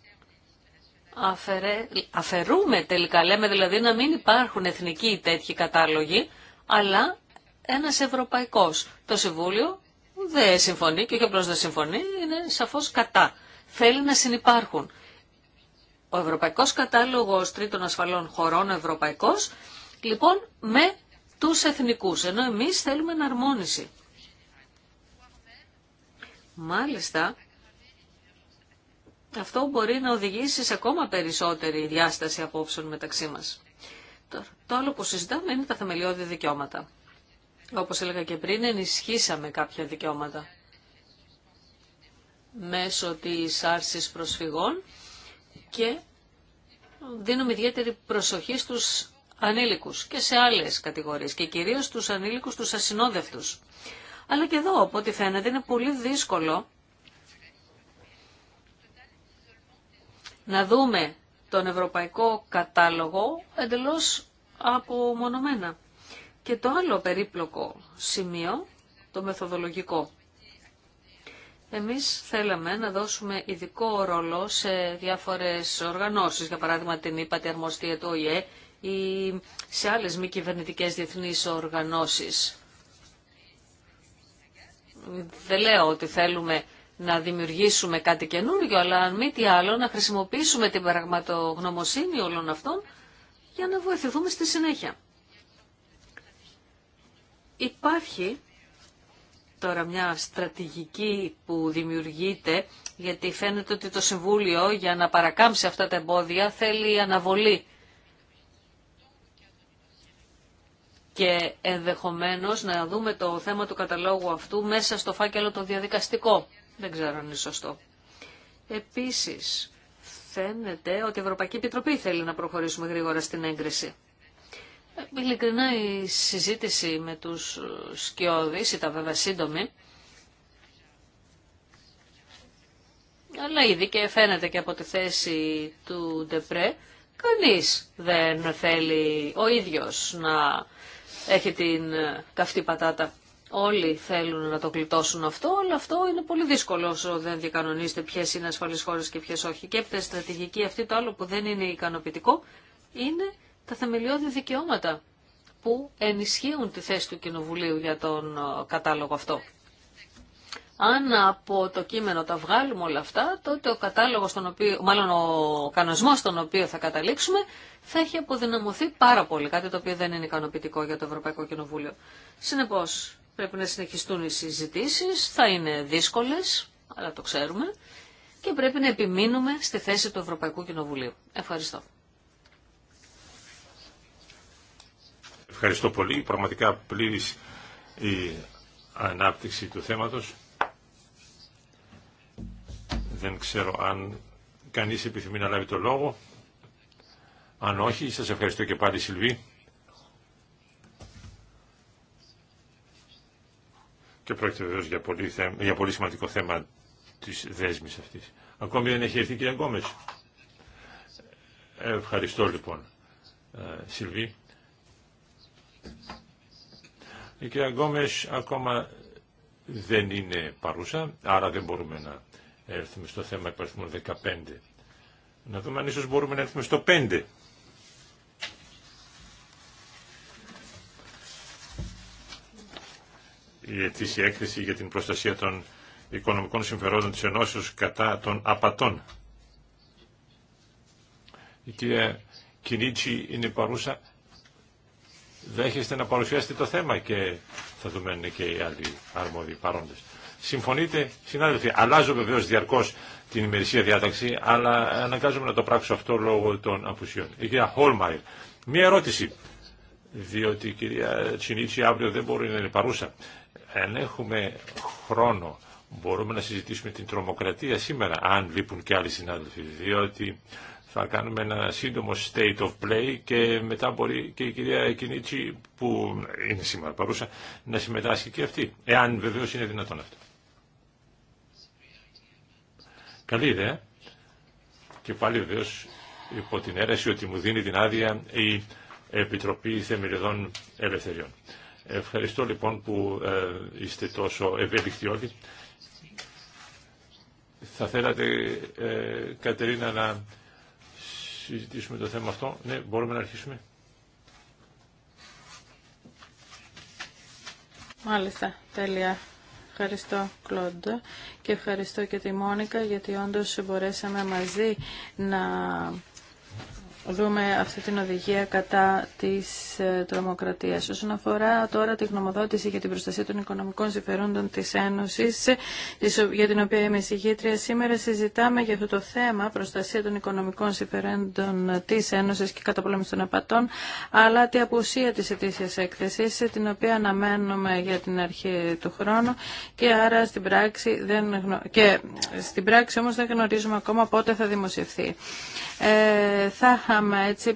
αφαιρούμε τελικά, λέμε δηλαδή να μην υπάρχουν εθνικοί τέτοιοι κατάλογοι, αλλά ένας ευρωπαϊκός. Το Συμβούλιο δεν συμφωνεί και όχι απλώς δεν συμφωνεί, είναι σαφώς κατά. Θέλει να συνεπάρχουν. Ο Ευρωπαϊκός Κατάλογος Τρίτων Ασφαλών Χωρών, Ευρωπαϊκός, λοιπόν με τους εθνικούς, ενώ εμείς θέλουμε εναρμόνιση. Μάλιστα, αυτό μπορεί να οδηγήσει σε ακόμα περισσότερη διάσταση απόψεων μεταξύ μας. το άλλο που συζητάμε είναι τα θεμελιώδη δικαιώματα. Όπως έλεγα και πριν, ενισχύσαμε κάποια δικαιώματα μέσω της άρσης προσφυγών και δίνουμε ιδιαίτερη προσοχή στους ανήλικους και σε άλλες κατηγορίες και κυρίως στους ανήλικους τους ασυνόδευτους. Αλλά και εδώ, από ό,τι φαίνεται, είναι πολύ δύσκολο να δούμε τον ευρωπαϊκό κατάλογο εντελώς απομονωμένα. Και το άλλο περίπλοκο σημείο, το μεθοδολογικό. Εμείς θέλαμε να δώσουμε ειδικό ρόλο σε διάφορες οργανώσεις, για παράδειγμα την ΥΠΑ, Αρμοστία του ΟΗΕ ή σε άλλες μη κυβερνητικές διεθνείς οργανώσεις. Δεν λέω ότι θέλουμε να δημιουργήσουμε κάτι καινούργιο, αλλά αν μη τι άλλο να χρησιμοποιήσουμε την πραγματογνωμοσύνη όλων αυτών για να βοηθηθούμε στη συνέχεια. Υπάρχει τώρα μια στρατηγική που δημιουργείται, γιατί φαίνεται ότι το Συμβούλιο για να παρακάμψει αυτά τα εμπόδια θέλει αναβολή. Και ενδεχομένως να δούμε το θέμα του καταλόγου αυτού μέσα στο φάκελο το διαδικαστικό. Δεν ξέρω αν είναι σωστό. Επίσης, φαίνεται ότι η Ευρωπαϊκή Επιτροπή θέλει να προχωρήσουμε γρήγορα στην έγκριση. Ειλικρινά η συζήτηση με τους σκιώδεις ήταν βέβαια σύντομη. Αλλά ήδη και φαίνεται και από τη θέση του Ντεπρέ, κανείς δεν θέλει ο ίδιος να έχει την καυτή πατάτα. Όλοι θέλουν να το κλειτώσουν αυτό, αλλά αυτό είναι πολύ δύσκολο όσο δεν διακανονίζεται ποιε είναι ασφαλείς χώρε και ποιε όχι. Και έπειτα στρατηγική αυτή το άλλο που δεν είναι ικανοποιητικό είναι τα θεμελιώδη δικαιώματα που ενισχύουν τη θέση του Κοινοβουλίου για τον ε, κατάλογο αυτό. Αν από το κείμενο τα βγάλουμε όλα αυτά, τότε ο κατάλογος στον οποίο, μάλλον ο κανονισμός στον οποίο θα καταλήξουμε, θα έχει αποδυναμωθεί πάρα πολύ, κάτι το οποίο δεν είναι ικανοποιητικό για το Ευρωπαϊκό Κοινοβούλιο. Συνεπώς, Πρέπει να συνεχιστούν οι συζητήσεις, θα είναι δύσκολες, αλλά το ξέρουμε, και πρέπει να επιμείνουμε στη θέση του Ευρωπαϊκού Κοινοβουλίου. Ευχαριστώ.
Ευχαριστώ πολύ. Πραγματικά πλήρης η ανάπτυξη του θέματος. Δεν ξέρω αν κανείς επιθυμεί να λάβει το λόγο. Αν όχι, σας ευχαριστώ και πάλι Σιλβί. Και πρόκειται βεβαίω για, πολύ για σημαντικό θέμα τη δέσμη αυτή. Ακόμη δεν έχει έρθει η κυρία Γκόμε. Ευχαριστώ λοιπόν, ε, Σιλβί. Η κυρία Γκόμε ακόμα δεν είναι παρούσα, άρα δεν μπορούμε να έρθουμε στο θέμα υπαριθμού 15. Να δούμε αν ίσως μπορούμε να έρθουμε στο 5. η ετήσια έκθεση για την προστασία των οικονομικών συμφερόντων της Ενώσεως κατά των απατών. Η κυρία Κινίτσι είναι παρούσα. Δέχεστε να παρουσιάσετε το θέμα και θα δούμε είναι και οι άλλοι αρμόδιοι παρόντες. Συμφωνείτε, συνάδελφοι, αλλάζω βεβαίως διαρκώς την ημερησία διάταξη, αλλά αναγκάζομαι να το πράξω αυτό λόγω των απουσιών. Η κυρία Χόλμαϊρ, μία ερώτηση, διότι η κυρία Τσινίτσι αύριο δεν μπορεί να είναι παρούσα αν έχουμε χρόνο μπορούμε να συζητήσουμε την τρομοκρατία σήμερα, αν λείπουν και άλλοι συνάδελφοι, διότι θα κάνουμε ένα σύντομο state of play και μετά μπορεί και η κυρία Κινίτσι που είναι σήμερα παρούσα να συμμετάσχει και αυτή, εάν βεβαίως είναι δυνατόν αυτό. Καλή ιδέα και πάλι βεβαίω υπό την αίρεση ότι μου δίνει την άδεια η Επιτροπή Θεμελιωδών Ελευθεριών. Ευχαριστώ λοιπόν που ε, είστε τόσο ευέλικτοι Θα θέλατε, ε, Κατερίνα, να συζητήσουμε το θέμα αυτό. Ναι, μπορούμε να αρχίσουμε.
Μάλιστα, τέλεια. Ευχαριστώ, Κλοντ, και ευχαριστώ και τη Μόνικα, γιατί όντως μπορέσαμε μαζί να δούμε αυτή την οδηγία κατά της ε, τρομοκρατίας. Όσον αφορά τώρα τη γνωμοδότηση για την προστασία των οικονομικών συμφερόντων της Ένωσης, ε, για την οποία είμαι συγγήτρια, σήμερα συζητάμε για αυτό το θέμα προστασία των οικονομικών συμφερόντων της Ένωσης και καταπολέμηση των απατών, αλλά τη απουσία της ετήσιας έκθεσης, ε, την οποία αναμένουμε για την αρχή του χρόνου και άρα στην πράξη, δεν γνω... και στην πράξη όμως δεν γνωρίζουμε ακόμα πότε θα δημοσιευθεί. Ε, θα είχαμε έτσι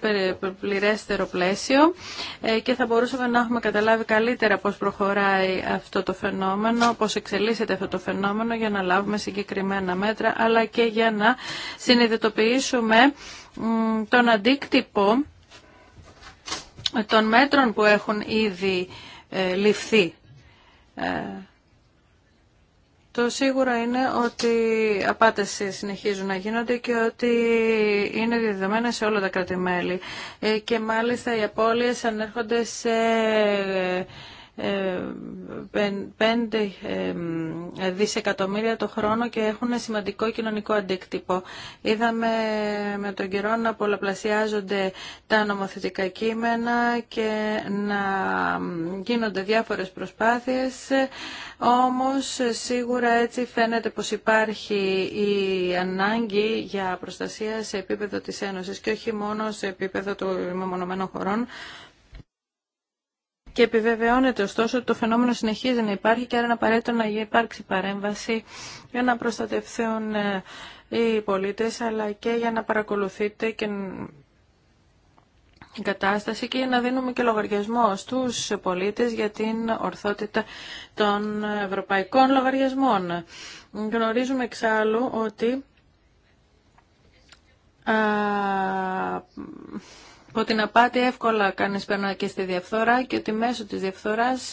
πληρέστερο πλαίσιο ε, και θα μπορούσαμε να έχουμε καταλάβει καλύτερα πώς προχωράει αυτό το φαινόμενο, πώς εξελίσσεται αυτό το φαινόμενο για να λάβουμε συγκεκριμένα μέτρα αλλά και για να συνειδητοποιήσουμε τον αντίκτυπο των μέτρων που έχουν ήδη ε, ληφθεί. Ε, το σίγουρο είναι ότι απάτες συνεχίζουν να γίνονται και ότι είναι διαδεδομένα σε όλα τα κράτη-μέλη. Ε, και μάλιστα οι απώλειες ανέρχονται σε 5 ε, δισεκατομμύρια το χρόνο και έχουν σημαντικό κοινωνικό αντίκτυπο. Είδαμε με τον καιρό να πολλαπλασιάζονται τα νομοθετικά κείμενα και να γίνονται διάφορες προσπάθειες, όμως σίγουρα έτσι φαίνεται πως υπάρχει η ανάγκη για προστασία σε επίπεδο της Ένωσης και όχι μόνο σε επίπεδο των μεμονωμένων χωρών, και επιβεβαιώνεται ωστόσο ότι το φαινόμενο συνεχίζει να υπάρχει και άρα είναι απαραίτητο να υπάρξει παρέμβαση για να προστατευθούν ε, οι πολίτες αλλά και για να παρακολουθείτε και η κατάσταση και να δίνουμε και λογαριασμό στους πολίτες για την ορθότητα των ευρωπαϊκών λογαριασμών. Γνωρίζουμε εξάλλου ότι ότι να πάτε εύκολα κανείς περνάει και στη διαφθορά και ότι μέσω της διαφθοράς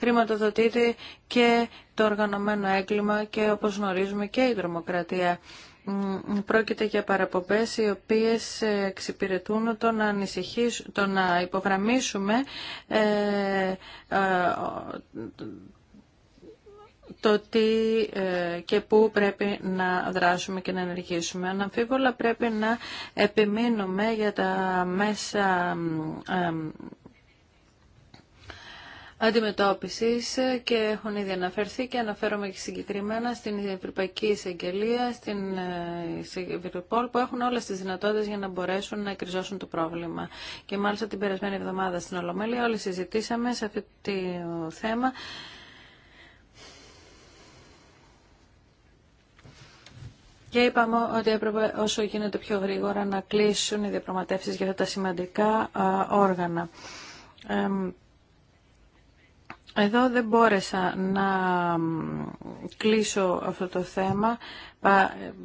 χρηματοδοτείται και το οργανωμένο έγκλημα και όπως γνωρίζουμε και η δρομοκρατία. Πρόκειται για παραπομπές οι οποίες εξυπηρετούν το να, το να υπογραμμίσουμε ε, ε, το τι ε, και πού πρέπει να δράσουμε και να ενεργήσουμε. Αναμφίβολα πρέπει να επιμείνουμε για τα μέσα ε, ε, αντιμετώπισης και έχουν ήδη αναφερθεί και αναφέρομαι και συγκεκριμένα στην Ευρωπαϊκή Εισαγγελία, στην Ευρωπόλ που έχουν όλες τις δυνατότητες για να μπορέσουν να εκριζώσουν το πρόβλημα. Και μάλιστα την περασμένη εβδομάδα στην Ολομέλεια όλοι συζητήσαμε σε αυτό το θέμα Και είπαμε ότι έπρεπε όσο γίνεται πιο γρήγορα να κλείσουν οι διαπραγματεύσει για αυτά τα σημαντικά όργανα. Εδώ δεν μπόρεσα να κλείσω αυτό το θέμα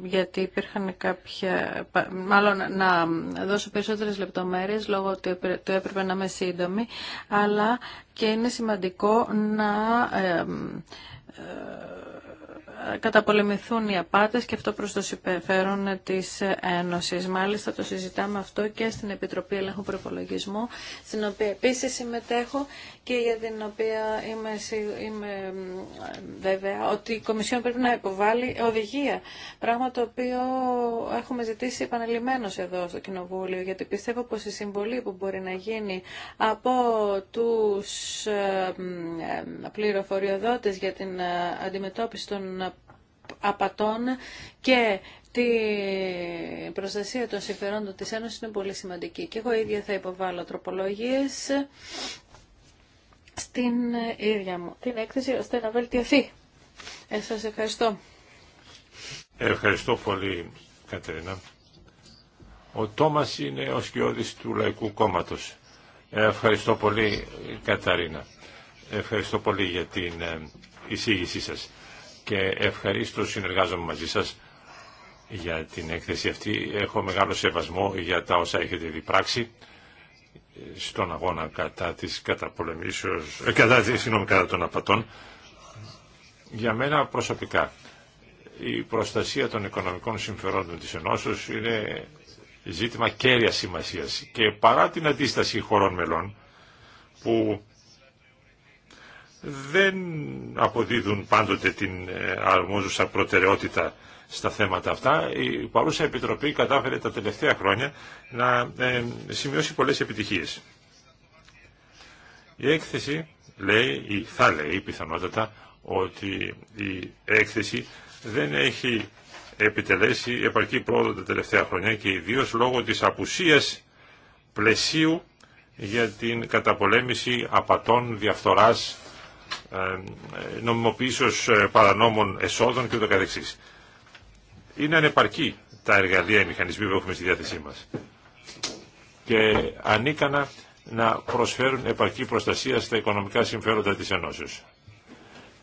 γιατί υπήρχαν κάποια... μάλλον να δώσω περισσότερες λεπτομέρειες λόγω ότι το έπρεπε να είμαι σύντομη αλλά και είναι σημαντικό να ε, καταπολεμηθούν οι απάτες και αυτό προς το υπερφέρων της Ένωσης. Μάλιστα το συζητάμε αυτό και στην Επιτροπή Ελέγχου Προπολογισμού, στην οποία επίσης συμμετέχω και για την οποία είμαι, είμαι βέβαια ότι η Κομισιόν πρέπει να υποβάλει οδηγία, πράγμα το οποίο έχουμε ζητήσει επανελειμμένω εδώ στο Κοινοβούλιο, γιατί πιστεύω πως η συμβολή που μπορεί να γίνει από τους ε, ε, πληροφοριοδότες για την ε, αντιμετώπιση των απατών και τη προστασία των συμφερόντων της Ένωσης είναι πολύ σημαντική. Και εγώ ίδια θα υποβάλω τροπολογίες στην ίδια μου την έκθεση ώστε να βελτιωθεί. Ε, σας ευχαριστώ.
Ευχαριστώ πολύ Κατερίνα. Ο Τόμας είναι ο σκιώδης του Λαϊκού Κόμματος. Ε, ευχαριστώ πολύ Καταρίνα. Ευχαριστώ πολύ για την ε, εισήγησή σας και ευχαριστώ, συνεργάζομαι μαζί σας για την έκθεση αυτή. Έχω μεγάλο σεβασμό για τα όσα έχετε διπράξει στον αγώνα κατά της καταπολεμήσεως, ε, κατά, συγγνώμη, κατά των απατών. Για μένα προσωπικά η προστασία των οικονομικών συμφερόντων της Ενώσεως είναι ζήτημα κέρια σημασίας και παρά την αντίσταση χωρών μελών που δεν αποδίδουν πάντοτε την ε, αρμόζουσα προτεραιότητα στα θέματα αυτά. Η παρούσα Επιτροπή κατάφερε τα τελευταία χρόνια να ε, σημειώσει πολλές επιτυχίες. Η έκθεση λέει, ή θα λέει πιθανότατα, ότι η έκθεση δεν έχει επιτελέσει επαρκή πρόοδο τα τελευταία χρόνια και ιδίως λόγω της απουσίας πλαισίου για την καταπολέμηση απατών, διαφθοράς ε, νομιμοποίησεως ε, παρανόμων εσόδων και ούτω Είναι ανεπαρκή τα εργαλεία, οι μηχανισμοί που έχουμε στη διάθεσή μας και ανίκανα να προσφέρουν επαρκή προστασία στα οικονομικά συμφέροντα της Ενώσεως.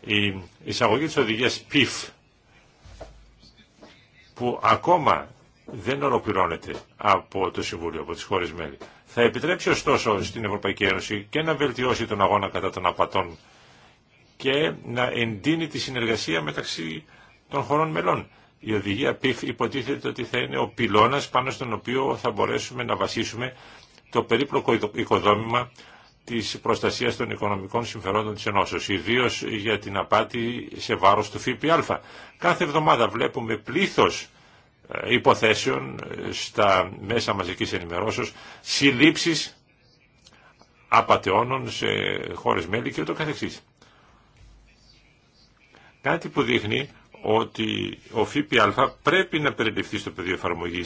Η εισαγωγή της οδηγίας PIF που ακόμα δεν ολοκληρώνεται από το Συμβούλιο, από τις χώρες μέλη. Θα επιτρέψει ωστόσο στην Ευρωπαϊκή Ένωση και να βελτιώσει τον αγώνα κατά των απατών και να εντείνει τη συνεργασία μεταξύ των χωρών μελών. Η οδηγία PIF υποτίθεται ότι θα είναι ο πυλώνας πάνω στον οποίο θα μπορέσουμε να βασίσουμε το περίπλοκο οικοδόμημα της προστασίας των οικονομικών συμφερόντων της Ενώσεως, ιδίω για την απάτη σε βάρος του ΦΠΑ. Κάθε εβδομάδα βλέπουμε πλήθος ε, υποθέσεων ε, στα μέσα μαζικής ενημερώσεως, συλλήψεις απαταιώνων σε χώρες μέλη και ούτω καθεξής. Κάτι που δείχνει ότι ο ΦΠΑ πρέπει να περιληφθεί στο πεδίο εφαρμογή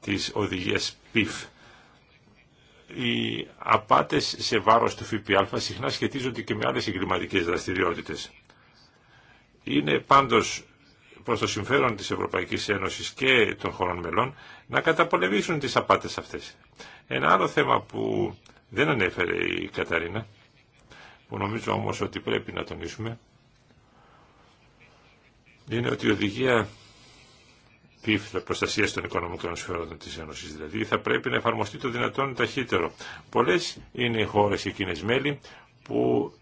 της οδηγίας PIF. Οι απάτε σε βάρος του ΦΠΑ συχνά σχετίζονται και με άλλες εγκληματικέ δραστηριότητες. Είναι πάντως προς το συμφέρον της Ευρωπαϊκής Ένωσης και των χωρών μελών να καταπολεμήσουν τις απάτες αυτές. Ένα άλλο θέμα που δεν ανέφερε η Καταρίνα, που νομίζω όμως ότι πρέπει να τονίσουμε, είναι ότι η οδηγία πίφθα προστασία των οικονομικών σφαίρων τη Ένωση, δηλαδή, θα πρέπει να εφαρμοστεί το δυνατόν ταχύτερο. Πολλέ είναι οι χώρες εκείνε μέλη που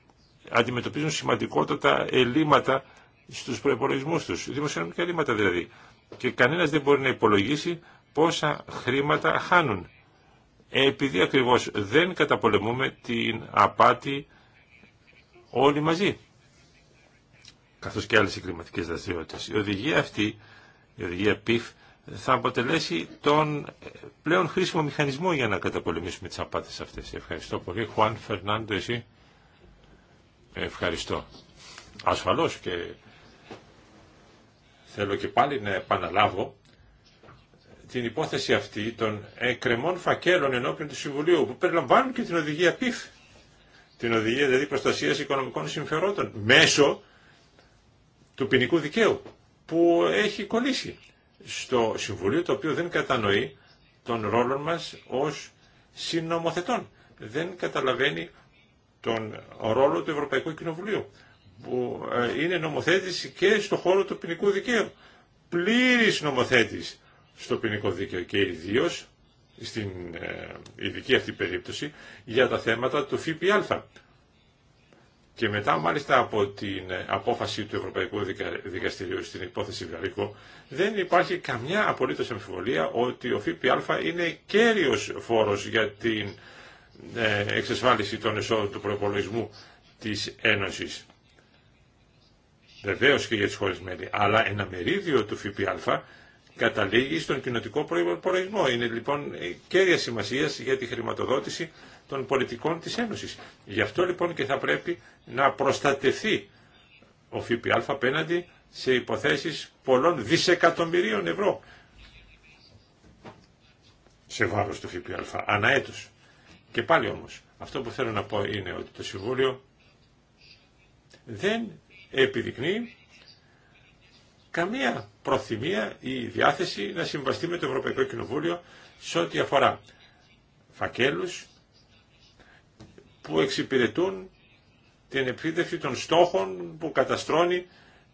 αντιμετωπίζουν σημαντικότατα ελλείμματα στου προπολογισμού του, δημοσιονομικά ελλείμματα δηλαδή. Και κανένα δεν μπορεί να υπολογίσει πόσα χρήματα χάνουν. Επειδή ακριβώς δεν καταπολεμούμε την απάτη όλοι μαζί. Καθώ και άλλε εγκληματικέ δραστηριότητε. Η οδηγία αυτή, η οδηγία PIF, θα αποτελέσει τον πλέον χρήσιμο μηχανισμό για να καταπολεμήσουμε τι απάτε αυτέ. Ευχαριστώ πολύ. Χουάν Φερνάντο, εσύ. Ευχαριστώ. Ασφαλώς και θέλω και πάλι να επαναλάβω την υπόθεση αυτή των εκκρεμών φακέλων ενώπιον του Συμβουλίου που περιλαμβάνουν και την οδηγία PIF, την οδηγία δηλαδή προστασία οικονομικών συμφερόντων, μέσω του ποινικού δικαίου που έχει κολλήσει στο Συμβουλίο το οποίο δεν κατανοεί τον ρόλο μας ως συνομοθετών. Δεν καταλαβαίνει τον ρόλο του Ευρωπαϊκού Κοινοβουλίου που ε, είναι νομοθέτης και στο χώρο του ποινικού δικαίου. Πλήρης νομοθέτης στο ποινικό δίκαιο και ιδίω στην ε, ειδική αυτή περίπτωση για τα θέματα του ΦΠΑ και μετά μάλιστα από την ε, απόφαση του Ευρωπαϊκού Δικαστηρίου στην υπόθεση Βαρίκο δεν υπάρχει καμιά απολύτως αμφιβολία ότι ο ΦΠΑ είναι κέριος φόρος για την ε, εξασφάλιση των εσόδων του προπολογισμού της Ένωσης. Βεβαίω και για τις χώρες μέλη, αλλά ένα μερίδιο του ΦΠΑ καταλήγει στον κοινοτικό προϋπολογισμό. Είναι λοιπόν κέρια σημασία για τη χρηματοδότηση των πολιτικών της Ένωσης. Γι' αυτό λοιπόν και θα πρέπει να προστατευθεί ο ΦΠΑ απέναντι σε υποθέσεις πολλών δισεκατομμυρίων ευρώ σε βάρος του ΦΠΑ, αναέτους. Και πάλι όμως, αυτό που θέλω να πω είναι ότι το Συμβούλιο δεν επιδεικνύει καμία προθυμία ή διάθεση να συμβαστεί με το Ευρωπαϊκό Κοινοβούλιο σε ό,τι αφορά φακέλους που εξυπηρετούν την επίδευση των στόχων που καταστρώνει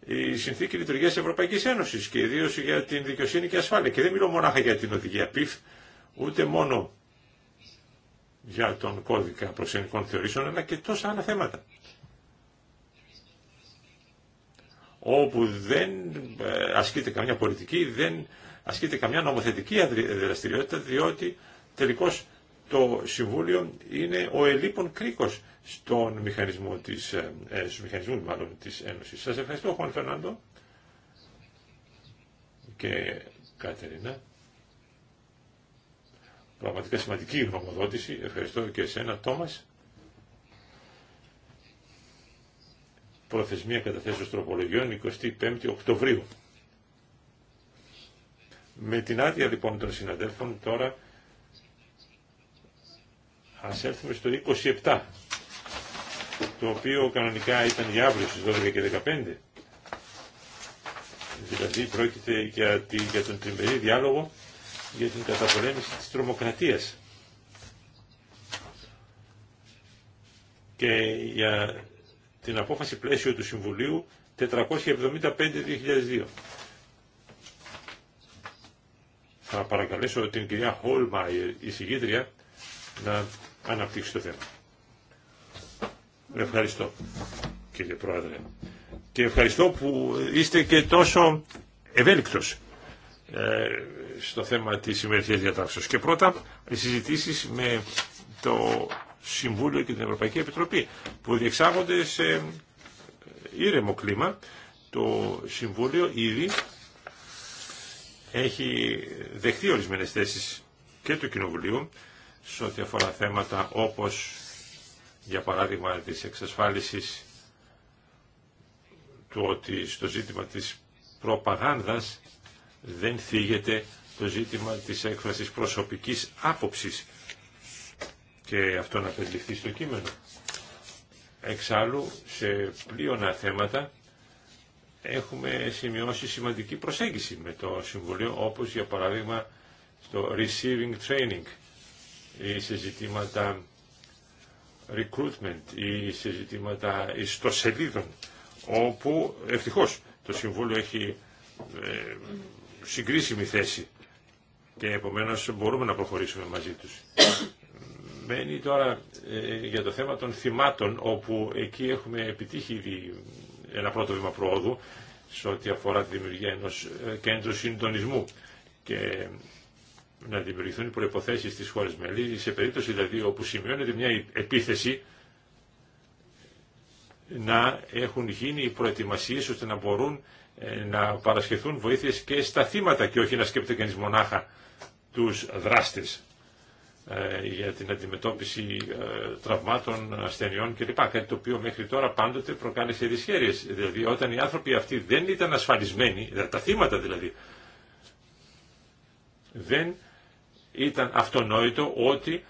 η συνθήκη λειτουργία Ευρωπαϊκή Ένωση και ιδίω για την δικαιοσύνη και ασφάλεια. Και δεν μιλώ μονάχα για την οδηγία ΠΙΦ, ούτε μόνο για τον κώδικα προξενικών θεωρήσεων, αλλά και τόσα άλλα θέματα. Όπου δεν ε, ασκείται καμιά πολιτική, δεν ασκείται καμιά νομοθετική δραστηριότητα, διότι τελικώς το Συμβούλιο είναι ο ελίπων κρίκος στον μηχανισμό της, ε, ε, στους μηχανισμούς μάλλον της Ένωσης. Σας ευχαριστώ Χωάν Φερνάντο και Κατερίνα. Πραγματικά σημαντική γνωμοδότηση. Ευχαριστώ και εσένα Τόμας. Προθεσμία καταθέσεως τροπολογιών 25 Οκτωβρίου. Με την άδεια λοιπόν των συναδέλφων τώρα Ας έρθουμε στο 27, το οποίο κανονικά ήταν για αύριο στις 12 και 15. Δηλαδή πρόκειται για, για τον τριμερή διάλογο για την καταπολέμηση της τρομοκρατίας. και για την απόφαση πλαίσιο του Συμβουλίου 475-2002. Θα παρακαλέσω την κυρία Χόλμαϊρ, η συγκίτρια να αναπτύξει το θέμα. Ευχαριστώ κύριε Πρόεδρε. Και ευχαριστώ που είστε και τόσο ευέλικτος ε, στο θέμα της σημερινής διατάξεως. Και πρώτα οι συζητήσεις με το Συμβούλιο και την Ευρωπαϊκή Επιτροπή που διεξάγονται σε ήρεμο κλίμα. Το Συμβούλιο ήδη έχει δεχτεί ορισμένες θέσεις και του Κοινοβουλίου σε ό,τι αφορά θέματα όπως για παράδειγμα της εξασφάλισης του ότι στο ζήτημα της προπαγάνδας δεν θίγεται το ζήτημα της έκφρασης προσωπικής άποψης και αυτό να περιληφθεί στο κείμενο. Εξάλλου, σε πλείονα θέματα έχουμε σημειώσει σημαντική προσέγγιση με το Συμβουλίο, όπως για παράδειγμα στο Receiving Training, ή σε ζητήματα recruitment ή σε ζητήματα ιστοσελίδων, όπου ευτυχώς το Συμβούλιο έχει ε, συγκρίσιμη θέση και επομένως μπορούμε να προχωρήσουμε μαζί τους. Μένει τώρα ε, για το θέμα των θυμάτων, όπου εκεί έχουμε επιτύχει ήδη ένα πρώτο βήμα προόδου σε ό,τι αφορά τη δημιουργία ενός ε, κέντρου συντονισμού και να δημιουργηθούν οι προϋποθέσεις στις χώρες μελή, σε περίπτωση δηλαδή όπου σημειώνεται μια επίθεση να έχουν γίνει οι προετοιμασίες ώστε να μπορούν ε, να παρασχεθούν βοήθειες και στα θύματα και όχι να σκέπτεται κανείς μονάχα τους δράστες ε, για την αντιμετώπιση ε, τραυμάτων, ασθενειών κλπ. Κάτι το οποίο μέχρι τώρα πάντοτε προκάλεσε δυσχέρειες. Δηλαδή όταν οι άνθρωποι αυτοί δεν ήταν ασφαλισμένοι, δηλαδή τα θύματα δηλαδή, δεν ήταν αυτονόητο ότι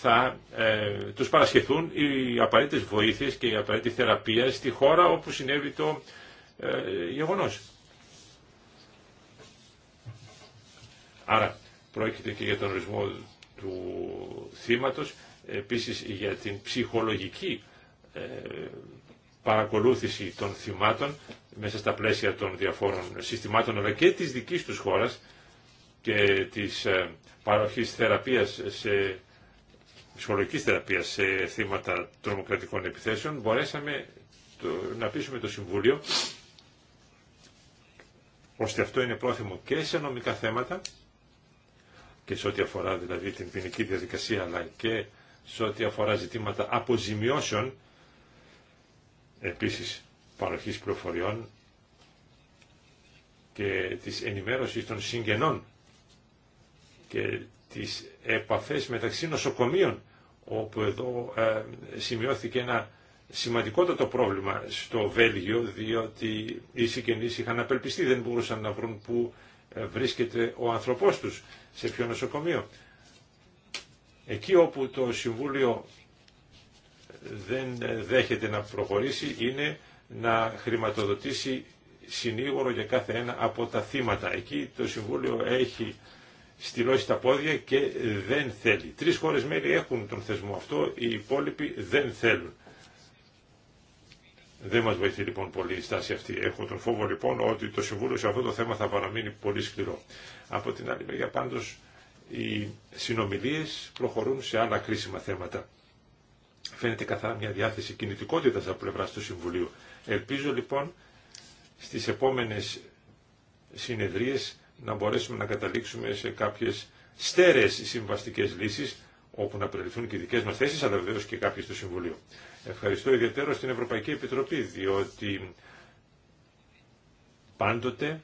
θα ε, τους παρασχεθούν οι απαραίτητες βοήθειες και η απαραίτητη θεραπεία στη χώρα όπου συνέβη το ε, γεγονός. Άρα πρόκειται και για τον ορισμό του θύματος, επίσης για την ψυχολογική ε, παρακολούθηση των θυμάτων μέσα στα πλαίσια των διαφόρων συστημάτων αλλά και της δικής τους χώρας και της ε, παροχής θεραπείας σε ψυχολογική θεραπεία σε θύματα τρομοκρατικών επιθέσεων, μπορέσαμε να πείσουμε το Συμβούλιο ώστε αυτό είναι πρόθυμο και σε νομικά θέματα και σε ό,τι αφορά δηλαδή την ποινική διαδικασία αλλά και σε ό,τι αφορά ζητήματα αποζημιώσεων επίσης παροχής πληροφοριών και της ενημέρωσης των συγγενών και τις επαφές μεταξύ νοσοκομείων όπου εδώ ε, σημειώθηκε ένα σημαντικότατο πρόβλημα στο Βέλγιο διότι οι συγγενείς είχαν απελπιστεί, δεν μπορούσαν να βρουν που ε, βρίσκεται ο ανθρωπός τους, σε ποιο νοσοκομείο. Εκεί όπου το Συμβούλιο δεν ε, δέχεται να προχωρήσει είναι να χρηματοδοτήσει συνήγορο για κάθε ένα από τα θύματα. Εκεί το Συμβούλιο έχει στυλώσει τα πόδια και δεν θέλει. Τρεις χώρες μέλη έχουν τον θεσμό αυτό, οι υπόλοιποι δεν θέλουν. Δεν μας βοηθεί λοιπόν πολύ η στάση αυτή. Έχω τον φόβο λοιπόν ότι το Συμβούλιο σε αυτό το θέμα θα παραμείνει πολύ σκληρό. Από την άλλη μεριά πάντως οι συνομιλίες προχωρούν σε άλλα κρίσιμα θέματα. Φαίνεται καθαρά μια διάθεση κινητικότητας από πλευρά του Συμβουλίου. Ελπίζω λοιπόν στις επόμενες συνεδρίες να μπορέσουμε να καταλήξουμε σε κάποιες στέρεες συμβαστικές λύσεις όπου να περιληφθούν και οι δικές μας θέσεις αλλά βεβαίως και κάποιες του Συμβουλίου. Ευχαριστώ ιδιαίτερα στην Ευρωπαϊκή Επιτροπή διότι πάντοτε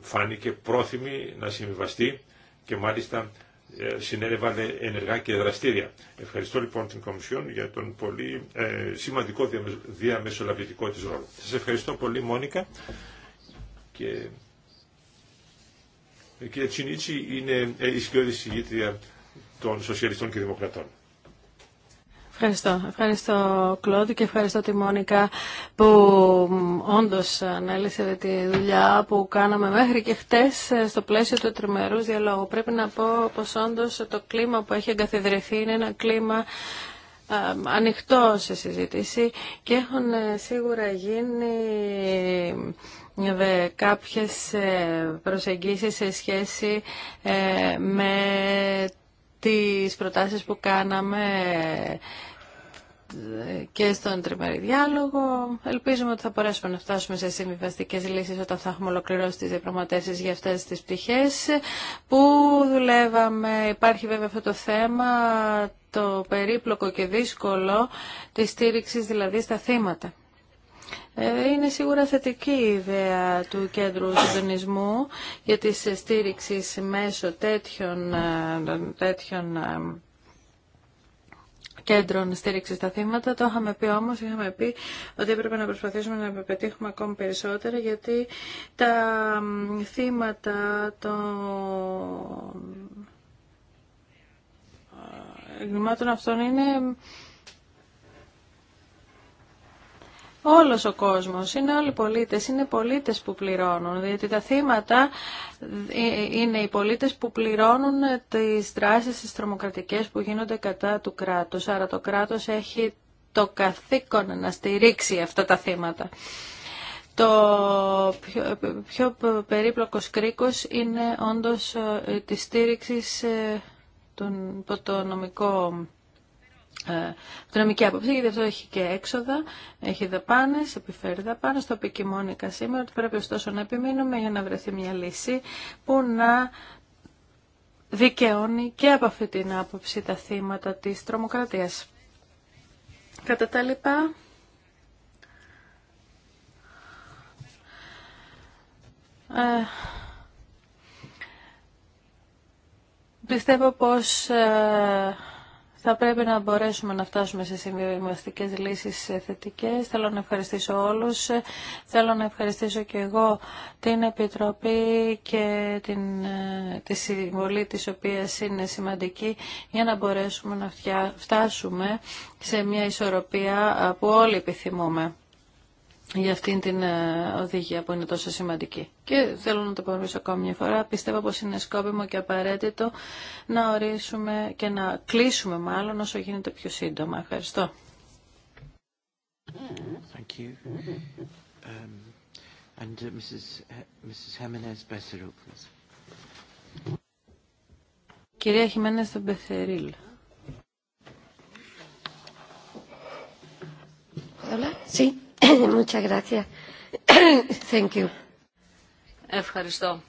φάνηκε πρόθυμη να συμβιβαστεί και μάλιστα ε, συνέρευαν ενεργά και δραστήρια. Ευχαριστώ λοιπόν την Κομισιόν για τον πολύ ε, σημαντικό διαμεσολαβητικό της ρόλο. Σας ευχαριστώ πολύ Μόνικα και η ε, κυρία Τσινίτσι είναι ε, η συγγήτρια των Σοσιαλιστών και Δημοκρατών.
Ευχαριστώ. Ευχαριστώ Κλώδη και ευχαριστώ τη Μόνικα που όντως ανέλησε τη δουλειά που κάναμε μέχρι και χτες ε, στο πλαίσιο του τριμερούς διαλόγου. Πρέπει να πω πως όντως το κλίμα που έχει εγκαθιδρυθεί είναι ένα κλίμα ανοιχτό σε συζήτηση και έχουν σίγουρα γίνει κάποιες ε, προσεγγίσεις σε σχέση ε, με τις προτάσεις που κάναμε ε, και στον τριμερή διάλογο. Ελπίζουμε ότι θα μπορέσουμε να φτάσουμε σε συμβιβαστικές λύσεις όταν θα έχουμε ολοκληρώσει τις διαπραγματεύσεις για αυτές τις πτυχές που δουλεύαμε. Υπάρχει βέβαια αυτό το θέμα το περίπλοκο και δύσκολο της στήριξης δηλαδή στα θύματα. Ε, είναι σίγουρα θετική η ιδέα του κέντρου συντονισμού για τη στήριξη μέσω τέτοιων, ε, τέτοιων ε, κέντρων στήριξη στα θύματα. Το είχαμε πει όμω, είχαμε πει ότι έπρεπε να προσπαθήσουμε να πετύχουμε ακόμη περισσότερα γιατί τα θύματα των εγκλημάτων αυτών είναι όλος ο κόσμος, είναι όλοι οι πολίτες, είναι πολίτες που πληρώνουν, διότι τα θύματα ε, είναι οι πολίτες που πληρώνουν τις δράσεις τις τρομοκρατικές που γίνονται κατά του κράτους. Άρα το κράτος έχει το καθήκον να στηρίξει αυτά τα θύματα. Το πιο, πιο περίπλοκος κρίκος είναι όντως ε, τη στήριξη ε, τον, το νομικό Οικονομική ε, άποψη, γιατί αυτό έχει και έξοδα, έχει δαπάνε, επιφέρει δαπάνε. Το είπε και η Μόνικα σήμερα ότι πρέπει ωστόσο να επιμείνουμε για να βρεθεί μια λύση που να δικαιώνει και από αυτή την άποψη τα θύματα της τρομοκρατίας. Κατά τα λοιπά, ε, πιστεύω πως ε, θα πρέπει να μπορέσουμε να φτάσουμε σε συμβιβαστικέ λύσεις ε, θετικέ. Θέλω να ευχαριστήσω όλους. Ε, θέλω να ευχαριστήσω και εγώ την Επιτροπή και την, ε, τη συμβολή τη οποία είναι σημαντική για να μπορέσουμε να φτάσουμε σε μια ισορροπία που όλοι επιθυμούμε για αυτήν την ε, οδηγία που είναι τόσο σημαντική. Και θέλω να το πω ακόμη μια φορά. Πιστεύω πως είναι σκόπιμο και απαραίτητο να ορίσουμε και να κλείσουμε μάλλον όσο γίνεται πιο σύντομα. Ευχαριστώ. Thank you.
Um, and uh, Mrs. Uh,
Κυρία Χιμένες Μπεθερίλ.
Hola, sí. Ευχαριστώ,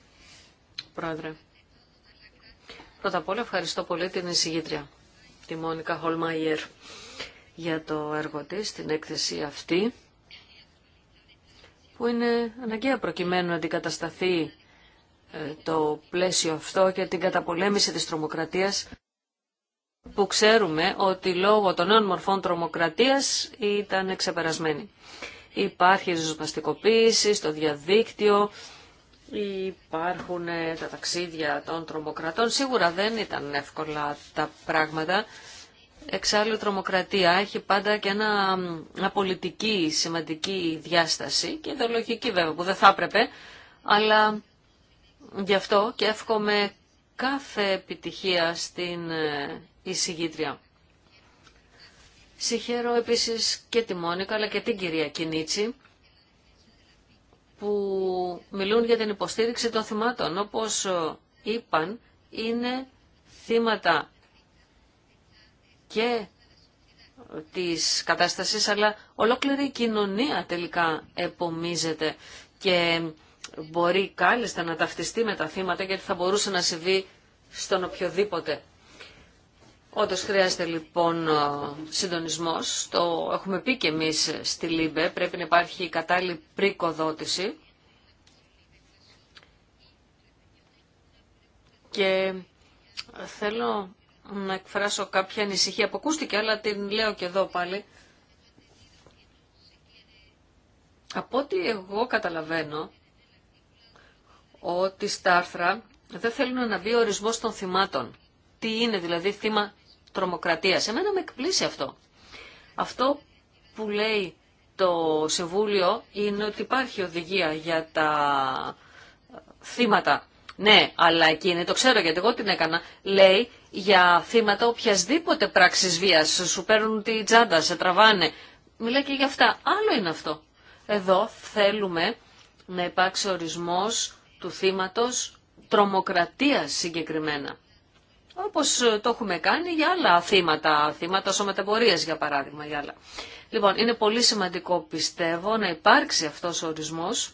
Πρόεδρε. Πρώτα απ' όλα ευχαριστώ πολύ την εισηγήτρια, τη Μόνικα Χολμαϊέρ, για το έργο της, την έκθεση αυτή, που είναι αναγκαία προκειμένου να αντικατασταθεί ε, το πλαίσιο αυτό και την καταπολέμηση της τρομοκρατίας που ξέρουμε ότι λόγω των νέων μορφών τρομοκρατίας ήταν ξεπερασμένη. Υπάρχει ζωσπαστικοποίηση στο διαδίκτυο, υπάρχουν ε, τα ταξίδια των τρομοκρατών. Σίγουρα δεν ήταν εύκολα τα πράγματα. Εξάλλου η τρομοκρατία έχει πάντα και ένα, πολιτική σημαντική διάσταση και ιδεολογική βέβαια που δεν θα έπρεπε, αλλά γι' αυτό και εύχομαι κάθε επιτυχία στην ε, η Συγχαίρω επίσης και τη Μόνικα αλλά και την κυρία Κινίτσι που μιλούν για την υποστήριξη των θυμάτων. Όπως ε, είπαν είναι θύματα και της κατάστασης αλλά ολόκληρη η κοινωνία τελικά επομίζεται και μπορεί κάλλιστα να ταυτιστεί με τα θύματα γιατί θα μπορούσε να συμβεί στον οποιοδήποτε Όντω χρειάζεται λοιπόν ε, συντονισμό. Το έχουμε πει και εμεί στη ΛΥΜΠΕ. Πρέπει να υπάρχει κατάλληλη πρικοδότηση. Και θέλω να εκφράσω κάποια ανησυχία που ακούστηκε, αλλά την λέω και εδώ πάλι. Από ό,τι εγώ καταλαβαίνω, ότι στα άρθρα δεν θέλουν να μπει ορισμό των θυμάτων. Τι είναι δηλαδή θύμα τρομοκρατίας. Εμένα με εκπλήσει αυτό. Αυτό που λέει το Σεβούλιο είναι ότι υπάρχει οδηγία για τα θύματα. Ναι, αλλά εκείνη, το ξέρω γιατί εγώ την έκανα, λέει για θύματα οποιασδήποτε πράξης βίας. Σου παίρνουν τη τσάντα, σε τραβάνε. Μιλάει και για αυτά. Άλλο είναι αυτό. Εδώ θέλουμε να υπάρξει ορισμός του θύματος τρομοκρατίας συγκεκριμένα όπως ε, το έχουμε κάνει για άλλα θύματα, θύματα σωματεμπορίας για παράδειγμα. Για άλλα. Λοιπόν, είναι πολύ σημαντικό πιστεύω να υπάρξει αυτός ο ορισμός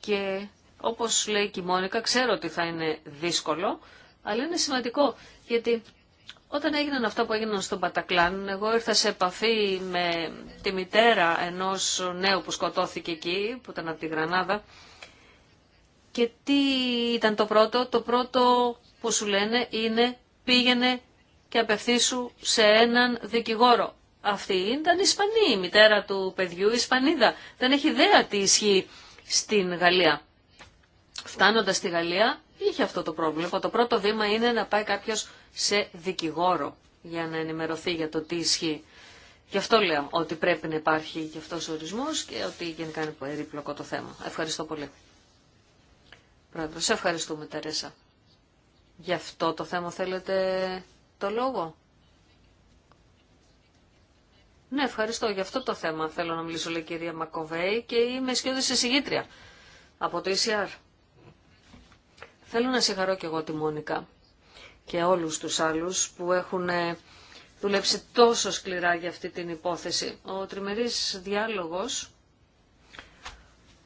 και όπως λέει και η Μόνικα, ξέρω ότι θα είναι δύσκολο, αλλά είναι σημαντικό γιατί όταν έγιναν αυτά που έγιναν στον Πατακλάν, εγώ ήρθα σε επαφή με τη μητέρα ενός νέου που σκοτώθηκε εκεί, που ήταν από τη Γρανάδα, και τι ήταν το πρώτο. Το πρώτο που σου λένε είναι πήγαινε και απευθύσου σε έναν δικηγόρο. Αυτή ήταν Ισπανή, η μητέρα του παιδιού Ισπανίδα. Δεν έχει ιδέα τι ισχύει στην Γαλλία. Φτάνοντας στη Γαλλία είχε αυτό το πρόβλημα. Το πρώτο βήμα είναι να πάει κάποιος σε δικηγόρο για να ενημερωθεί για το τι ισχύει. Γι' αυτό λέω ότι πρέπει να υπάρχει και αυτός ο ορισμός και ότι γενικά είναι περίπλοκο το θέμα. Ευχαριστώ πολύ. Πρόεδρο. Σε ευχαριστούμε, Τερέσα. Γι' αυτό το θέμα θέλετε το λόγο. Ναι, ευχαριστώ. Γι' αυτό το θέμα θέλω να μιλήσω, λέει κυρία Μακοβέη, και είμαι σκιώδης εισηγήτρια από το ECR. Θέλω να συγχαρώ και εγώ τη Μόνικα και όλους τους άλλους που έχουν ε, δουλέψει τόσο σκληρά για αυτή την υπόθεση. Ο τριμερής διάλογος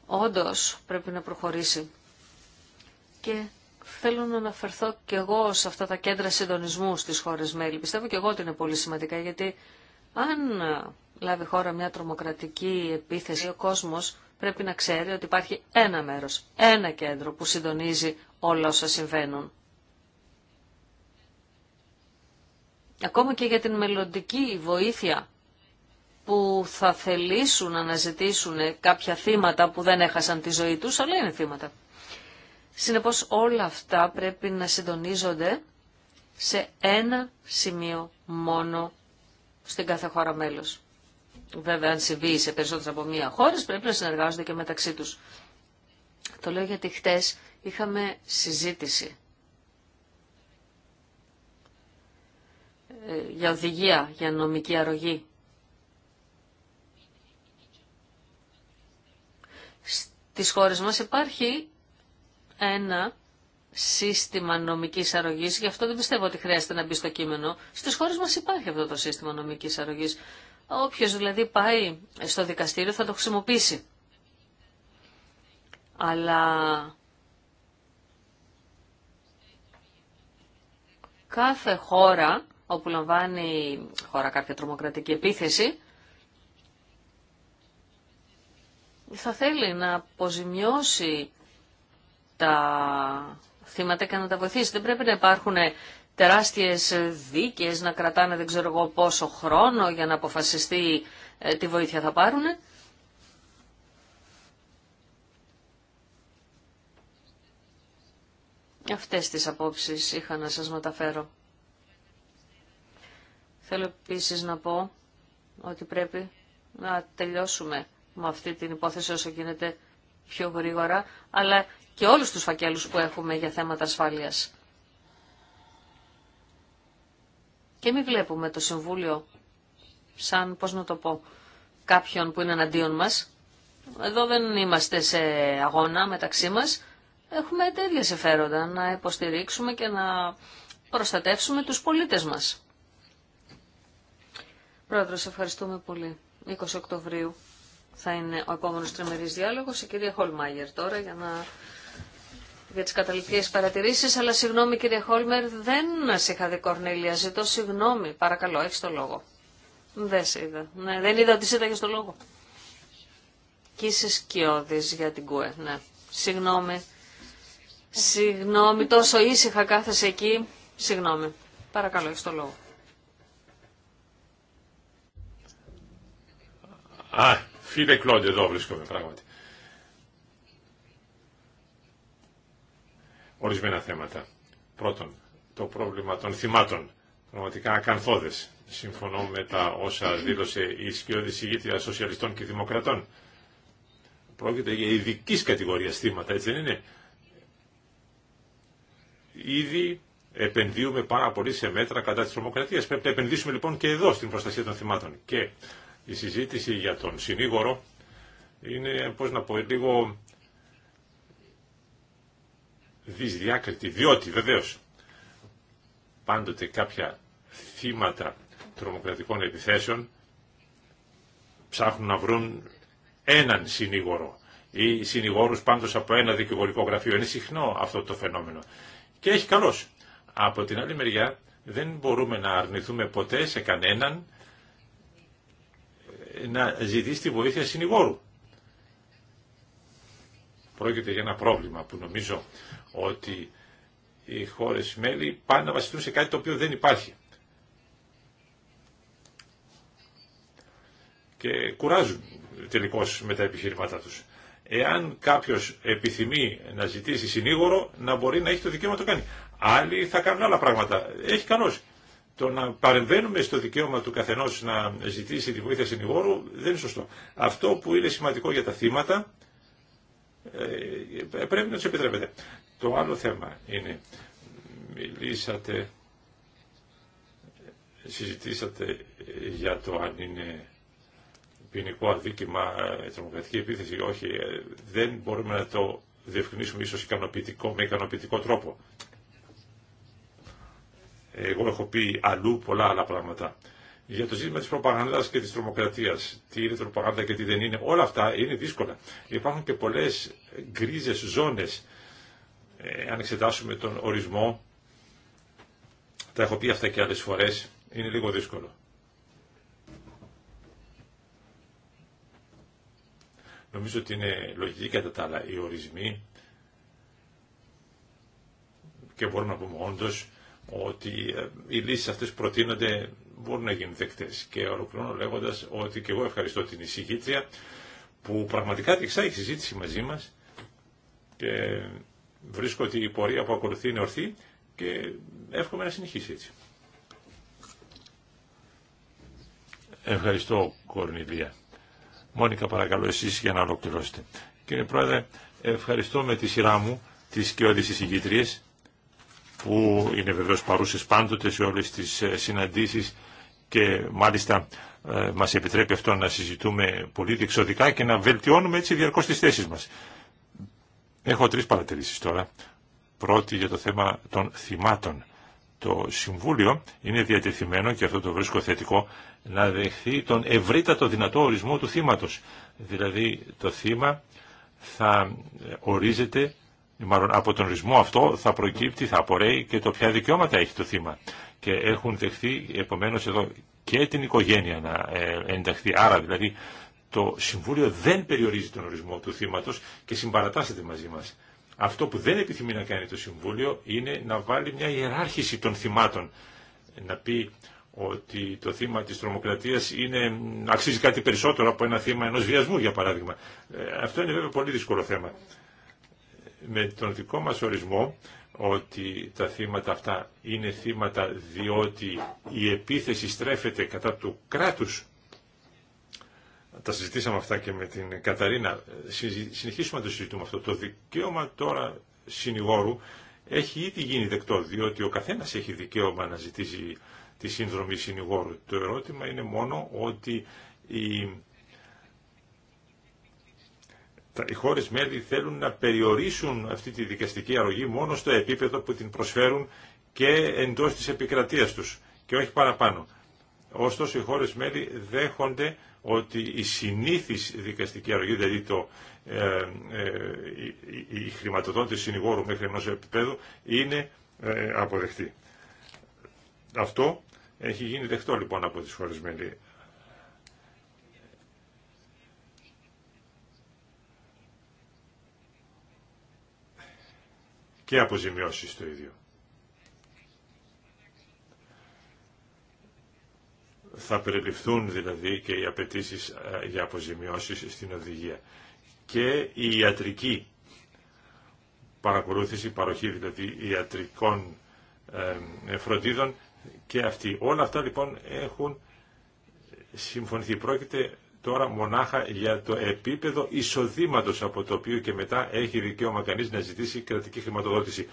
όντως πρέπει να προχωρήσει. Και θέλω να αναφερθώ και εγώ σε αυτά τα κέντρα συντονισμού στις χώρες μέλη. Πιστεύω και εγώ ότι είναι πολύ σημαντικά γιατί αν ε, λάβει χώρα μια τρομοκρατική επίθεση, ο κόσμος πρέπει να ξέρει ότι υπάρχει ένα μέρος, ένα κέντρο που συντονίζει όλα όσα συμβαίνουν. Ακόμα και για την μελλοντική βοήθεια που θα θελήσουν να αναζητήσουν κάποια θύματα που δεν έχασαν τη ζωή τους, αλλά είναι θύματα. Συνεπώς όλα αυτά πρέπει να συντονίζονται σε ένα σημείο μόνο στην κάθε χώρα μέλος. Βέβαια, αν συμβεί σε περισσότερε από μία χώρα πρέπει να συνεργάζονται και μεταξύ τους. Το λέω γιατί χτες είχαμε συζήτηση ε, για οδηγία, για νομική αρρωγή. Στις χώρες μας υπάρχει ένα σύστημα νομικής αρρωγής, γι' αυτό δεν πιστεύω ότι χρειάζεται να μπει στο κείμενο. Στι χώρε μας υπάρχει αυτό το σύστημα νομικής αρρωγής. Όποιο δηλαδή πάει στο δικαστήριο θα το χρησιμοποιήσει. Αλλά κάθε χώρα όπου λαμβάνει χώρα κάποια τρομοκρατική επίθεση θα θέλει να αποζημιώσει τα θύματα και να τα βοηθήσει. Δεν πρέπει να υπάρχουν τεράστιες δίκες, να κρατάνε δεν ξέρω εγώ πόσο χρόνο για να αποφασιστεί ε, τι βοήθεια θα πάρουν. Αυτές τις απόψεις είχα να σας μεταφέρω. Θέλω επίσης να πω ότι πρέπει να τελειώσουμε με αυτή την υπόθεση όσο γίνεται πιο γρήγορα, αλλά και όλους τους φακέλους που έχουμε για θέματα ασφάλειας. Και μην βλέπουμε το Συμβούλιο σαν, πώς να το πω, κάποιον που είναι εναντίον μας. Εδώ δεν είμαστε σε αγώνα μεταξύ μας. Έχουμε τέτοια συμφέροντα να υποστηρίξουμε και να προστατεύσουμε τους πολίτες μας. σε ευχαριστούμε πολύ. 20 Οκτωβρίου θα είναι ο επόμενος τριμερής διάλογος. Η κυρία Χολμάγερ τώρα για να για τις καταληκτικές παρατηρήσεις, αλλά συγγνώμη κύριε Χόλμερ, δεν σε είχα δει Κορνέλια, ζητώ συγγνώμη, παρακαλώ, έχεις το λόγο. Δεν σε είδα. Ναι, δεν είδα ότι σε στο λόγο. Και είσαι σκιώδης για την ΚΟΕ, ναι. Συγγνώμη. Συγγνώμη, τόσο ήσυχα κάθεσαι εκεί. Συγγνώμη. Παρακαλώ, έχεις το λόγο.
Α,
φίλε Κλόντ, εδώ βρίσκομαι πράγματι. ορισμένα θέματα. Πρώτον, το πρόβλημα των θυμάτων. Πραγματικά ακαθόδες. Συμφωνώ με τα όσα δήλωσε η σκιώδη συγγήτρια σοσιαλιστών και δημοκρατών. Πρόκειται για ειδική κατηγορία θύματα, έτσι δεν είναι. Ήδη επενδύουμε πάρα πολύ σε μέτρα κατά της τρομοκρατίας. Πρέπει να επενδύσουμε λοιπόν και εδώ στην προστασία των θυμάτων. Και η συζήτηση για τον συνήγορο είναι, πώς να πω, λίγο δυσδιάκριτη, διότι βεβαίως πάντοτε κάποια θύματα τρομοκρατικών επιθέσεων ψάχνουν να βρουν έναν συνήγορο ή συνηγόρους πάντως από ένα δικηγορικό γραφείο. Είναι συχνό αυτό το φαινόμενο. Και έχει καλώς. Από την άλλη μεριά δεν μπορούμε να αρνηθούμε ποτέ σε κανέναν ε, να ζητήσει τη βοήθεια συνηγόρου. Πρόκειται για ένα πρόβλημα που νομίζω ότι οι χώρες μέλη πάνε να βασιστούν σε κάτι το οποίο δεν υπάρχει. Και κουράζουν τελικώς με τα επιχειρημάτά τους. Εάν κάποιος επιθυμεί να ζητήσει συνήγορο, να μπορεί να έχει το δικαίωμα να το κάνει. Άλλοι θα κάνουν άλλα πράγματα. Έχει κανός. Το να παρεμβαίνουμε στο δικαίωμα του καθενός να ζητήσει τη βοήθεια συνηγόρου δεν είναι σωστό. Αυτό που είναι σημαντικό για τα θύματα ε, πρέπει να του επιτρέπετε. Το άλλο θέμα είναι, μιλήσατε, συζητήσατε για το αν είναι ποινικό αδίκημα, ε, τρομοκρατική επίθεση, όχι, ε, δεν μπορούμε να το διευκρινίσουμε ίσως ικανοποιητικό, με ικανοποιητικό τρόπο. Εγώ έχω πει αλλού πολλά άλλα πράγματα για το ζήτημα τη προπαγάνδα και τη τρομοκρατίας. Τι είναι προπαγάνδα και τι δεν είναι. Όλα αυτά είναι δύσκολα. Υπάρχουν και πολλές γκρίζε ζώνες. Ε, αν εξετάσουμε τον ορισμό, τα έχω πει αυτά και άλλε φορές, είναι λίγο δύσκολο. Νομίζω ότι είναι λογική κατά τα άλλα οι ορισμοί και μπορούμε να πούμε όντω ότι ε, οι λύσεις αυτές προτείνονται μπορούν να γίνουν δεκτέ. Και ολοκληρώνω λέγοντα ότι και εγώ ευχαριστώ την εισηγήτρια που πραγματικά διεξάγει συζήτηση μαζί μα και βρίσκω ότι η πορεία που ακολουθεί είναι ορθή και εύχομαι να συνεχίσει έτσι. Ευχαριστώ Κορνηλία. Μόνικα παρακαλώ εσείς για να ολοκληρώσετε. Κύριε Πρόεδρε, ευχαριστώ με τη σειρά μου τις και όλες τις που είναι βεβαίως παρούσες πάντοτε σε όλες τις ε, συναντήσεις και μάλιστα ε, μας επιτρέπει αυτό να συζητούμε πολύ διεξοδικά και να βελτιώνουμε έτσι διαρκώς τις θέσεις μας. Έχω τρεις παρατηρήσεις τώρα. Πρώτη για το θέμα των θυμάτων. Το Συμβούλιο είναι διατεθειμένο, και αυτό το βρίσκω θετικό, να δεχθεί τον ευρύτατο δυνατό ορισμό του θύματος. Δηλαδή το θύμα θα ορίζεται, μάλλον από τον ορισμό αυτό θα προκύπτει, θα απορρέει και το ποια δικαιώματα έχει το θύμα και έχουν δεχθεί επομένως εδώ και την οικογένεια να ε, ενταχθεί. Άρα δηλαδή το Συμβούλιο δεν περιορίζει τον ορισμό του θύματος και συμπαρατάσσεται μαζί μας. Αυτό που δεν επιθυμεί να κάνει το Συμβούλιο είναι να βάλει μια ιεράρχηση των θυμάτων. Να πει ότι το θύμα της τρομοκρατίας είναι, αξίζει κάτι περισσότερο από ένα θύμα ενός βιασμού για παράδειγμα. Ε, αυτό είναι βέβαια πολύ δύσκολο θέμα. Με τον δικό μας ορισμό ότι τα θύματα αυτά είναι θύματα διότι η επίθεση στρέφεται κατά του κράτους. Τα συζητήσαμε αυτά και με την Καταρίνα. Συνεχίσουμε να το συζητούμε αυτό. Το δικαίωμα τώρα συνηγόρου έχει ήδη γίνει δεκτό, διότι ο καθένας έχει δικαίωμα να ζητήσει τη σύνδρομη συνηγόρου. Το ερώτημα είναι μόνο ότι η οι χώρες μέλη θέλουν να περιορίσουν αυτή τη δικαστική αρρωγή μόνο στο επίπεδο που την προσφέρουν και εντός της επικρατείας τους και όχι παραπάνω. Ωστόσο οι χώρες μέλη δέχονται ότι η συνήθις δικαστική αρρωγή, δηλαδή το, ε, ε, η, χρηματοδότηση συνηγόρου μέχρι ενός επίπεδου είναι ε, αποδεκτή. Αυτό έχει γίνει δεχτό λοιπόν από τις χώρες μέλη. και αποζημιώσεις το ίδιο. Θα περιληφθούν δηλαδή και οι απαιτήσει ε, για αποζημιώσεις στην οδηγία. Και η ιατρική παρακολούθηση, παροχή δηλαδή ιατρικών ε, φροντίδων και αυτή. Όλα αυτά λοιπόν έχουν συμφωνηθεί. Πρόκειται τώρα μονάχα για το επίπεδο εισοδήματος από το οποίο και μετά έχει δικαίωμα κανείς να ζητήσει κρατική χρηματοδότηση.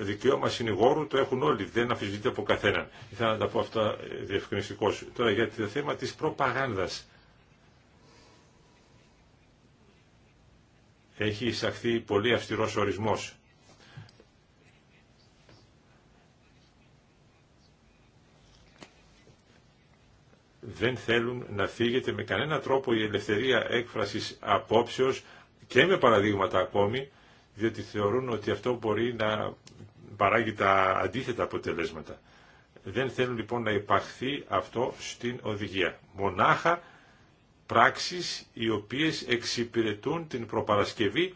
Δικαίωμα συνηγόρου το έχουν όλοι, δεν αφισβητείται από καθέναν. Ήθελα να τα πω αυτά ε, διευκρινιστικώς. Τώρα για το θέμα της προπαγάνδας. Έχει εισαχθεί πολύ αυστηρός ορισμός δεν θέλουν να φύγεται με κανένα τρόπο η ελευθερία έκφρασης απόψεως και με παραδείγματα ακόμη, διότι θεωρούν ότι αυτό μπορεί να παράγει τα αντίθετα αποτελέσματα. Δεν θέλουν λοιπόν να υπαχθεί αυτό στην οδηγία. Μονάχα πράξεις οι οποίες εξυπηρετούν την προπαρασκευή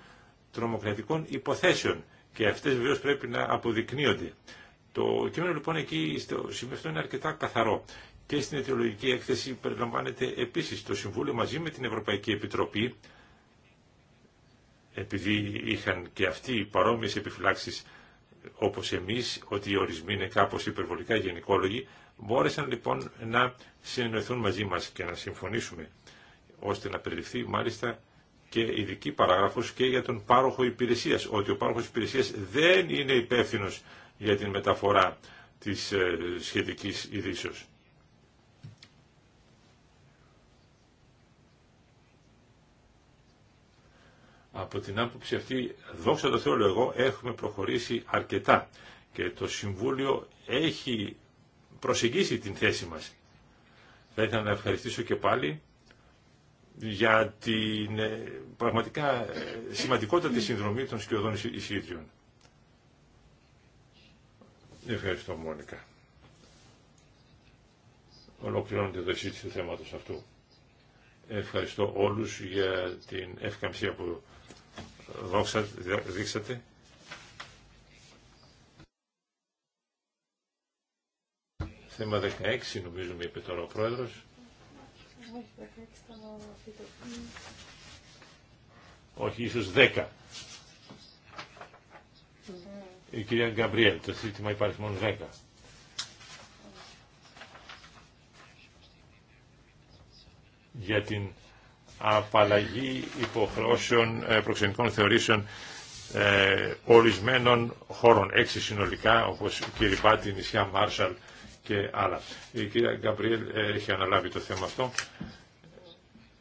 τρομοκρατικών υποθέσεων και αυτές βεβαίως πρέπει να αποδεικνύονται. Το κείμενο λοιπόν εκεί στο σημείο αυτό είναι αρκετά καθαρό και στην αιτιολογική έκθεση περιλαμβάνεται επίσης το Συμβούλιο μαζί με την Ευρωπαϊκή Επιτροπή, επειδή είχαν και αυτοί παρόμοιες επιφυλάξεις όπως εμείς, ότι οι ορισμοί είναι κάπως υπερβολικά γενικόλογοι, μπόρεσαν λοιπόν να συνεννοηθούν μαζί μας και να συμφωνήσουμε, ώστε να περιληφθεί μάλιστα και ειδική παράγραφος και για τον πάροχο υπηρεσίας, ότι ο πάροχος υπηρεσίας δεν είναι υπεύθυνο για την μεταφορά της ε, σχετικής ειδήσεως. Από την άποψη αυτή, δόξα τω Θεώ, εγώ, έχουμε προχωρήσει αρκετά και το Συμβούλιο έχει προσεγγίσει την θέση μας. Θα ήθελα να ευχαριστήσω και πάλι για την ε, πραγματικά ε, σημαντικότατη συνδρομή των σκιωδών εισήτριων. Ευχαριστώ, Μόνικα. Ολοκληρώνεται το δεξίτηση του θέματος αυτού. Ευχαριστώ όλους για την ευκαμψία που δόξα, δείξατε. Θέμα 16 νομίζω με είπε τώρα ο Πρόεδρος. Όχι, ίσως 10. Η κυρία Γκαμπριέλ, το σύστημα υπάρχει μόνο 10. Για την απαλλαγή υποχρεώσεων ε, προξενικών θεωρήσεων ε, ορισμένων χώρων, έξι συνολικά, όπως η η νησιά Μάρσαλ και άλλα. Η κυρία Γκαμπριέλ ε, έχει αναλάβει το θέμα αυτό.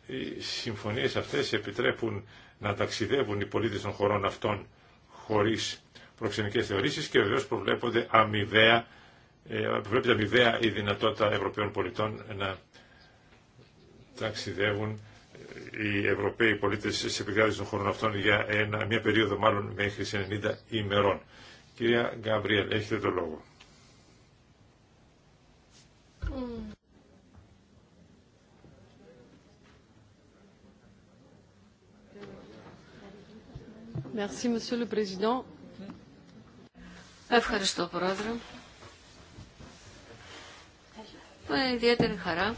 Οι συμφωνίες αυτές επιτρέπουν να ταξιδεύουν οι πολίτες των χωρών αυτών χωρίς προξενικές θεωρήσεις και βεβαίως προβλέπονται αμοιβαία, ε, αμοιβαία η δυνατότητα Ευρωπαίων πολιτών να ταξιδεύουν οι Ευρωπαίοι πολίτε σε επικράτηση των χωρών αυτών για ένα, μια περίοδο μάλλον μέχρι 90 ημερών. Κυρία Γκαμπριέλ, έχετε το λόγο.
Merci, Monsieur le Président. Ευχαριστώ, Πρόεδρε. Με ιδιαίτερη χαρά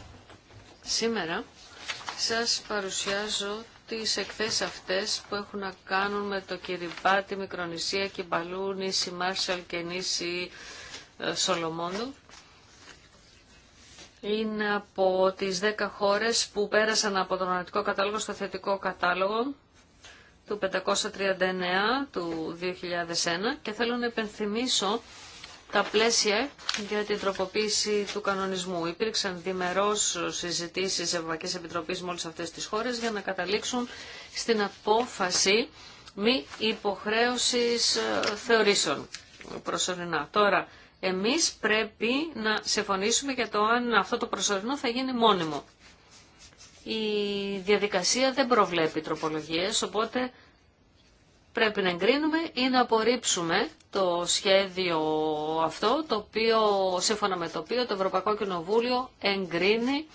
σήμερα σας παρουσιάζω τις εκθέσεις αυτές που έχουν να κάνουν με το Κυριμπάτι, Μικρονησία, Κιμπαλού, Νίση Μάρσαλ και Νίση ε, Σολομόντου. Είναι από τις 10 χώρες που πέρασαν από τον Ανατολικό κατάλογο στο θετικό κατάλογο του 539 του 2001 και θέλω να επενθυμίσω τα πλαίσια για την τροποποίηση του κανονισμού. Υπήρξαν διμερώς συζητήσεις Ευρωπαϊκής Επιτροπής με όλες αυτές τις χώρες για να καταλήξουν στην απόφαση μη υποχρέωσης ε, θεωρήσεων προσωρινά. Τώρα, εμείς πρέπει να συμφωνήσουμε για το αν αυτό το προσωρινό θα γίνει μόνιμο. Η διαδικασία δεν προβλέπει τροπολογίες, οπότε πρέπει να εγκρίνουμε ή να απορρίψουμε το σχέδιο αυτό, το οποίο, σύμφωνα με το οποίο το Ευρωπαϊκό Κοινοβούλιο εγκρίνει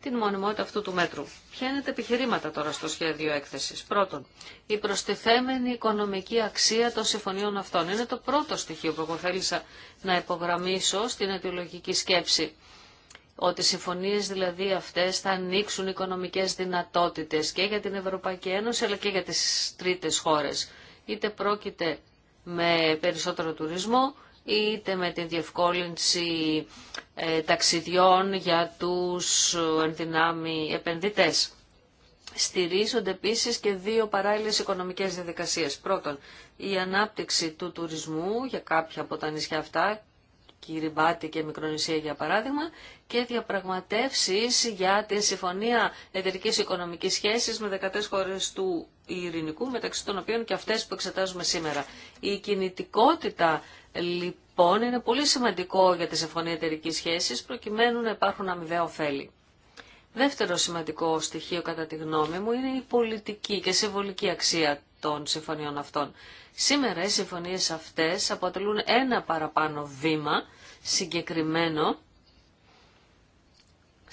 την μονιμότητα αυτού του μέτρου. Ποια είναι τα επιχειρήματα τώρα στο σχέδιο έκθεσης. Πρώτον, η προστιθέμενη οικονομική αξία των συμφωνίων αυτών. Είναι το πρώτο στοιχείο που εγώ θέλησα να υπογραμμίσω στην αιτιολογική σκέψη. Ότι οι συμφωνίες δηλαδή αυτέ θα ανοίξουν οικονομικέ δυνατότητε και για την Ευρωπαϊκή Ένωση αλλά και για τι τρίτε χώρε είτε πρόκειται με περισσότερο τουρισμό, είτε με την διευκόλυνση ε, ταξιδιών για τους ε, ενδυνάμει επενδυτές. Στηρίζονται επίσης και δύο παράλληλες οικονομικές διαδικασίες. Πρώτον, η ανάπτυξη του τουρισμού για κάποια από τα νησιά αυτά, Κυριμπάτη και Μικρονησία για παράδειγμα, και διαπραγματεύσεις για την Συμφωνία Εταιρικής Οικονομικής Σχέσης με 13 χώρες του ειρηνικού, μεταξύ των οποίων και αυτές που εξετάζουμε σήμερα. Η κινητικότητα λοιπόν είναι πολύ σημαντικό για τη Συμφωνία εταιρική Σχέσης, προκειμένου να υπάρχουν αμοιβαία ωφέλη. Δεύτερο σημαντικό στοιχείο κατά τη γνώμη μου είναι η πολιτική και συμβολική αξία των συμφωνιών αυτών. Σήμερα οι συμφωνίες αυτές αποτελούν ένα παραπάνω βήμα συγκεκριμένο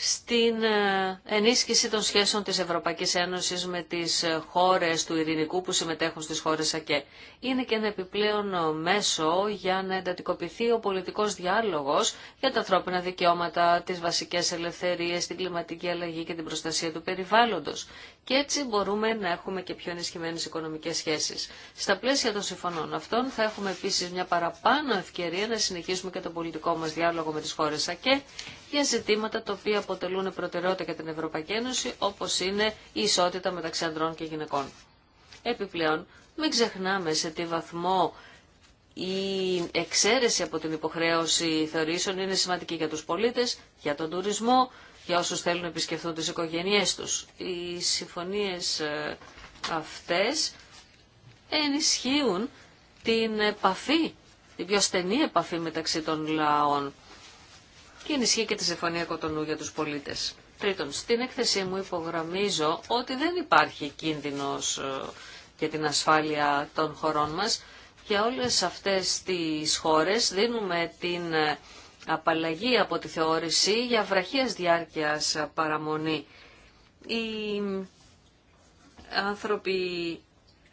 στην ε, ενίσχυση των σχέσεων της Ευρωπαϊκής Ένωσης με τις ε, χώρες του ειρηνικού που συμμετέχουν στις χώρες ΑΚΕ. Είναι και ένα επιπλέον ε, μέσο για να εντατικοποιηθεί ο πολιτικός διάλογος για τα ανθρώπινα δικαιώματα, τις βασικές ελευθερίες, την κλιματική αλλαγή και την προστασία του περιβάλλοντος και έτσι μπορούμε να έχουμε και πιο ενισχυμένες οικονομικές σχέσεις. Στα πλαίσια των συμφωνών αυτών θα έχουμε επίσης μια παραπάνω ευκαιρία να συνεχίσουμε και τον πολιτικό μας διάλογο με τις χώρες ΑΚΕ για ζητήματα τα οποία αποτελούν προτεραιότητα για την Ευρωπαϊκή Ένωση όπως είναι η ισότητα μεταξύ ανδρών και γυναικών. Επιπλέον, μην ξεχνάμε σε τι βαθμό η εξαίρεση από την υποχρέωση θεωρήσεων είναι σημαντική για τους πολίτες, για τον τουρισμό, για όσους θέλουν να επισκεφθούν τις οικογένειές τους. Οι συμφωνίες ε, αυτές ενισχύουν την επαφή, την πιο στενή επαφή μεταξύ των λαών και ενισχύει και τη Συμφωνία Κοτονού για τους πολίτες. Τρίτον, στην έκθεσή μου υπογραμμίζω ότι δεν υπάρχει κίνδυνος ε, για την ασφάλεια των χωρών μας. ...και όλες αυτές τις χώρες δίνουμε την ε, απαλλαγή από τη θεώρηση για βραχίας διάρκειας παραμονή. Οι άνθρωποι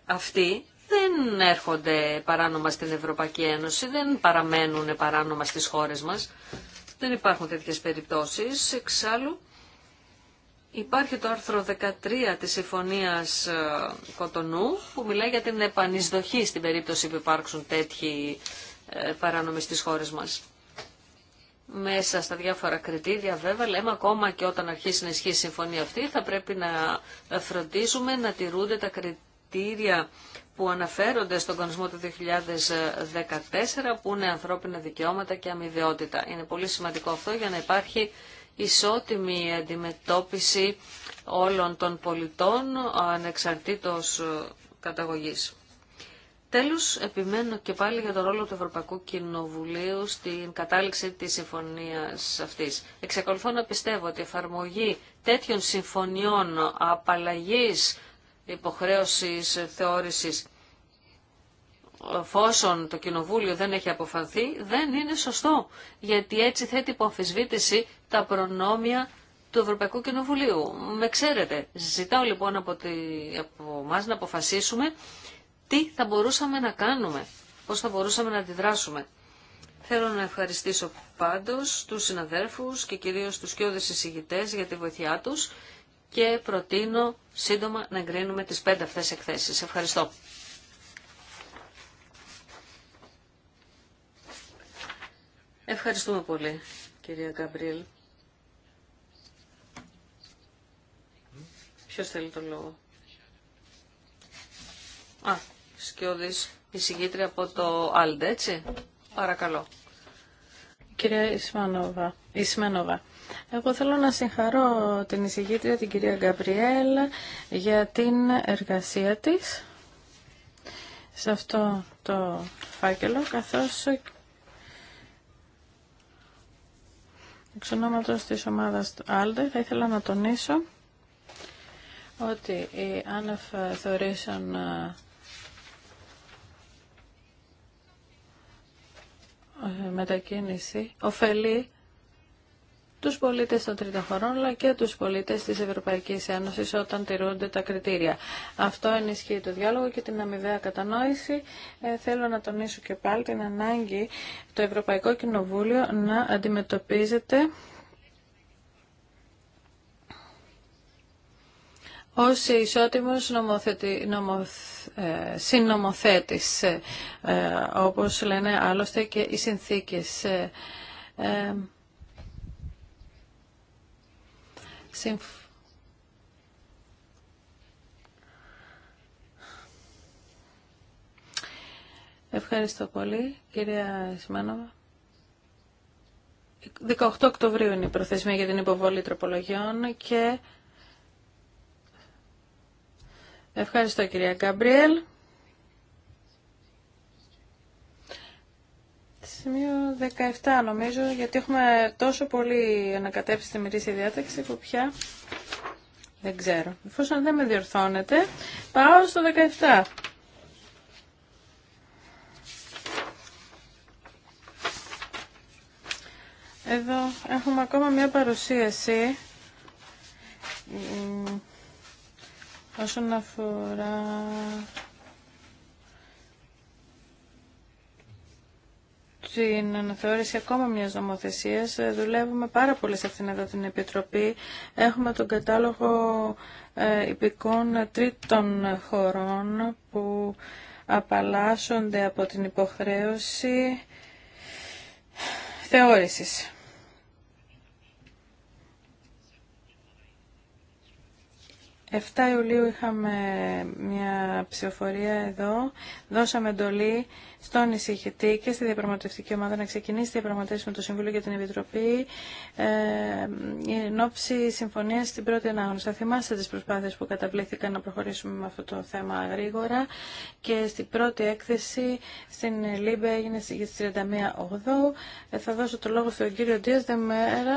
αυτοί δεν έρχονται παράνομα στην Ευρωπαϊκή Ένωση, δεν παραμένουν παράνομα στις χώρες μας. Δεν υπάρχουν τέτοιες περιπτώσεις. Εξάλλου υπάρχει το άρθρο 13 της Συμφωνίας ε, Κοτονού που μιλάει για την επανεισδοχή στην περίπτωση που υπάρξουν τέτοιοι ε, παράνομοι στις χώρες μας μέσα στα διάφορα κριτήρια βέβαια, λέμε ακόμα και όταν αρχίσει να ισχύει η συμφωνία αυτή θα πρέπει να φροντίζουμε να τηρούνται τα κριτήρια που αναφέρονται στον κανονισμό του 2014 που είναι ανθρώπινα δικαιώματα και αμοιβαιότητα. Είναι πολύ σημαντικό αυτό για να υπάρχει ισότιμη αντιμετώπιση όλων των πολιτών ανεξαρτήτως καταγωγής. Τέλος, επιμένω και πάλι για τον ρόλο του Ευρωπαϊκού Κοινοβουλίου στην κατάληξη της συμφωνίας αυτής. Εξακολουθώ να πιστεύω ότι η εφαρμογή τέτοιων συμφωνιών απαλλαγής υποχρέωσης θεώρησης φόσον το Κοινοβούλιο δεν έχει αποφανθεί, δεν είναι σωστό. Γιατί έτσι θέτει υποαμφισβήτηση τα προνόμια του Ευρωπαϊκού Κοινοβουλίου. Με ξέρετε. Ζητάω λοιπόν από, τη, από να αποφασίσουμε τι θα μπορούσαμε να κάνουμε, πώς θα μπορούσαμε να αντιδράσουμε. Θέλω να ευχαριστήσω πάντως τους συναδέρφους και κυρίως τους κοιόδες εισηγητές για τη βοήθειά τους και προτείνω σύντομα να εγκρίνουμε τις πέντε αυτές εκθέσεις. Ευχαριστώ. Ευχαριστούμε πολύ, κυρία Γκαμπρίλ. Ποιος θέλει τον λόγο. Α, Σκιώδης, εισηγήτρια από το Άλντε, έτσι. Παρακαλώ.
Κυρία Ισμανόβα, Ισμανόβα. Εγώ θέλω να συγχαρώ την εισηγήτρια, την κυρία Γκαμπριέλ, για την εργασία της σε αυτό το φάκελο, καθώς εξ ονόματος της ομάδας Άλντε θα ήθελα να τονίσω ότι η άνευ θεωρήσεων Ε, μετακίνηση ωφελεί τους πολίτες των τρίτων χωρών αλλά και τους πολίτες της Ευρωπαϊκής Ένωσης όταν τηρούνται τα κριτήρια. Αυτό ενισχύει το διάλογο και την αμοιβαία κατανόηση. Ε, θέλω να τονίσω και πάλι την ανάγκη το Ευρωπαϊκό Κοινοβούλιο να αντιμετωπίζεται ως ισότιμος νομοθετη, νομοθε, ε, όπως λένε άλλωστε και οι συνθήκες. Ε, ε, Ευχαριστώ πολύ, κυρία Σιμάνοβα. 18 Οκτωβρίου είναι η προθεσμία για την υποβολή τροπολογιών και Ευχαριστώ κυρία Γκαμπριέλ. Σημείο 17 νομίζω, γιατί έχουμε τόσο πολύ ανακατέψει τη μυρίσια διάταξη που πια δεν ξέρω. Εφόσον δεν με διορθώνετε, πάω στο 17. Εδώ έχουμε ακόμα μια παρουσίαση Όσον αφορά την αναθεώρηση ακόμα μιας νομοθεσίας. Ε, δουλεύουμε πάρα πολύ σε αυτήν εδώ την Επιτροπή. Έχουμε τον κατάλογο ε, υπηκών τρίτων χωρών που απαλλάσσονται από την υποχρέωση θεώρησης. 7 Ιουλίου είχαμε μια ψηφοφορία εδώ. Δώσαμε εντολή στον εισηγητή και στη διαπραγματευτική ομάδα να ξεκινήσει διαπραγματεύση με το Συμβούλιο για την Επιτροπή ε, εν ώψη συμφωνία στην πρώτη ανάγνωση. Θα θυμάστε τι προσπάθειε που καταβλήθηκαν να προχωρήσουμε με αυτό το θέμα γρήγορα και στην πρώτη έκθεση στην Λίμπε έγινε στι 31 Οκτώου. Θα δώσω το λόγο στον κύριο Ντία Δεμέρα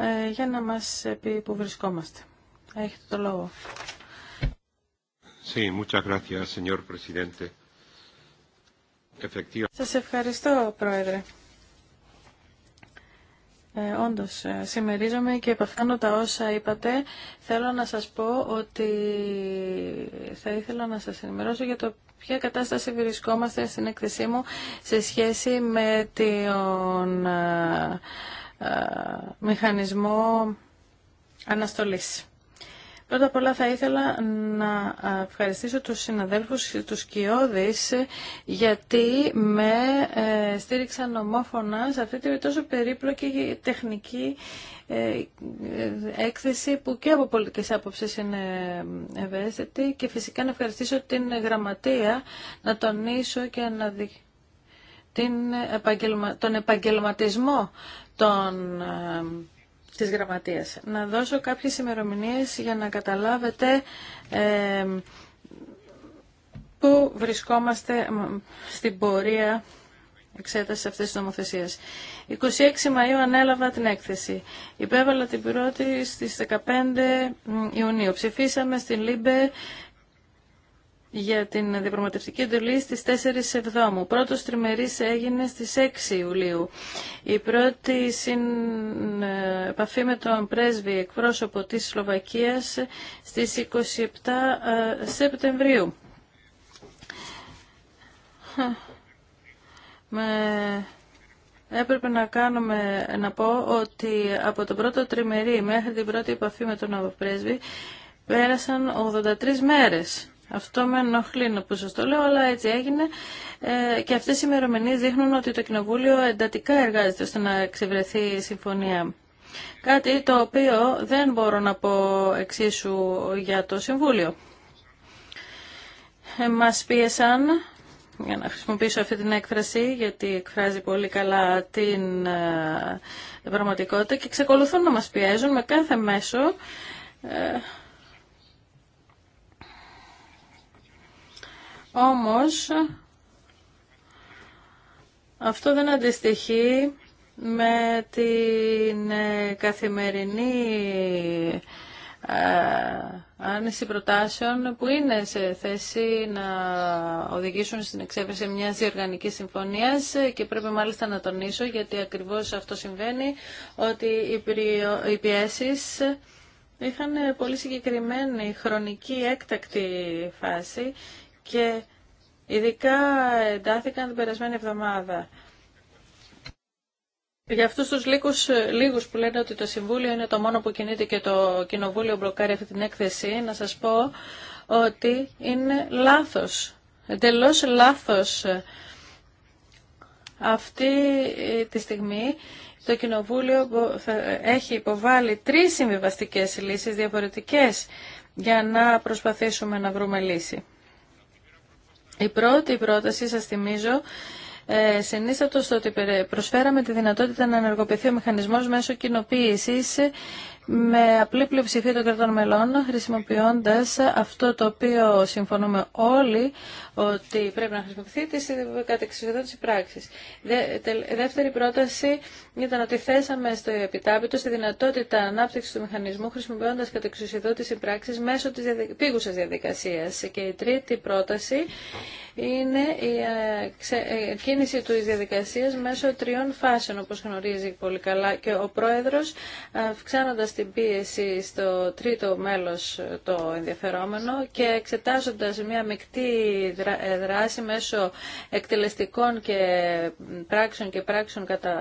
Ε, για να μας πει που βρισκόμαστε. Έχετε το λόγο.
Sí, muchas gracias, señor presidente. Σας
ευχαριστώ, Πρόεδρε. Ε, όντως, ε, συμμερίζομαι και επαφάνω τα όσα είπατε. Θέλω να σας πω ότι θα ήθελα να σας ενημερώσω για το ποια κατάσταση βρισκόμαστε στην έκθεσή μου σε σχέση με τον ε, ε, μηχανισμό αναστολής. Πρώτα απ' όλα θα ήθελα να ευχαριστήσω τους συναδέλφους του Σκιώδης γιατί με ε, στήριξαν ομόφωνα σε αυτή τη τόσο περίπλοκη τεχνική ε, έκθεση που και από πολιτικές άποψεις είναι ευαίσθητη και φυσικά να ευχαριστήσω την γραμματεία να τονίσω και να δείξω την επαγγελμα... τον επαγγελματισμό των ε, της γραμματείας. Να δώσω κάποιες ημερομηνίε για να καταλάβετε ε, πού βρισκόμαστε στην πορεία εξέταση αυτή τη νομοθεσία. 26 Μαΐου ανέλαβα την έκθεση. Υπέβαλα την πρώτη στις 15 Ιουνίου. Ψηφίσαμε στην ΛΥΜΠΕ για την διαπραγματευτική εντολή στις 4 Σεπτεμβρίου. Ο πρώτος τριμερής έγινε στις 6 Ιουλίου. Η πρώτη ε, επαφή με τον πρέσβη εκπρόσωπο της Σλοβακίας στις 27 ε, Σεπτεμβρίου. Με... Έπρεπε να κάνουμε, να πω ότι από τον πρώτο τριμερή μέχρι την πρώτη επαφή με τον πρέσβη πέρασαν 83 μέρες. Αυτό με ενοχλεί να που σα το λέω, αλλά έτσι έγινε. Ε, και αυτέ οι ημερομηνίε δείχνουν ότι το Κοινοβούλιο εντατικά εργάζεται ώστε να ξεβρεθεί η συμφωνία. Κάτι το οποίο δεν μπορώ να πω εξίσου για το Συμβούλιο. Ε, μας πίεσαν, για να χρησιμοποιήσω αυτή την έκφραση, γιατί εκφράζει πολύ καλά την ε, πραγματικότητα και ξεκολουθούν να μας πιέζουν με κάθε μέσο ε, Όμως αυτό δεν αντιστοιχεί με την ε, καθημερινή ε, άνεση προτάσεων που είναι σε θέση να οδηγήσουν στην εξέβρεση μιας διοργανικής συμφωνίας και πρέπει μάλιστα να τονίσω γιατί ακριβώς αυτό συμβαίνει ότι οι πιέσεις είχαν πολύ συγκεκριμένη χρονική έκτακτη φάση και ειδικά εντάθηκαν την περασμένη εβδομάδα. Για αυτού του λίγου που λένε ότι το Συμβούλιο είναι το μόνο που κινείται και το Κοινοβούλιο μπλοκάρει αυτή την έκθεση, να σας πω ότι είναι λάθος, Εντελώ λάθος. Αυτή τη στιγμή το Κοινοβούλιο έχει υποβάλει τρει συμβιβαστικέ λύσει διαφορετικές για να προσπαθήσουμε να βρούμε λύση. Η πρώτη πρόταση, σας θυμίζω, ε, συνίστατο στο ότι προσφέραμε τη δυνατότητα να ενεργοποιηθεί ο μηχανισμός μέσω κοινοποίησης με απλή πλειοψηφία των κρατών μελών, χρησιμοποιώντας αυτό το οποίο συμφωνούμε όλοι ότι πρέπει να χρησιμοποιηθεί τη κατεξουσιοδότηση πράξης. Δε, δεύτερη πρόταση ήταν ότι θέσαμε στο επιτάπητο στη δυνατότητα ανάπτυξης του μηχανισμού χρησιμοποιώντας κατεξουσιοδότηση πράξης μέσω της διαδικ... πήγουσας διαδικασίας. Και η τρίτη πρόταση είναι η ε, ε, κίνηση του διαδικασίας μέσω τριών φάσεων, όπως γνωρίζει πολύ καλά και ο Πρόεδρος, αυξάνοντας την πίεση στο τρίτο μέλος ε, το ενδιαφερόμενο και εξετάζοντας μια μεικτή δράση μέσω εκτελεστικών και πράξεων και πράξεων κατά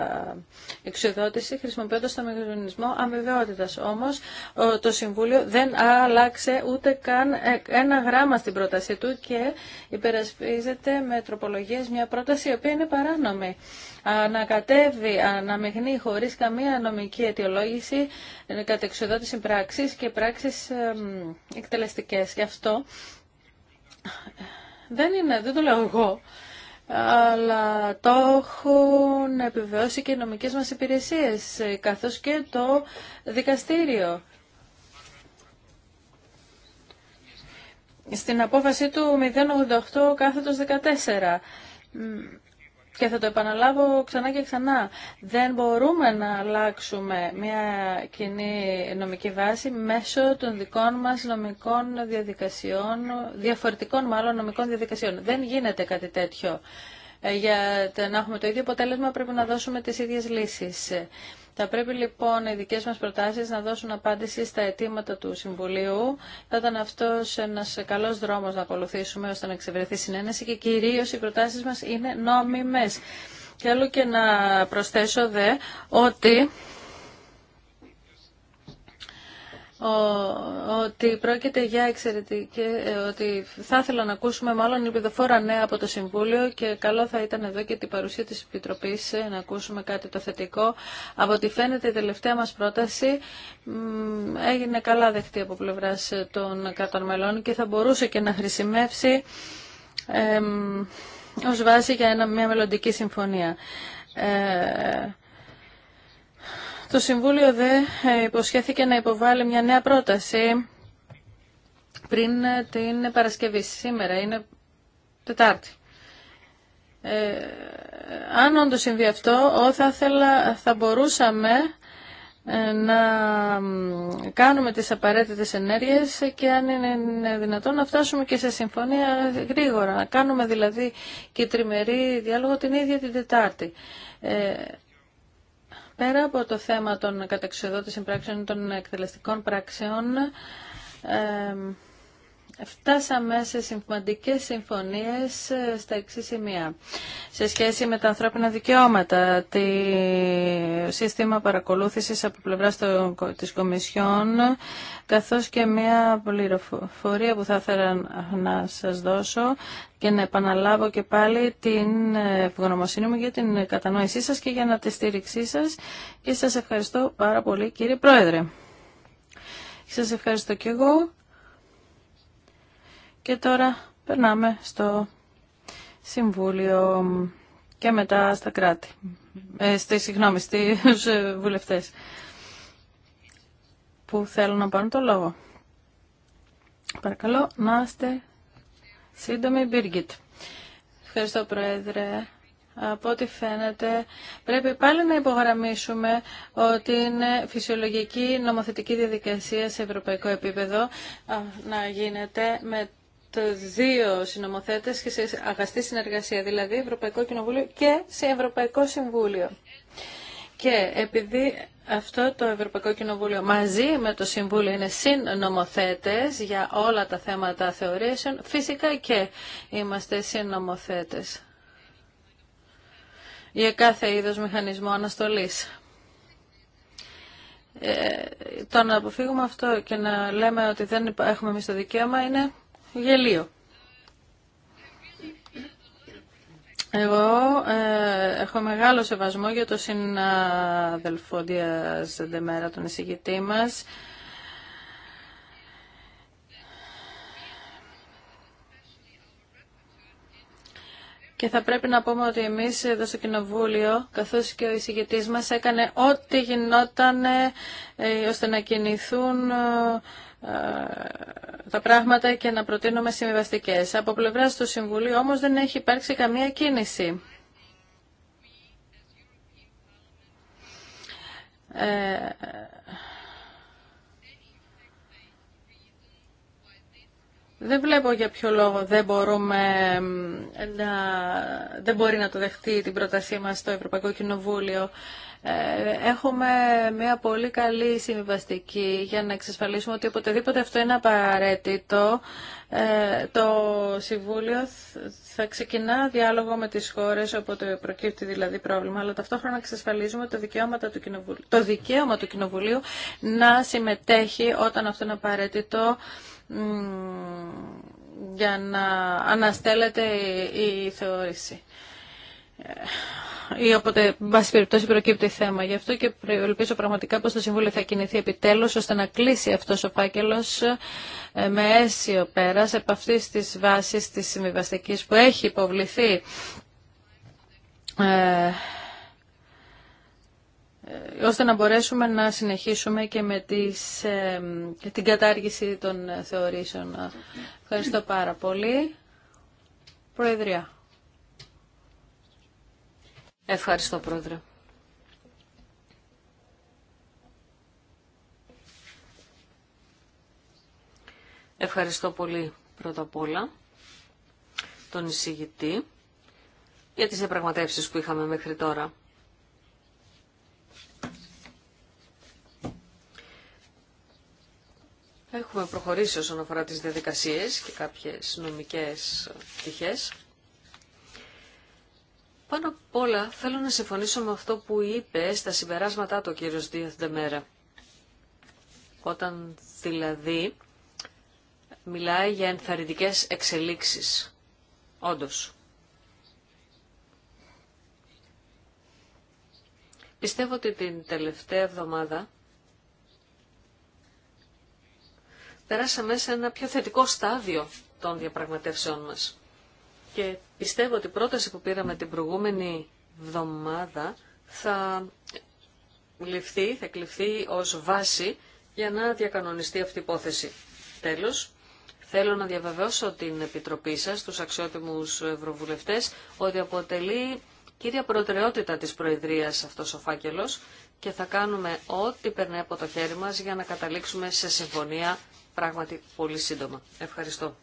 εξουδότηση, χρησιμοποιώντας το μηχανισμό αμοιβαιότητας. Όμως, το Συμβούλιο δεν άλλαξε ούτε καν ένα γράμμα στην πρότασή του και υπερασπίστηκε αντιμετωπίζεται με τροπολογίε μια πρόταση η οποία είναι παράνομη. Ανακατεύει, αναμειγνύει χωρίς καμία νομική αιτιολόγηση ε, κατεξοδότηση πράξη και πράξει εκτελεστικές. και αυτό δεν, είναι, δεν το λέω εγώ αλλά το έχουν επιβεβαιώσει και οι νομικές μας υπηρεσίες, καθώς και το δικαστήριο. στην απόφαση του 088 κάθετος 14. Και θα το επαναλάβω ξανά και ξανά. Δεν μπορούμε να αλλάξουμε μια κοινή νομική βάση μέσω των δικών μας νομικών διαδικασιών, διαφορετικών μάλλον νομικών διαδικασιών. Δεν γίνεται κάτι τέτοιο. Ε, για να έχουμε το ίδιο αποτέλεσμα πρέπει να δώσουμε τις ίδιες λύσεις. Θα πρέπει λοιπόν οι δικές μας προτάσεις να δώσουν απάντηση στα αιτήματα του Συμβουλίου. Θα ήταν αυτός ένας καλός δρόμος να ακολουθήσουμε ώστε να εξευρεθεί συνένεση και κυρίως οι προτάσεις μας είναι νόμιμες. Θέλω και να προσθέσω δε ότι ότι πρόκειται για εξαιρετική, ε, ότι θα ήθελα να ακούσουμε μάλλον πληροφόρα νέα από το Συμβούλιο και καλό θα ήταν εδώ και την παρουσία της Επιτροπής ε, να ακούσουμε κάτι το θετικό. Από ό,τι φαίνεται η τελευταία μας πρόταση έγινε καλά δεχτή από πλευράς ε, των κατών μελών και θα μπορούσε και να χρησιμεύσει ε, ως βάση για μια μελλοντική συμφωνία. Ε, το Συμβούλιο δε ε, υποσχέθηκε να υποβάλει μια νέα πρόταση πριν ε, την Παρασκευή. Σήμερα είναι Τετάρτη. Ε, αν όντως συμβεί αυτό, θα, θέλα, θα μπορούσαμε ε, να κάνουμε τις απαραίτητες ενέργειες και αν είναι δυνατόν να φτάσουμε και σε συμφωνία γρήγορα. Να κάνουμε δηλαδή και τριμερή διάλογο την ίδια την Τετάρτη. Ε, Πέρα από το θέμα των καταξιοδότησης πράξεων των εκτελεστικών πράξεων, ε, φτάσαμε σε σημαντικέ συμφωνίες ε, στα εξή σημεία. Σε σχέση με τα ανθρώπινα δικαιώματα, το σύστημα παρακολούθησης από πλευρά της Κομισιόν, καθώς και μια πληροφορία που θα ήθελα να σα δώσω και να επαναλάβω και πάλι την ευγνωμοσύνη μου για την κατανόησή σας και για να τη στήριξή σας και σας ευχαριστώ πάρα πολύ κύριε Πρόεδρε. Σας ευχαριστώ και εγώ. Και τώρα περνάμε στο Συμβούλιο και μετά στα κράτη. Ε, στη, συγγνώμη, στους ε, βουλευτές που θέλουν να πάρουν το λόγο. Παρακαλώ να είστε σύντομοι, Μπίργκιτ. Ευχαριστώ, Πρόεδρε. Από ό,τι φαίνεται, πρέπει πάλι να υπογραμμίσουμε ότι είναι φυσιολογική νομοθετική διαδικασία σε ευρωπαϊκό επίπεδο να γίνεται με το δύο συνομοθέτες και σε αγαστή συνεργασία, δηλαδή Ευρωπαϊκό Κοινοβούλιο και σε Ευρωπαϊκό Συμβούλιο. Και επειδή αυτό το Ευρωπαϊκό Κοινοβούλιο μαζί με το Συμβούλιο είναι συνομοθέτες για όλα τα θέματα θεωρήσεων, φυσικά και είμαστε συνομοθέτες για κάθε είδος μηχανισμό αναστολής. Ε, το να αποφύγουμε αυτό και να λέμε ότι δεν έχουμε εμείς το δικαίωμα είναι γελίο. Εγώ ε, έχω μεγάλο σεβασμό για το συναδελφό Δίας Δεμέρα, τον εισηγητή μας. Και θα πρέπει να πούμε ότι εμείς εδώ στο Κοινοβούλιο, καθώς και ο εισηγητής μας, έκανε ό,τι γινόταν ε, ώστε να κινηθούν ε, ε, τα πράγματα και να προτείνουμε συμβιβαστικέ. Από πλευρά του Συμβουλίου όμως δεν έχει υπάρξει καμία κίνηση. Ε, δεν βλέπω για ποιο λόγο δεν, μπορούμε να, δεν μπορεί να το δεχτεί την πρότασή μας στο Ευρωπαϊκό Κοινοβούλιο. Ε, έχουμε μια πολύ καλή συμβιβαστική για να εξασφαλίσουμε ότι οποτεδήποτε αυτό είναι απαραίτητο, ε, το Συμβούλιο θα ξεκινά διάλογο με τις χώρες όποτε προκύπτει δηλαδή πρόβλημα, αλλά ταυτόχρονα εξασφαλίζουμε το, του το δικαίωμα του Κοινοβουλίου να συμμετέχει όταν αυτό είναι απαραίτητο για να αναστέλλεται η θεώρηση. Ε, ή όποτε, βάση περιπτώσει, προκύπτει θέμα. Γι' αυτό και ελπίζω πραγματικά πως το Συμβούλιο θα κινηθεί επιτέλους ώστε να κλείσει αυτός ο φάκελος ε, με αίσιο πέρας από αυτή της βάσης της συμβιβαστική που έχει υποβληθεί ε, ώστε να μπορέσουμε να συνεχίσουμε και με τις, την κατάργηση των θεωρήσεων. Ευχαριστώ πάρα
πολύ. Προεδρία. Ευχαριστώ, Πρόεδρε. Ευχαριστώ πολύ πρώτα απ' όλα τον εισηγητή για τις διαπραγματεύσεις που είχαμε μέχρι τώρα. Έχουμε προχωρήσει όσον αφορά τις διαδικασίες και κάποιες νομικές πτυχές. Πάνω απ' όλα θέλω να συμφωνήσω με αυτό που είπε στα συμπεράσματά του ο κύριος Όταν δηλαδή μιλάει για ενθαρρυντικές εξελίξεις. Όντως. Πιστεύω ότι την τελευταία εβδομάδα περάσαμε σε ένα πιο θετικό στάδιο των διαπραγματεύσεών μας. Και Πιστεύω ότι η πρόταση που πήραμε την προηγούμενη εβδομάδα θα ληφθεί, θα κληφθεί ως βάση για να διακανονιστεί αυτή η υπόθεση. Τέλος, θέλω να διαβεβαιώσω την Επιτροπή σας, τους αξιότιμους ευρωβουλευτές, ότι αποτελεί κύρια προτεραιότητα της Προεδρίας αυτός ο φάκελος και θα κάνουμε ό,τι περνάει από το χέρι μας για να καταλήξουμε σε συμφωνία πράγματι πολύ σύντομα. Ευχαριστώ.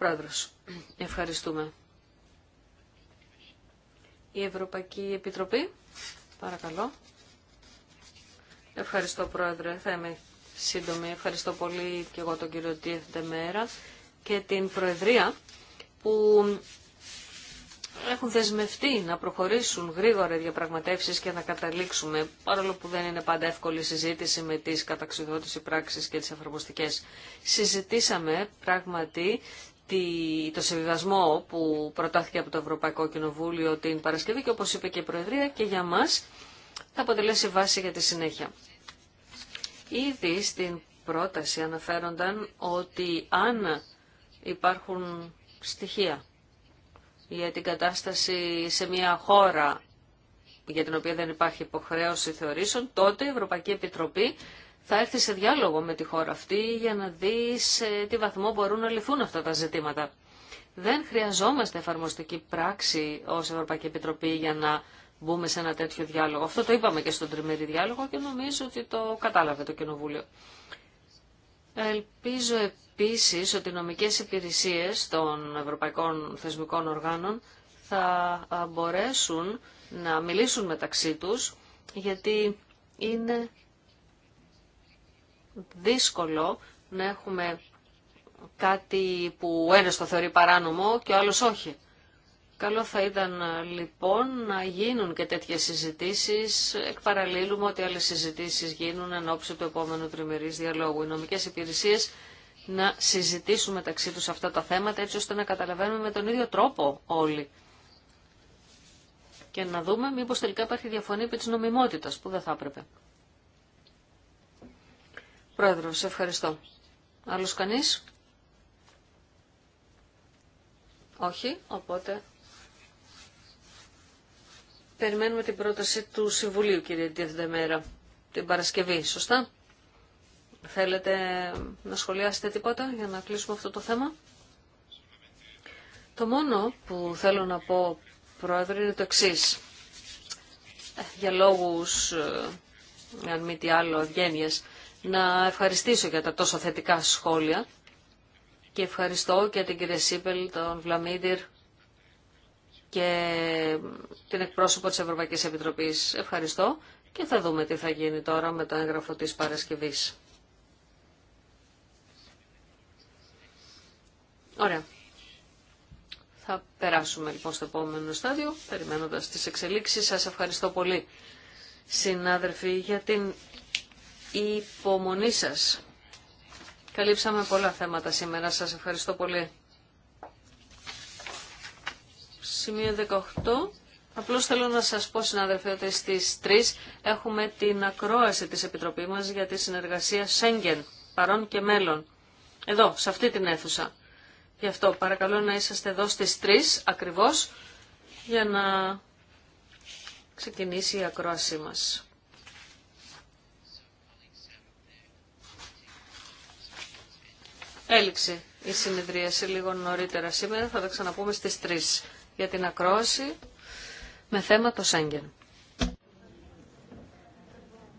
Πρόεδρος, ευχαριστούμε. Η Ευρωπαϊκή Επιτροπή, παρακαλώ. Ευχαριστώ Πρόεδρε, θα είμαι σύντομη. Ευχαριστώ πολύ και εγώ τον κύριο Τίεφτε Μέρα και την Προεδρία που έχουν δεσμευτεί να προχωρήσουν γρήγορα οι διαπραγματεύσεις και να καταλήξουμε, παρόλο που δεν είναι πάντα εύκολη συζήτηση με τις καταξιδότηση πράξεις και τις εφαρμοστικές. Συζητήσαμε πράγματι το συμβιβασμό που προτάθηκε από το Ευρωπαϊκό Κοινοβούλιο την Παρασκευή και όπως είπε και η Προεδρία και για μας θα αποτελέσει βάση για τη συνέχεια. Ήδη στην πρόταση αναφέρονταν ότι αν υπάρχουν στοιχεία για την κατάσταση σε μια χώρα για την οποία δεν υπάρχει υποχρέωση θεωρήσεων, τότε η Ευρωπαϊκή Επιτροπή θα έρθει σε διάλογο με τη χώρα αυτή για να δει σε τι βαθμό μπορούν να λυθούν αυτά τα ζητήματα. Δεν χρειαζόμαστε εφαρμοστική πράξη ως Ευρωπαϊκή Επιτροπή για να μπούμε σε ένα τέτοιο διάλογο. Αυτό το είπαμε και στον τριμερή διάλογο και νομίζω ότι το κατάλαβε το Κοινοβούλιο. Ελπίζω επίσης ότι οι νομικές υπηρεσίες των ευρωπαϊκών θεσμικών οργάνων θα μπορέσουν να μιλήσουν μεταξύ τους γιατί είναι δύσκολο να έχουμε κάτι που ο ένας το θεωρεί παράνομο και ο άλλος όχι. Καλό θα ήταν λοιπόν να γίνουν και τέτοιες συζητήσεις, εκ παραλίλου ότι άλλες συζητήσεις γίνουν εν ώψη του επόμενου τριμερής διαλόγου. Οι νομικές υπηρεσίες να συζητήσουν μεταξύ τους αυτά τα θέματα έτσι ώστε να καταλαβαίνουμε με τον ίδιο τρόπο όλοι. Και να δούμε μήπως τελικά υπάρχει διαφωνία επί της νομιμότητας που δεν θα έπρεπε σε ευχαριστώ. Άλλος κανείς? Όχι, οπότε περιμένουμε την πρόταση του Συμβουλίου, κύριε Διευθυντεμέρα, την Παρασκευή, σωστά? Θέλετε να σχολιάσετε τίποτα για να κλείσουμε αυτό το θέμα? Το μόνο που θέλω να πω, Πρόεδρε, είναι το εξή. Ε, για λόγους, ε, αν μη τι άλλο, ευγένειες, να ευχαριστήσω για τα τόσο θετικά σχόλια και ευχαριστώ και την κυρία Σίπελ, τον Βλαμίντιρ και την εκπρόσωπο της Ευρωπαϊκής Επιτροπής. Ευχαριστώ και θα δούμε τι θα γίνει τώρα με το έγγραφο της Παρασκευής. Ωραία. Θα περάσουμε λοιπόν στο επόμενο στάδιο, περιμένοντας τις εξελίξεις. Σας ευχαριστώ πολύ, συνάδελφοι, για την υπομονή σας. Καλύψαμε πολλά θέματα σήμερα. Σας ευχαριστώ πολύ. Σημείο 18. Απλώς θέλω να σας πω, συνάδελφοι, ότι στις 3 έχουμε την ακρόαση της Επιτροπής μας για τη συνεργασία Σέγγεν, παρόν και μέλλον. Εδώ, σε αυτή την αίθουσα. Γι' αυτό παρακαλώ να είσαστε εδώ στις 3 ακριβώς για να ξεκινήσει η ακρόασή μας. Έληξε η συνεδρίαση λίγο νωρίτερα σήμερα. Θα τα ξαναπούμε στις 3 για την ακρόαση με θέμα το Σέγγεν.